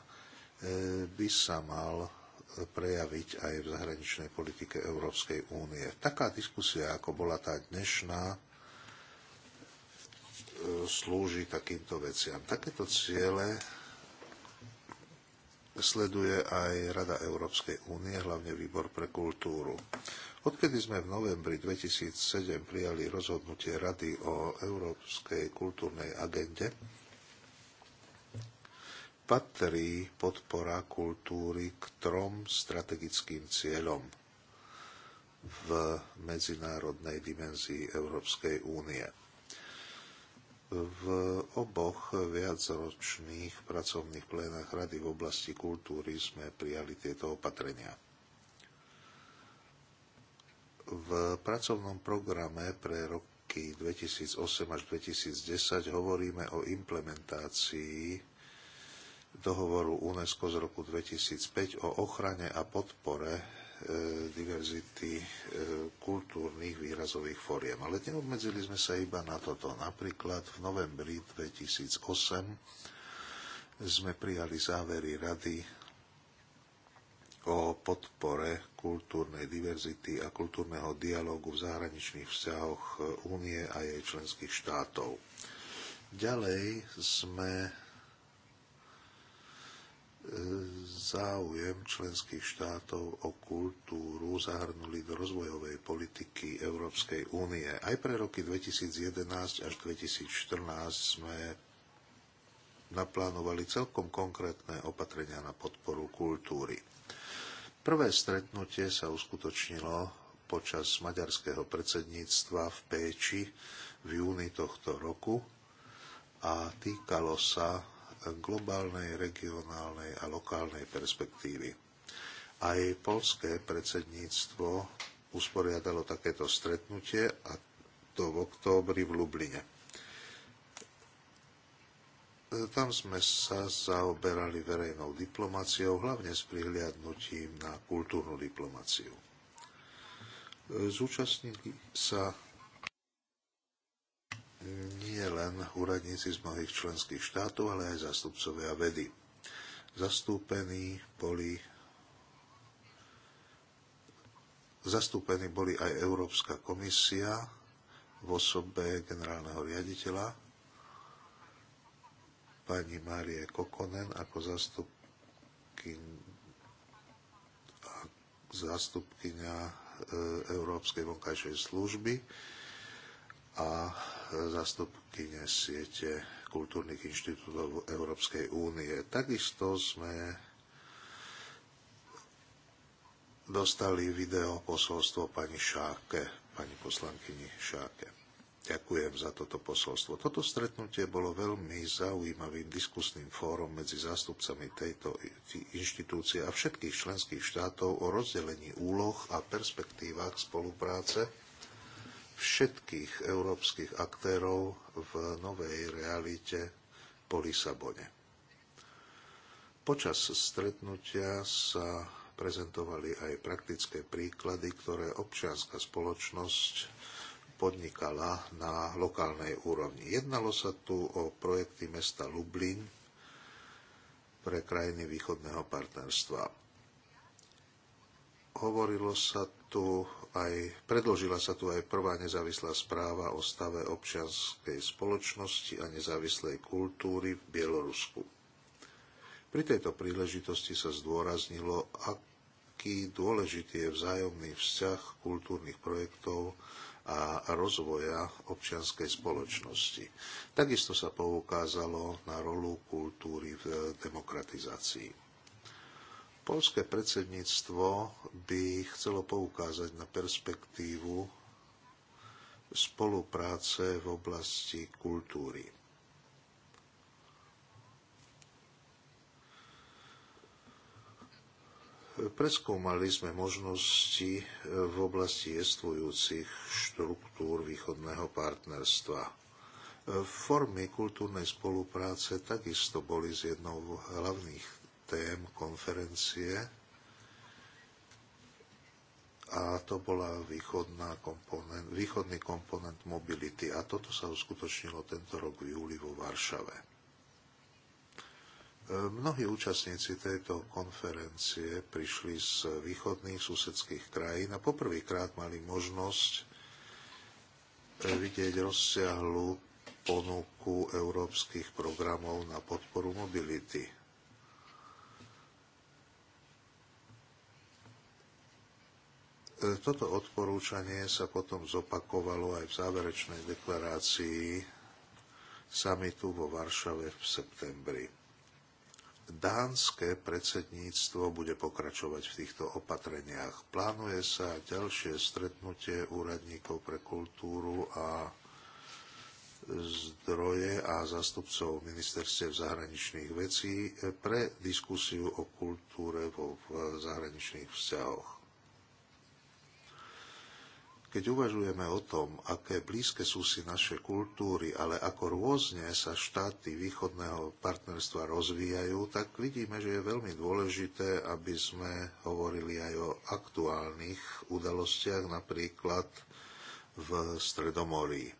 by sa mal prejaviť aj v zahraničnej politike Európskej únie. Taká diskusia, ako bola tá dnešná, e, slúži takýmto veciam. Takéto ciele sleduje aj Rada Európskej únie, hlavne Výbor pre kultúru. Odkedy sme v novembri 2007 prijali rozhodnutie Rady o Európskej kultúrnej agende, patrí podpora kultúry k trom strategickým cieľom v medzinárodnej dimenzii Európskej únie v oboch viacročných pracovných plénach Rady v oblasti kultúry sme prijali tieto opatrenia. V pracovnom programe pre roky 2008 až 2010 hovoríme o implementácii dohovoru UNESCO z roku 2005 o ochrane a podpore Eh, diverzity eh, kultúrnych výrazových foriem. Ale neobmedzili sme sa iba na toto. Napríklad v novembri 2008 sme prijali závery Rady o podpore kultúrnej diverzity a kultúrneho dialogu v zahraničných vzťahoch eh, únie a jej členských štátov. Ďalej sme záujem členských štátov o kultúru zahrnuli do rozvojovej politiky Európskej únie. Aj pre roky 2011 až 2014 sme naplánovali celkom konkrétne opatrenia na podporu kultúry. Prvé stretnutie sa uskutočnilo počas maďarského predsedníctva v Péči v júni tohto roku a týkalo sa globálnej, regionálnej a lokálnej perspektívy. Aj polské predsedníctvo usporiadalo takéto stretnutie a to v októbri v Lubline. Tam sme sa zaoberali verejnou diplomáciou, hlavne s prihliadnutím na kultúrnu diplomáciu. Zúčastnili sa nie len úradníci z mnohých členských štátov, ale aj zastupcovia vedy. Zastúpení boli Zastúpení boli aj Európska komisia v osobe generálneho riaditeľa pani Márie Kokonen ako zastupkyňa e, Európskej vonkajšej služby a zastupkyne siete kultúrnych inštitútov Európskej únie. Takisto sme dostali video posolstvo pani Šáke, pani poslankyni Šáke. Ďakujem za toto posolstvo. Toto stretnutie bolo veľmi zaujímavým diskusným fórom medzi zástupcami tejto inštitúcie a všetkých členských štátov o rozdelení úloh a perspektívach spolupráce všetkých európskych aktérov v novej realite po Lisabone. Počas stretnutia sa prezentovali aj praktické príklady, ktoré občianská spoločnosť podnikala na lokálnej úrovni. Jednalo sa tu o projekty mesta Lublin pre krajiny východného partnerstva. Hovorilo sa tu aj predložila sa tu aj prvá nezávislá správa o stave občianskej spoločnosti a nezávislej kultúry v Bielorusku. Pri tejto príležitosti sa zdôraznilo, aký dôležitý je vzájomný vzťah kultúrnych projektov a rozvoja občianskej spoločnosti. Takisto sa poukázalo na rolu kultúry v demokratizácii. Polské predsedníctvo by chcelo poukázať na perspektívu spolupráce v oblasti kultúry. Preskúmali sme možnosti v oblasti existujúcich štruktúr východného partnerstva. Formy kultúrnej spolupráce takisto boli z jednou z hlavných tém konferencie a to bola východná komponent, východný komponent mobility a toto sa uskutočnilo tento rok v júli vo Varšave. E, mnohí účastníci tejto konferencie prišli z východných susedských krajín a poprvýkrát mali možnosť e, vidieť rozsiahlu ponuku európskych programov na podporu mobility. Toto odporúčanie sa potom zopakovalo aj v záverečnej deklarácii samitu vo Varšave v septembri. Dánske predsedníctvo bude pokračovať v týchto opatreniach. Plánuje sa ďalšie stretnutie úradníkov pre kultúru a zdroje a zastupcov ministerstiev zahraničných vecí pre diskusiu o kultúre vo zahraničných vzťahoch. Keď uvažujeme o tom, aké blízke sú si naše kultúry, ale ako rôzne sa štáty východného partnerstva rozvíjajú, tak vidíme, že je veľmi dôležité, aby sme hovorili aj o aktuálnych udalostiach, napríklad v Stredomorí. E,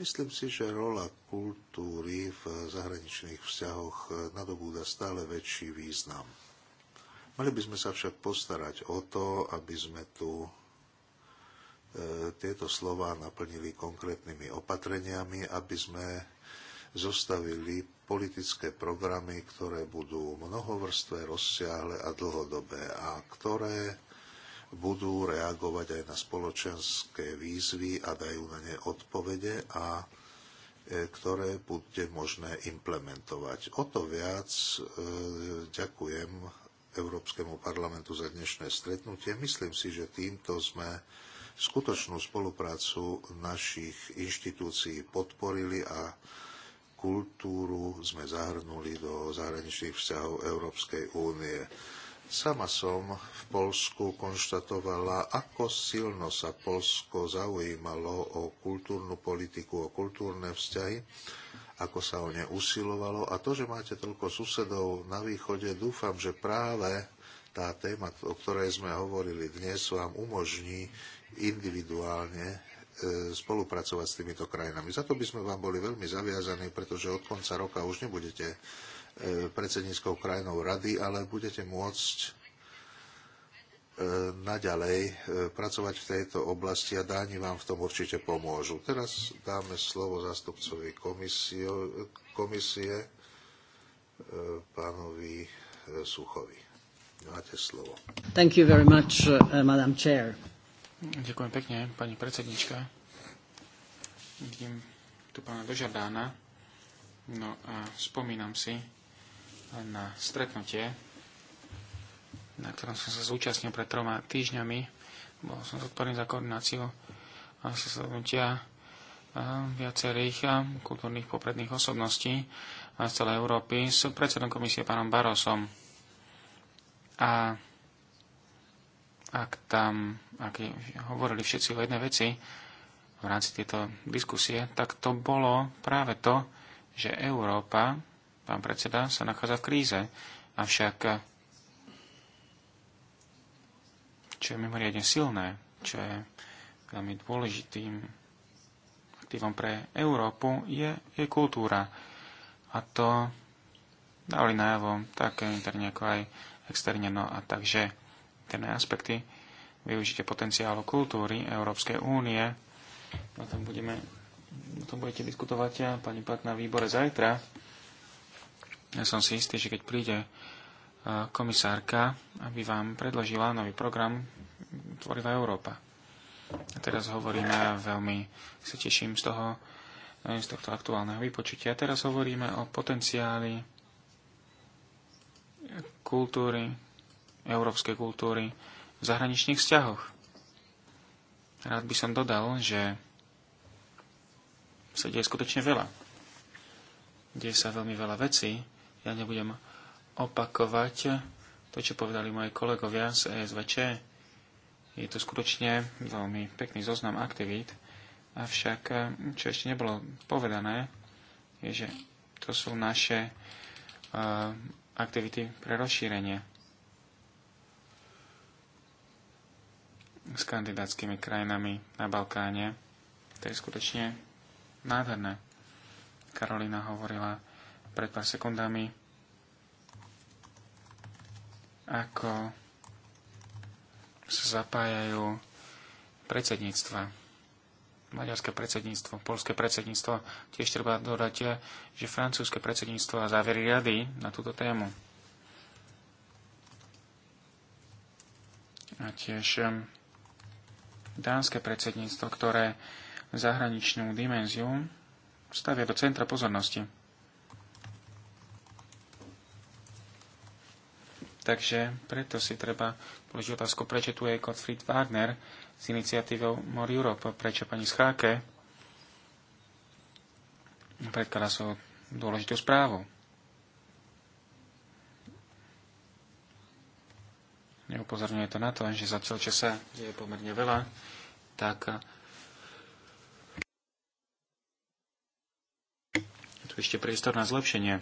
myslím si, že rola kultúry v zahraničných vzťahoch e, nadobúda stále väčší význam. Mali by sme sa však postarať o to, aby sme tu E, tieto slova naplnili konkrétnymi opatreniami, aby sme zostavili politické programy, ktoré budú mnohovrstvé, rozsiahle a dlhodobé a ktoré budú reagovať aj na spoločenské výzvy a dajú na ne odpovede a e, ktoré bude možné implementovať. O to viac e, ďakujem Európskemu parlamentu za dnešné stretnutie. Myslím si, že týmto sme skutočnú spoluprácu našich inštitúcií podporili a kultúru sme zahrnuli do zahraničných vzťahov Európskej únie. Sama som v Polsku konštatovala, ako silno sa Polsko zaujímalo o kultúrnu politiku, o kultúrne vzťahy, ako sa o ne usilovalo. A to, že máte toľko susedov na východe, dúfam, že práve tá téma, o ktorej sme hovorili dnes, vám umožní individuálne e, spolupracovať s týmito krajinami. Za to by sme vám boli veľmi zaviazaní, pretože od konca roka už nebudete e, predsedníckou krajinou rady, ale budete môcť e, naďalej pracovať v tejto oblasti a dáni vám v tom určite pomôžu. Teraz dáme slovo zastupcovi komisio, komisie, pánovi Suchovi. Máte slovo. Thank you very much, uh, Madam Chair. Ďakujem pekne, pani predsednička. Vidím tu pána Dožadána. No a spomínam si na stretnutie, na ktorom som sa zúčastnil pred troma týždňami. Bol som zodpovedný za koordináciu a stretnutia viacerých kultúrnych popredných osobností z celej Európy s predsedom komisie pánom Barosom. A ak tam, ak hovorili všetci o jednej veci v rámci tejto diskusie, tak to bolo práve to, že Európa, pán predseda, sa nachádza v kríze. Avšak, čo je mimoriadne silné, čo je veľmi dôležitým aktívom pre Európu, je jej kultúra. A to dali najavo tak interne ako aj externe. No a takže interné aspekty využite potenciálu kultúry Európskej únie. O tom, budeme, o tom budete diskutovať ja, pani Pat, na výbore zajtra. Ja som si istý, že keď príde e, komisárka, aby vám predložila nový program Tvorivá Európa. A teraz hovoríme ja veľmi, sa teším z toho, e, z tohto aktuálneho vypočutia. Teraz hovoríme o potenciáli kultúry, európskej kultúry v zahraničných vzťahoch. Rád by som dodal, že sa deje skutočne veľa. Deje sa veľmi veľa vecí. Ja nebudem opakovať to, čo povedali moji kolegovia z ESVČ. Je to skutočne veľmi pekný zoznam aktivít, avšak čo ešte nebolo povedané, je, že to sú naše uh, aktivity pre rozšírenie s kandidátskými krajinami na Balkáne. To je skutočne nádherné. Karolina hovorila pred pár sekundami, ako sa zapájajú predsedníctva. Maďarské predsedníctvo, polské predsedníctvo. Tiež treba dodať, že francúzske predsedníctvo a závery rady na túto tému. A tiež dánske predsedníctvo, ktoré zahraničnú dimenziu stavia do centra pozornosti. Takže preto si treba položiť otázku, prečo tu je Gottfried Wagner s iniciatívou More Europe, prečo pani Scháke predkladá svoju dôležitú správu. neupozorňuje to na to, že zatiaľ, čo sa deje pomerne veľa, tak eh, tu ešte priestor na zlepšenie.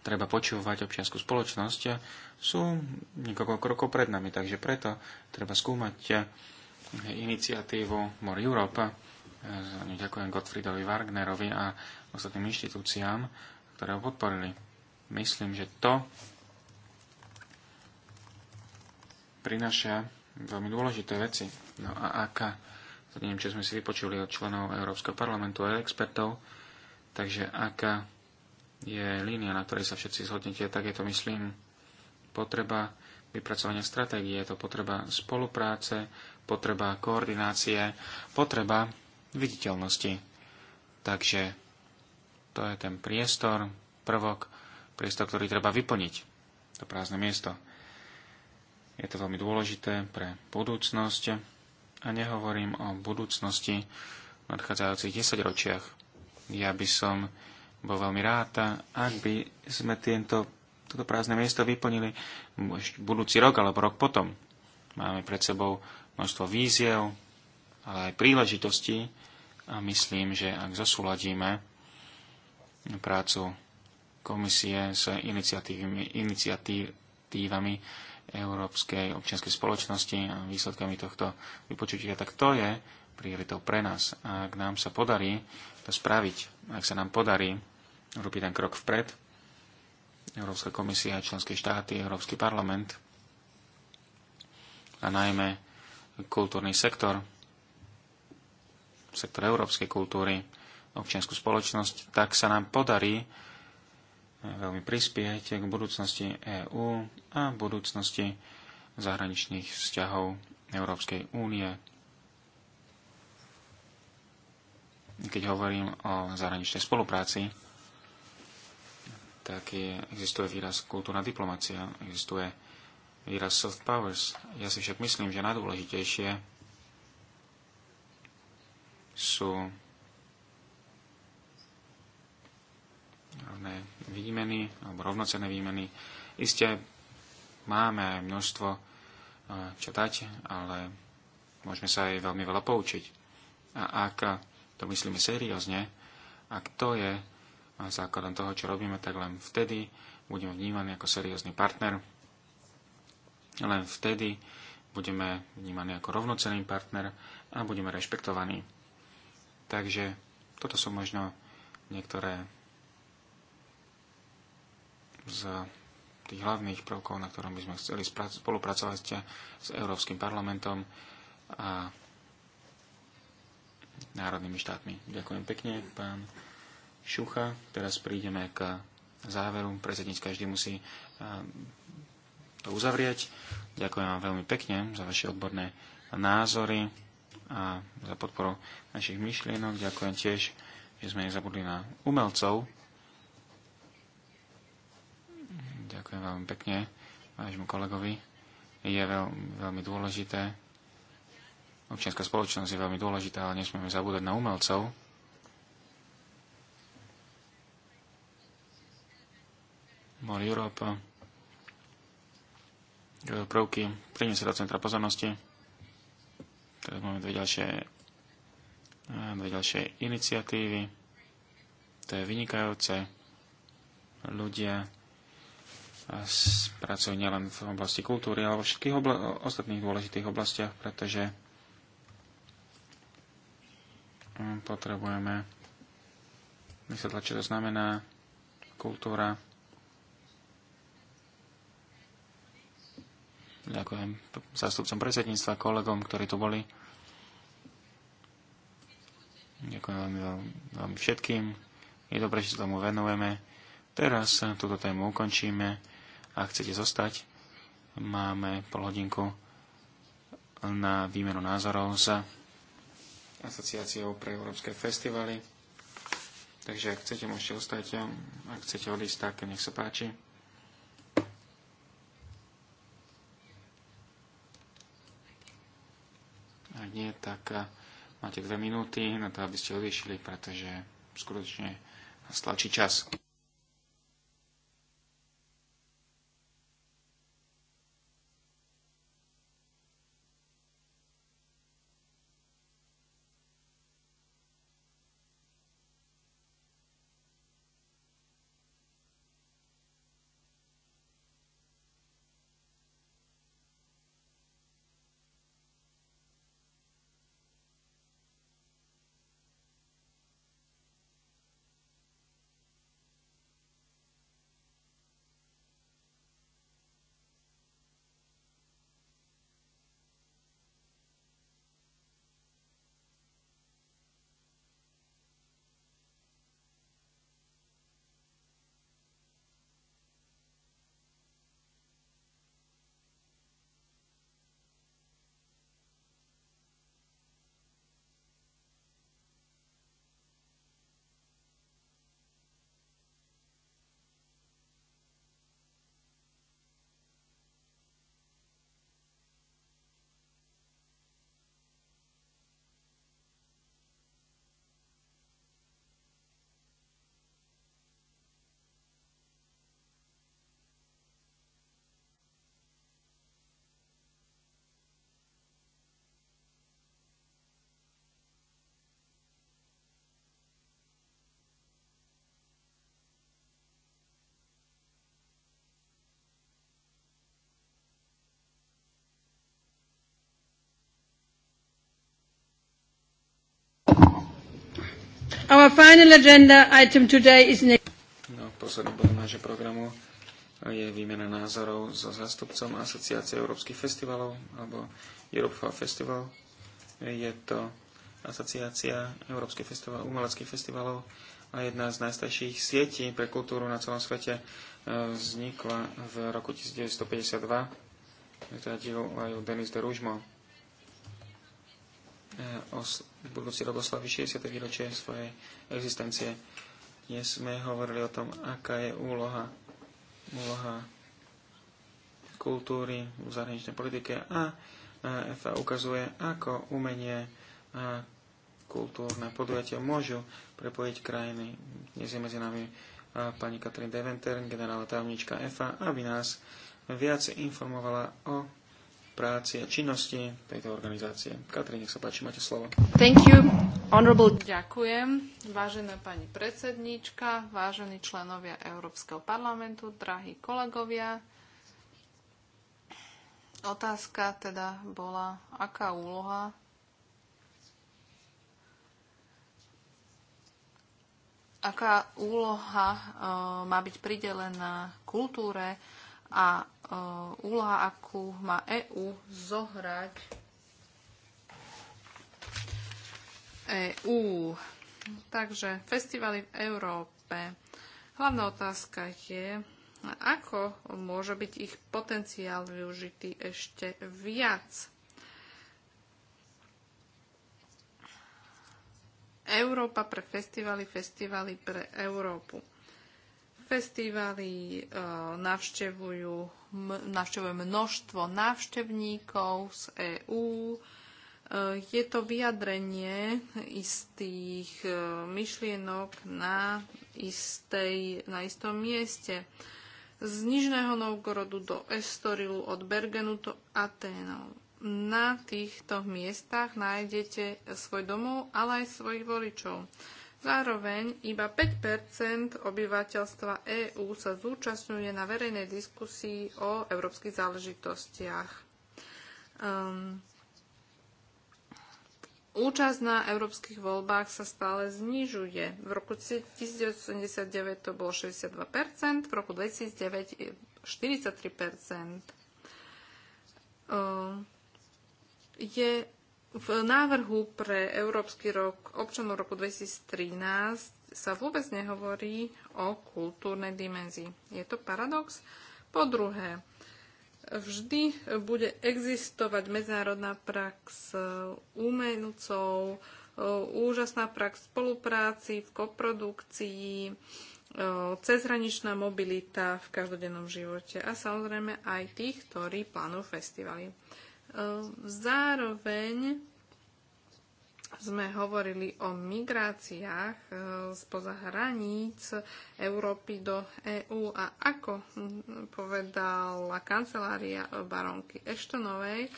Treba počúvať občianskú spoločnosť. Sú niekoľko krokov pred nami, takže preto treba skúmať eh, iniciatívu More eh, ňu Ďakujem Gottfriedovi Wagnerovi a ostatným inštitúciám, ktoré ho podporili. Myslím, že to prináša veľmi dôležité veci. No a aká, to neviem, čo sme si vypočuli od členov Európskeho parlamentu a expertov, takže aká je línia, na ktorej sa všetci zhodnete, tak je to, myslím, potreba vypracovania stratégie, je to potreba spolupráce, potreba koordinácie, potreba viditeľnosti. Takže to je ten priestor, prvok, priestor, ktorý treba vyplniť, to prázdne miesto. Je to veľmi dôležité pre budúcnosť a nehovorím o budúcnosti v nadchádzajúcich 10 ročiach. Ja by som bol veľmi rád, ak by sme tento, toto prázdne miesto vyplnili budúci rok alebo rok potom. Máme pred sebou množstvo víziev, ale aj príležitostí a myslím, že ak zosúladíme prácu komisie s iniciatívami, iniciatívami európskej občianskej spoločnosti a výsledkami tohto vypočutia, tak to je prioritou pre nás. A ak nám sa podarí to spraviť, ak sa nám podarí urobiť ten krok vpred, Európska komisia, členské štáty, Európsky parlament a najmä kultúrny sektor, sektor európskej kultúry, občianskú spoločnosť, tak sa nám podarí veľmi prispieť k budúcnosti EÚ a budúcnosti zahraničných vzťahov Európskej únie. Keď hovorím o zahraničnej spolupráci, tak je, existuje výraz kultúrna diplomácia, existuje výraz soft powers. Ja si však myslím, že najdôležitejšie sú rovné výmeny alebo rovnocené výmeny. Isté máme aj množstvo eh, čo dať, ale môžeme sa aj veľmi veľa poučiť. A ak to myslíme seriózne, ak to je eh, základom toho, čo robíme, tak len vtedy budeme vnímaní ako seriózny partner. Len vtedy budeme vnímaní ako rovnocenný partner a budeme rešpektovaní. Takže toto sú možno niektoré z tých hlavných prvkov, na ktorom by sme chceli spolupracovať s Európskym parlamentom a národnými štátmi. Ďakujem pekne, pán Šucha. Teraz prídeme k záveru. Predsedníčka vždy musí eh, to uzavrieť. Ďakujem vám veľmi pekne za vaše odborné názory a za podporu našich myšlienok. Ďakujem tiež, že sme nezabudli na umelcov, Ďakujem veľmi pekne vášmu kolegovi. Je veľ, veľmi dôležité. Občianská spoločnosť je veľmi dôležitá, ale nesmieme zabúdať na umelcov. More Europe prvky sa do centra pozornosti. Teraz máme dve ďalšie, eh, dve ďalšie iniciatívy. To je vynikajúce. Ľudia pracuje nielen v oblasti kultúry, ale vo všetkých obla- ostatných dôležitých oblastiach, pretože mm, potrebujeme vysvetľať, čo to znamená kultúra. Ďakujem zástupcom predsedníctva, kolegom, ktorí tu boli. Ďakujem veľmi, veľmi všetkým. Je dobré, že sa tomu venujeme. Teraz túto tému ukončíme. Ak chcete zostať, máme pol hodinku na výmenu názorov s asociáciou pre európske festivaly. Takže ak chcete, môžete ostať. Ak chcete odísť, tak nech sa páči. Ak nie, tak eh, máte dve minúty na to, aby ste odišli, pretože skutočne nás tlačí čas. Our final agenda item today is... No, posledný bod nášho programu je výmena názorov so zástupcom Asociácie európskych festivalov, alebo Europa Festival. Je to asociácia Európskych festival, umeleckých festivalov a jedna z najstarších sietí pre kultúru na celom svete e, vznikla v roku 1952. Vytradil aj Denis de Rougemont. Eh, os, budúci rok oslaví 60. výročie svojej existencie. Dnes sme hovorili o tom, aká je úloha, úloha kultúry v zahraničnej politike a FA ukazuje, ako umenie a kultúrne podujatia môžu prepojiť krajiny. Dnes je medzi nami pani Katrin Deventer, generálna tajomnička EFA, aby nás viac informovala o práci a činnosti tejto organizácie. Katrin, nech sa páči, máte slovo. Thank you, honorable... Ďakujem, vážená pani predsedníčka, vážení členovia Európskeho parlamentu, drahí kolegovia. Otázka teda bola, aká úloha aká úloha uh, má byť pridelená kultúre a úloha, akú má EÚ zohrať EÚ. Takže festivaly v Európe. Hlavná otázka je, ako môže byť ich potenciál využitý ešte viac. Európa pre festivaly, festivaly pre Európu festivaly, e, navštevujú, navštevujú množstvo návštevníkov z EÚ. E, je to vyjadrenie istých e, myšlienok na, istej, na istom mieste. Z Nižného Novgorodu do Estorilu, od Bergenu do Aténov. Na týchto miestach nájdete svoj domov, ale aj svojich voličov. Zároveň iba 5 obyvateľstva EÚ sa zúčastňuje na verejnej diskusii o európskych záležitostiach. Um, účasť na európskych voľbách sa stále znižuje. V roku 1989 to bolo 62 v roku 2009 43 je v návrhu pre Európsky rok občanov roku 2013 sa vôbec nehovorí o kultúrnej dimenzii. Je to paradox? Po druhé, vždy bude existovať medzinárodná prax umelcov, úžasná prax spolupráci, v koprodukcii, cezhraničná mobilita v každodennom živote a samozrejme aj tých, ktorí plánujú festivaly. Zároveň sme hovorili o migráciách e, spoza hraníc Európy do EÚ EU a ako povedala kancelária baronky Eštonovej,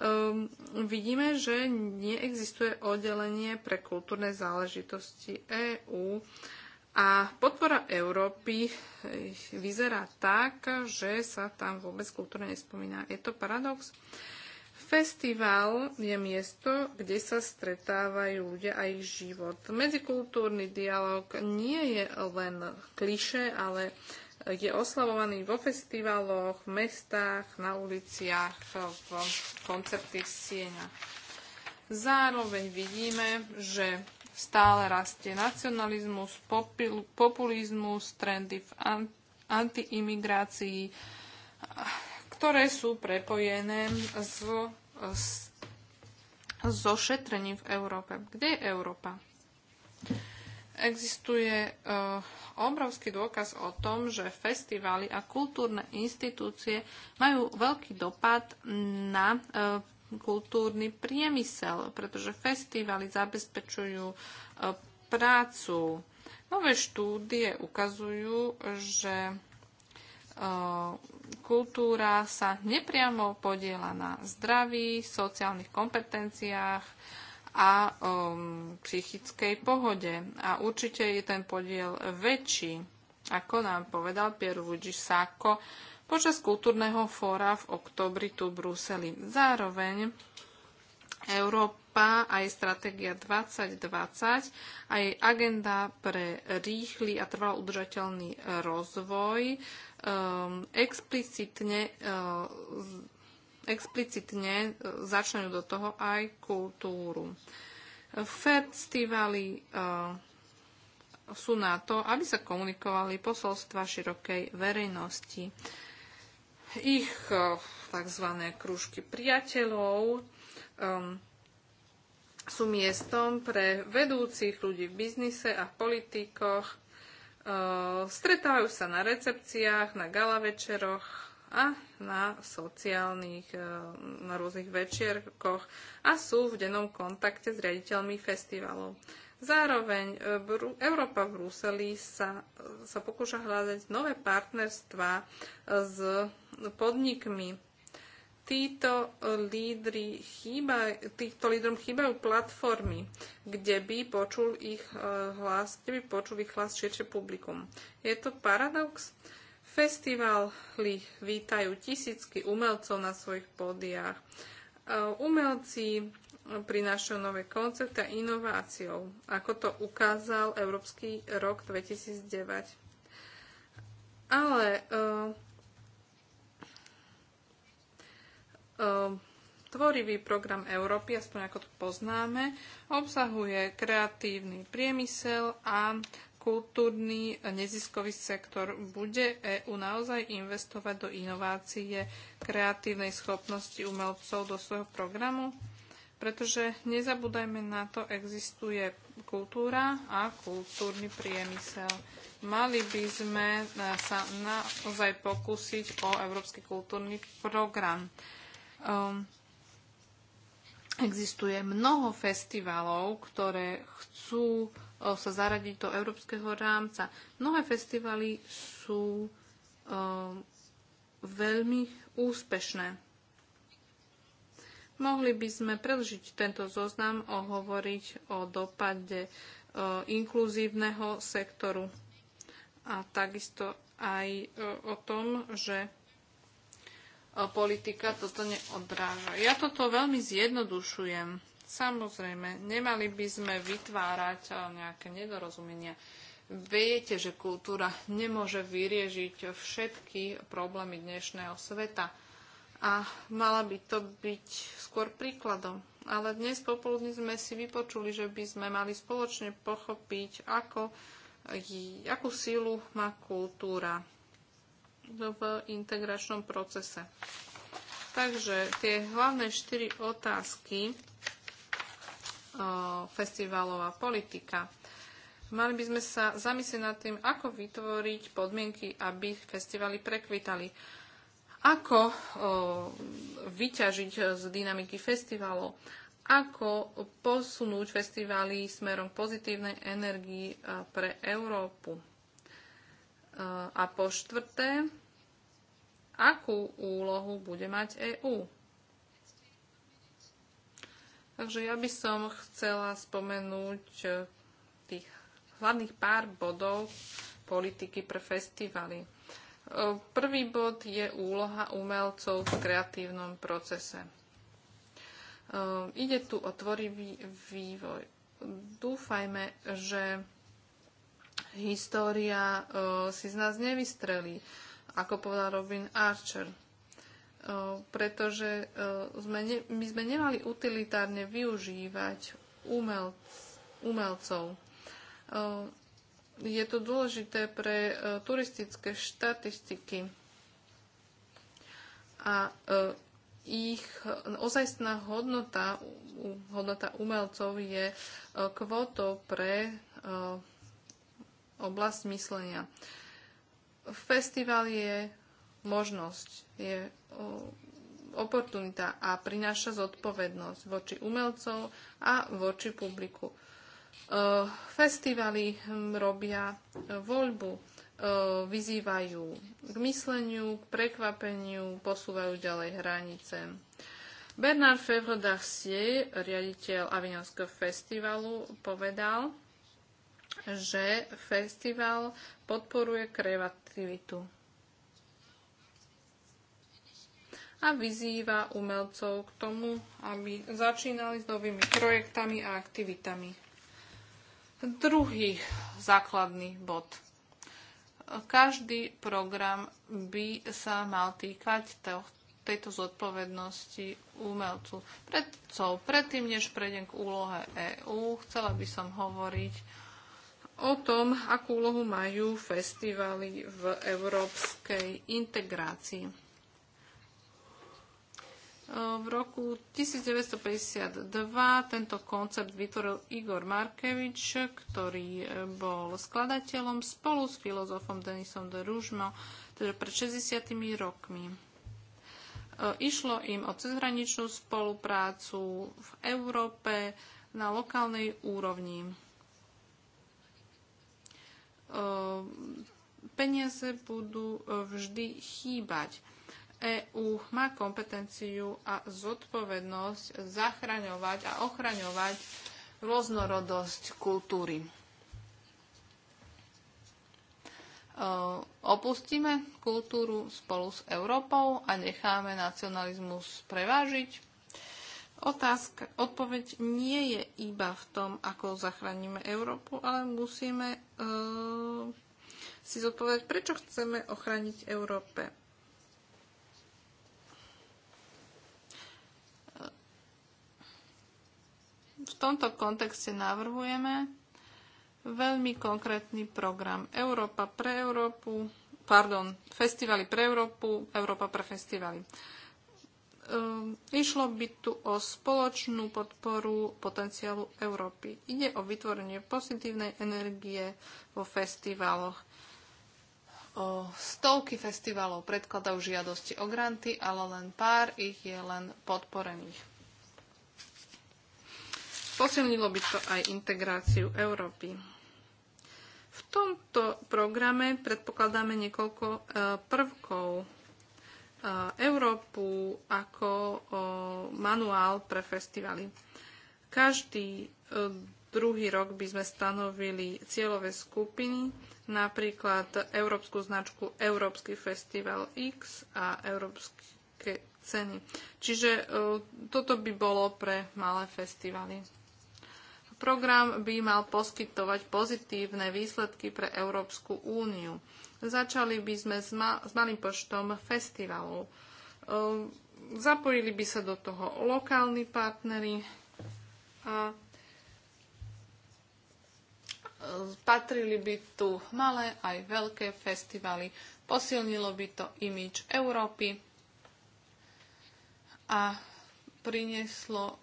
um, vidíme, že neexistuje oddelenie pre kultúrne záležitosti EÚ a podpora Európy e, vyzerá tak, že sa tam vôbec kultúra nespomína. Je to paradox? Festival je miesto, kde sa stretávajú ľudia a ich život. Medzikultúrny dialog nie je len kliše, ale je oslavovaný vo festivaloch, v mestách, na uliciach, v koncertných Siena. Zároveň vidíme, že stále rastie nacionalizmus, populizmus, trendy v antiimigrácii, ktoré sú prepojené s, s, s ošetrením v Európe. Kde je Európa? Existuje uh, obrovský dôkaz o tom, že festivály a kultúrne inštitúcie majú veľký dopad na uh, kultúrny priemysel, pretože festivály zabezpečujú uh, prácu. Nové štúdie ukazujú, že Eh, kultúra sa nepriamo podiela na zdraví, sociálnych kompetenciách a ehm, psychickej pohode. A určite je ten podiel väčší, ako nám povedal Pierluigi Sacco počas kultúrneho fóra v oktobri tu v Bruseli. Zároveň Európa aj stratégia 2020 aj agenda pre rýchly a trvalo udržateľný rozvoj um, explicitne, uh, explicitne uh, začnú do toho aj kultúru. Festivaly uh, sú na to, aby sa komunikovali posolstva širokej verejnosti. Ich uh, tzv. krúžky priateľov um, sú miestom pre vedúcich ľudí v biznise a v politikoch, stretávajú sa na recepciách, na gala večeroch a na sociálnych, na rôznych večierkoch a sú v dennom kontakte s riaditeľmi festivalov. Zároveň Európa v Bruseli sa, sa pokúša hľadať nové partnerstva s podnikmi títo lídry chýba, týchto lídrom chýbajú platformy, kde by počul ich eh, hlas, kde by počul ich hlas širšie publikum. Je to paradox? Festivály vítajú tisícky umelcov na svojich pódiách. Eh, umelci eh, prinášajú nové koncepty a inováciou, ako to ukázal Európsky rok 2009. Ale Ehm, tvorivý program Európy, aspoň ako to poznáme, obsahuje kreatívny priemysel a kultúrny neziskový sektor. Bude EÚ naozaj investovať do inovácie kreatívnej schopnosti umelcov do svojho programu? Pretože nezabúdajme na to, existuje kultúra a kultúrny priemysel. Mali by sme sa naozaj pokúsiť o Európsky kultúrny program. Um, existuje mnoho festivalov, ktoré chcú uh, sa zaradiť do európskeho rámca. Mnohé festivaly sú um, veľmi úspešné. Mohli by sme predlžiť tento zoznam a hovoriť o dopade uh, inkluzívneho sektoru a takisto aj uh, o tom, že politika toto neodráža. Ja toto veľmi zjednodušujem. Samozrejme, nemali by sme vytvárať eh, nejaké nedorozumenia. Viete, že kultúra nemôže vyriešiť všetky problémy dnešného sveta a mala by to byť skôr príkladom. Ale dnes popoludne sme si vypočuli, že by sme mali spoločne pochopiť, ako, akú sílu má kultúra v integračnom procese. Takže tie hlavné štyri otázky festivalová politika. Mali by sme sa zamyslieť nad tým, ako vytvoriť podmienky, aby festivaly prekvitali. Ako o, vyťažiť z dynamiky festivalov. Ako posunúť festivaly smerom pozitívnej energii pre Európu. A po štvrté, akú úlohu bude mať EÚ? Takže ja by som chcela spomenúť e, tých hlavných pár bodov politiky pre festivaly. E, prvý bod je úloha umelcov v kreatívnom procese. E, ide tu o tvorivý vývoj. Dúfajme, že história e, si z nás nevystrelí, ako povedal Robin Archer e, pretože e, sme ne, my sme nemali utilitárne využívať umelc, umelcov. Je to dôležité pre turistické štatistiky a ich ozajstná hodnota, hodnota umelcov je kvoto pre oblasť myslenia. Festival je možnosť, je oportunita a prináša zodpovednosť voči umelcov a voči publiku. E, festivaly hm, robia e, voľbu, e, vyzývajú k mysleniu, k prekvapeniu, posúvajú ďalej hranice. Bernard Fevre d'Arcier, riaditeľ Avignonského festivalu, povedal, že festival podporuje kreativitu a vyzýva umelcov k tomu, aby začínali s novými projektami a aktivitami. Druhý základný bod. Každý program by sa mal týkať tejto zodpovednosti umelcu. predtým, než prejdem k úlohe EÚ, chcela by som hovoriť o tom, akú úlohu majú festivaly v európskej integrácii. E, v roku 1952 tento koncept vytvoril Igor Markevič, ktorý e, bol skladateľom spolu s filozofom Denisom de Rúžmo, teda pred 60 rokmi. E, išlo im o cezhraničnú spoluprácu v Európe na lokálnej úrovni Ehm, peniaze budú e, vždy chýbať. EÚ má kompetenciu a zodpovednosť zachraňovať a ochraňovať rôznorodosť kultúry. Ehm, opustíme kultúru spolu s Európou a necháme nacionalizmus prevážiť? Otázka, odpoveď nie je iba v tom, ako zachránime Európu, ale musíme uh, si zodpovedať, prečo chceme ochrániť Európe. V tomto kontexte navrhujeme veľmi konkrétny program Európa pre Európu, pardon, festivaly pre Európu, Európa pre festivaly. Uh, Um, išlo by tu o spoločnú podporu potenciálu Európy. Ide o vytvorenie pozitívnej energie vo festivaloch. O stovky festivalov predkladajú žiadosti o granty, ale len pár ich je len podporených. Posilnilo by to aj integráciu Európy. V tomto programe predpokladáme niekoľko e, prvkov. Európu ako manuál pre festivaly. Každý e, druhý rok by sme stanovili cieľové skupiny, napríklad európsku značku Európsky festival X a Európske ceny. Čiže e, toto by bolo pre malé festivaly. Program by mal poskytovať pozitívne výsledky pre Európsku úniu. Začali by sme s, ma- s malým počtom festivalov. Ehm, zapojili by sa do toho lokálni partnery a ehm, patrili by tu malé aj veľké festivaly. Posilnilo by to imič Európy a prinieslo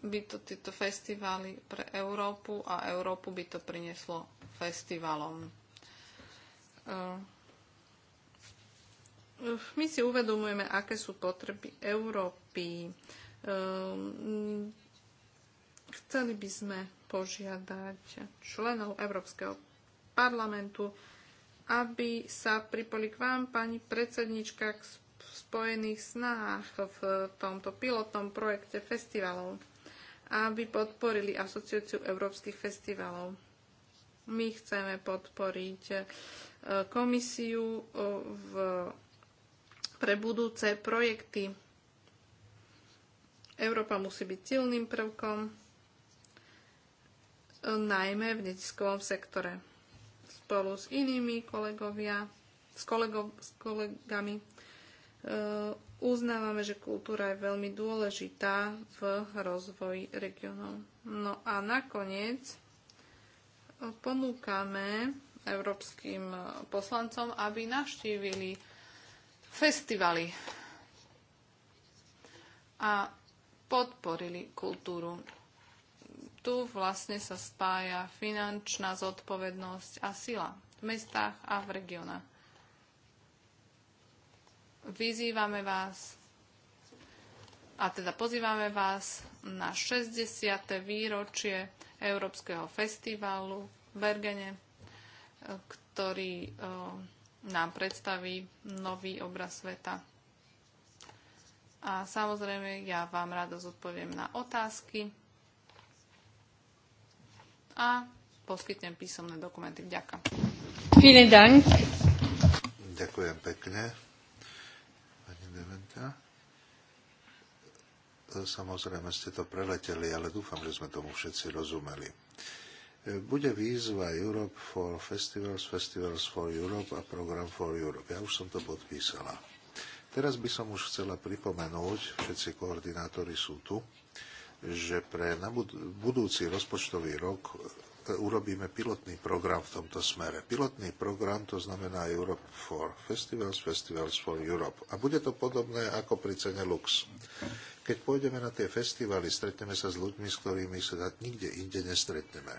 by to tieto festivály pre Európu a Európu by to prinieslo festivalom. Eh, my si uvedomujeme, aké sú potreby Európy. Eh, chceli by sme požiadať členov Európskeho parlamentu, aby sa pripoli k vám, pani predsednička, k spojených snách v tomto pilotnom projekte festivalov, aby podporili asociáciu európskych festivalov. My chceme podporiť e, komisiu e, v, pre budúce projekty. Európa musí byť silným prvkom, e, najmä v neziskovom sektore. Spolu s inými kolegovia, s, kolego, s kolegami uznávame, že kultúra je veľmi dôležitá v rozvoji regionov. No a nakoniec ponúkame európskym poslancom, aby navštívili festivaly a podporili kultúru. Tu vlastne sa spája finančná zodpovednosť a sila v mestách a v regiónach. Vyzývame vás a teda pozývame vás na 60. výročie Európskeho festivalu v Bergene, e, ktorý e, nám predstaví nový obraz sveta. A samozrejme, ja vám rado zodpoviem na otázky a poskytnem písomné dokumenty. Ďakujem. Ďakujem pekne. Pani Deventa. Samozrejme ste to preleteli, ale dúfam, že sme tomu všetci rozumeli. E, bude výzva Europe for Festivals, Festivals for Europe a Program for Europe. Ja už som to podpísala. Teraz by som už chcela pripomenúť, všetci koordinátori sú tu, že pre budúci rozpočtový rok urobíme pilotný program v tomto smere. Pilotný program to znamená Europe for Festivals, Festivals for Europe. A bude to podobné ako pri cene Lux. Keď pôjdeme na tie festivaly, stretneme sa s ľuďmi, s ktorými sa nikde inde nestretneme.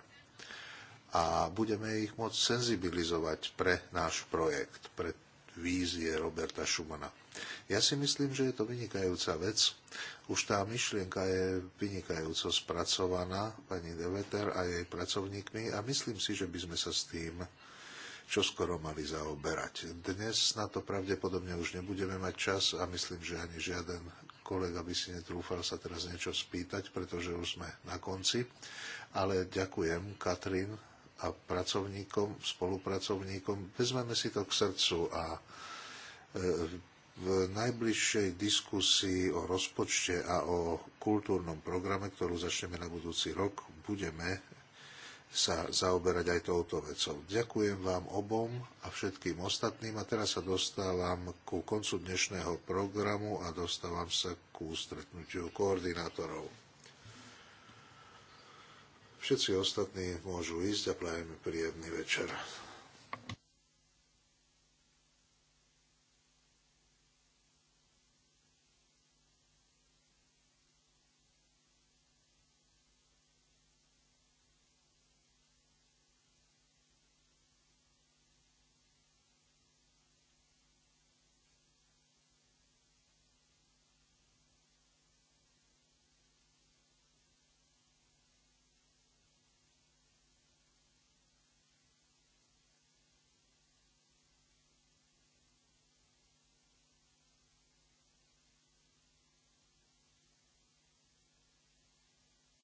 A budeme ich môcť senzibilizovať pre náš projekt, pre vízie Roberta Schumana. Ja si myslím, že je to vynikajúca vec. Už tá myšlienka je vynikajúco spracovaná pani Deveter a jej pracovníkmi a myslím si, že by sme sa s tým čo skoro mali zaoberať. Dnes na to pravdepodobne už nebudeme mať čas a myslím, že ani žiaden kolega by si netrúfal sa teraz niečo spýtať, pretože už sme na konci. Ale ďakujem Katrin a pracovníkom, spolupracovníkom. Vezmeme si to k srdcu a e, v najbližšej diskusii o rozpočte a o kultúrnom programe, ktorú začneme na budúci rok, budeme sa zaoberať aj touto vecou. Ďakujem vám obom a všetkým ostatným a teraz sa dostávam ku koncu dnešného programu a dostávam sa ku stretnutiu koordinátorov. Všetci ostatní môžu ísť a prajeme príjemný večer.